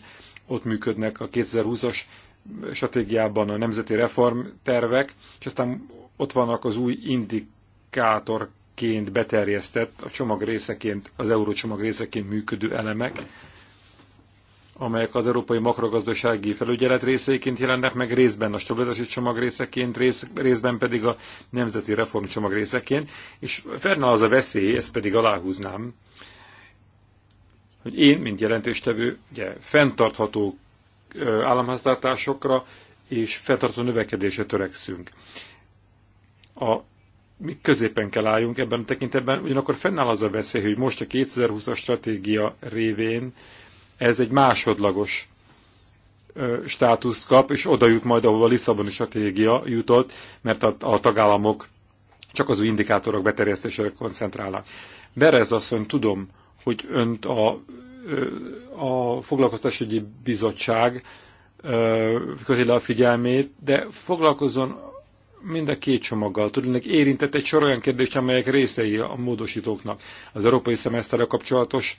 ott működnek a 2020-as stratégiában a nemzeti reformtervek, és aztán ott vannak az új indikátorként beterjesztett, a csomag részeként, az eurócsomag részeként működő elemek, amelyek az európai makrogazdasági felügyelet részeiként jelennek meg, részben a stabilizási csomag részeként, rész, részben pedig a nemzeti reform csomag részeként. És fennáll az a veszély, ezt pedig aláhúznám, hogy én, mint jelentéstevő, ugye fenntartható államháztartásokra és fenntartható növekedésre törekszünk. A mi középen kell álljunk ebben a tekintetben, ugyanakkor fennáll az a veszély, hogy most a 2020-as stratégia révén ez egy másodlagos státuszt kap, és oda jut majd, ahova a Lisszaboni stratégia jutott, mert a, a tagállamok csak az új indikátorok beterjesztésére koncentrálnak. Berez asszony, tudom, hogy önt a, a foglalkoztatási bizottság köti le a figyelmét, de foglalkozzon mind a két csomaggal. Tudnék érintett egy sor olyan kérdést, amelyek részei a módosítóknak. Az európai szemeszterrel kapcsolatos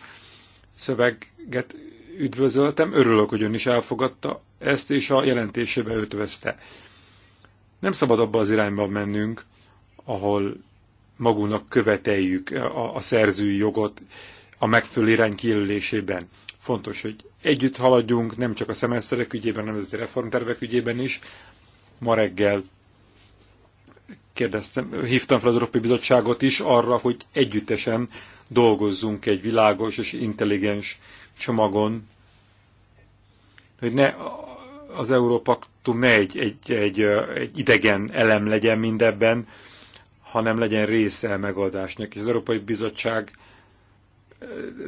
szöveget üdvözöltem, örülök, hogy ön is elfogadta ezt, és a jelentésébe ötvözte. Nem szabad abba az irányba mennünk, ahol magunknak követeljük a, a szerzői jogot a megfelelő irány kijelölésében. Fontos, hogy együtt haladjunk, nem csak a szemeszterek ügyében, hanem a reformtervek ügyében is. Ma reggel kérdeztem, hívtam fel az Európai Bizottságot is arra, hogy együttesen dolgozzunk egy világos és intelligens csomagon, hogy ne az Európa ne egy, egy, egy, egy idegen elem legyen mindebben, hanem legyen része a megoldásnak. És az Európai Bizottság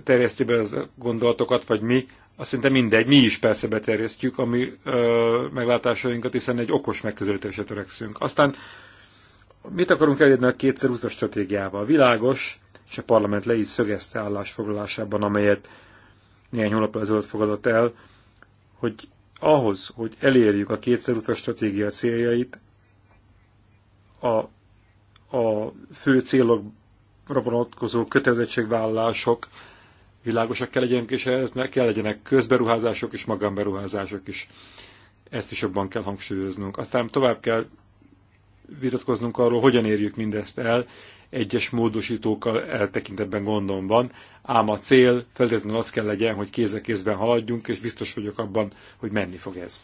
terjeszti be az gondolatokat, vagy mi, azt szinte mindegy, mi is persze beterjesztjük a mi ö, meglátásainkat, hiszen egy okos megközelítésre törekszünk. Aztán mit akarunk elérni a 2020-as stratégiával? Világos, és a parlament le is szögezte állásfoglalásában, amelyet néhány hónap ezelőtt fogadott el, hogy ahhoz, hogy elérjük a kétszerúta stratégia céljait, a, a fő célokra vonatkozó kötelezettségvállalások világosak kell legyenek, és ehhez kell legyenek közberuházások és magánberuházások is. Ezt is jobban kell hangsúlyoznunk. Aztán tovább kell vitatkoznunk arról, hogyan érjük mindezt el, egyes módosítókkal eltekintetben gondom van, ám a cél feltétlenül az kell legyen, hogy kéz a kézben haladjunk, és biztos vagyok abban, hogy menni fog ez.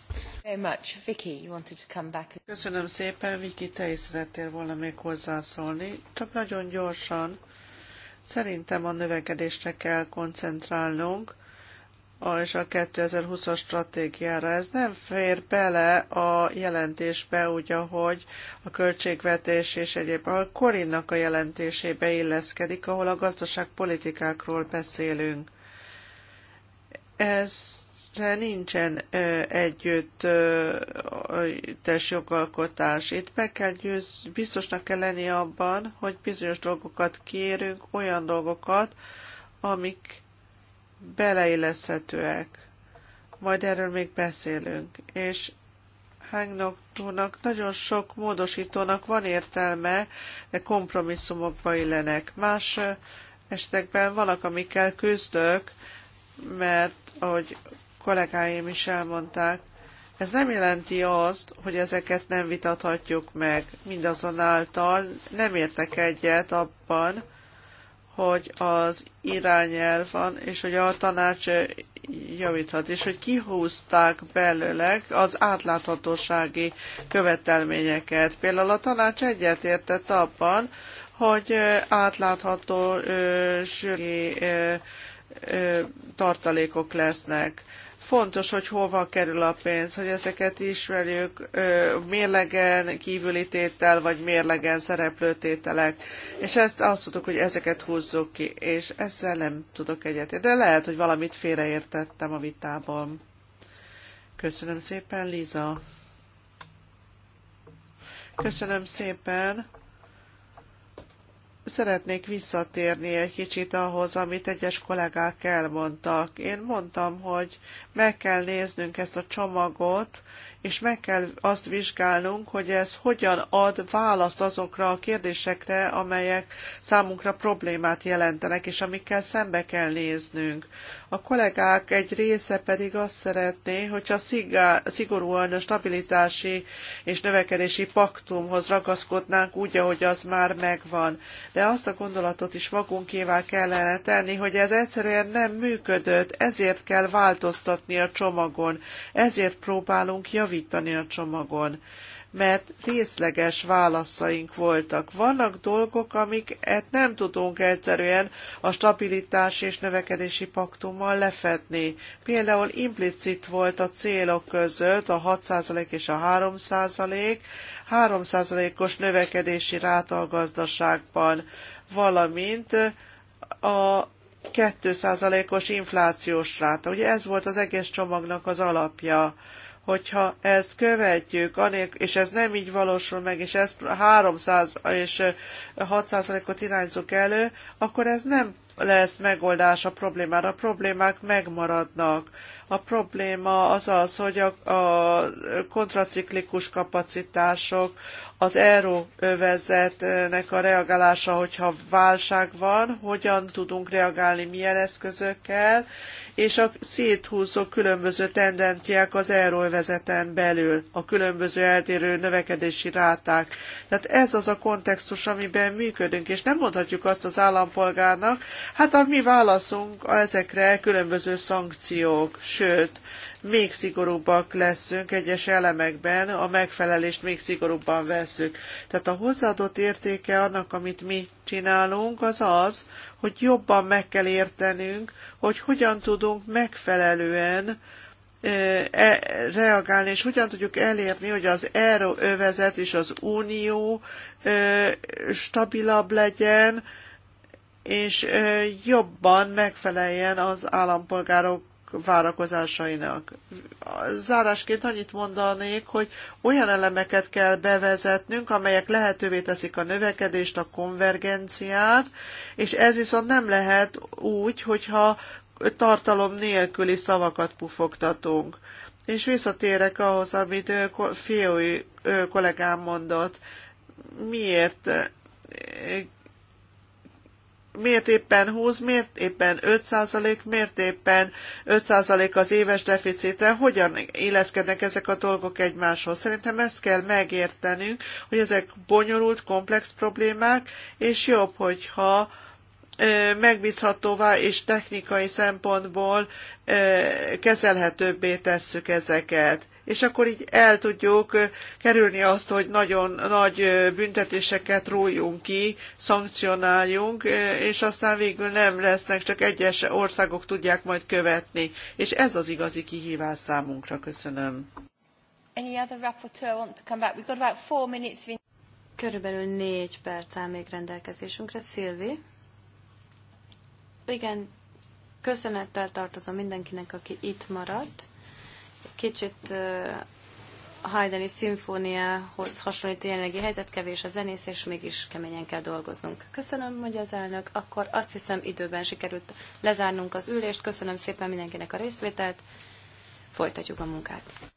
Köszönöm szépen, Viki, te is szerettél volna még hozzászólni. Csak nagyon gyorsan, szerintem a növekedésre kell koncentrálnunk, és a 2020-as stratégiára. Ez nem fér bele a jelentésbe, úgy, ahogy a költségvetés és egyéb a Korinnak a jelentésébe illeszkedik, ahol a gazdaságpolitikákról beszélünk. Ez de nincsen együtt tes jogalkotás. Itt meg kell győz, biztosnak kell lenni abban, hogy bizonyos dolgokat kérünk, olyan dolgokat, amik beleilleszthetőek. Majd erről még beszélünk. És Hangnoktónak nagyon sok módosítónak van értelme, de kompromisszumokba illenek. Más esetekben vannak, amikkel küzdök, mert ahogy kollégáim is elmondták, ez nem jelenti azt, hogy ezeket nem vitathatjuk meg. Mindazonáltal nem értek egyet abban, hogy az irányelv van, és hogy a tanács javíthat, és hogy kihúzták belőleg az átláthatósági követelményeket. Például a tanács egyetértett abban, hogy átlátható zsűri tartalékok lesznek. Fontos, hogy hova kerül a pénz, hogy ezeket ismerjük, mérlegen kívüli tétel, vagy mérlegen szereplő tételek. És ezt azt tudok, hogy ezeket húzzuk ki, és ezzel nem tudok egyet. De lehet, hogy valamit félreértettem a vitában. Köszönöm szépen, Liza. Köszönöm szépen szeretnék visszatérni egy kicsit ahhoz, amit egyes kollégák elmondtak. Én mondtam, hogy meg kell néznünk ezt a csomagot, és meg kell azt vizsgálnunk, hogy ez hogyan ad választ azokra a kérdésekre, amelyek számunkra problémát jelentenek, és amikkel szembe kell néznünk. A kollégák egy része pedig azt szeretné, hogyha szigorúan a stabilitási és növekedési paktumhoz ragaszkodnánk úgy, ahogy az már megvan. De azt a gondolatot is magunkévá kellene tenni, hogy ez egyszerűen nem működött, ezért kell változtatni a csomagon, ezért próbálunk javítani javítani a csomagon, mert részleges válaszaink voltak. Vannak dolgok, amiket nem tudunk egyszerűen a stabilitás és növekedési paktummal lefedni. Például implicit volt a célok között a 6% és a 3%, 3%-os növekedési ráta a gazdaságban, valamint a 2%-os inflációs ráta. Ugye ez volt az egész csomagnak az alapja hogyha ezt követjük, és ez nem így valósul meg, és ezt 300 és 600 ot irányzunk elő, akkor ez nem lesz megoldás a problémára, a problémák megmaradnak a probléma az az, hogy a, a kontraciklikus kapacitások, az euróvezetnek a reagálása, hogyha válság van, hogyan tudunk reagálni, milyen eszközökkel, és a széthúzó különböző tendenciák az euróvezeten belül, a különböző eltérő növekedési ráták. Tehát ez az a kontextus, amiben működünk, és nem mondhatjuk azt az állampolgárnak, hát a mi válaszunk ezekre különböző szankciók, sőt, még szigorúbbak leszünk egyes elemekben, a megfelelést még szigorúbban vesszük. Tehát a hozzáadott értéke annak, amit mi csinálunk, az az, hogy jobban meg kell értenünk, hogy hogyan tudunk megfelelően E, reagálni, és hogyan tudjuk elérni, hogy az euróövezet és az unió e, stabilabb legyen, és e, jobban megfeleljen az állampolgárok várakozásainak. Zárásként annyit mondanék, hogy olyan elemeket kell bevezetnünk, amelyek lehetővé teszik a növekedést, a konvergenciát, és ez viszont nem lehet úgy, hogyha tartalom nélküli szavakat pufogtatunk. És visszatérek ahhoz, amit Fiói kollégám mondott. Miért miért éppen 20, miért éppen 5 százalék, miért éppen 5 százalék az éves deficitre, hogyan illeszkednek ezek a dolgok egymáshoz. Szerintem ezt kell megértenünk, hogy ezek bonyolult, komplex problémák, és jobb, hogyha megbízhatóvá és technikai szempontból kezelhetőbbé tesszük ezeket és akkor így el tudjuk kerülni azt, hogy nagyon nagy büntetéseket rójunk ki, szankcionáljunk, és aztán végül nem lesznek, csak egyes országok tudják majd követni. És ez az igazi kihívás számunkra. Köszönöm. Körülbelül négy perc áll még rendelkezésünkre. Szilvi? Igen, köszönettel tartozom mindenkinek, aki itt maradt kicsit a hajdani szimfóniához hasonlít a jelenlegi helyzet, kevés a zenész, és mégis keményen kell dolgoznunk. Köszönöm, mondja az elnök. Akkor azt hiszem időben sikerült lezárnunk az ülést. Köszönöm szépen mindenkinek a részvételt. Folytatjuk a munkát.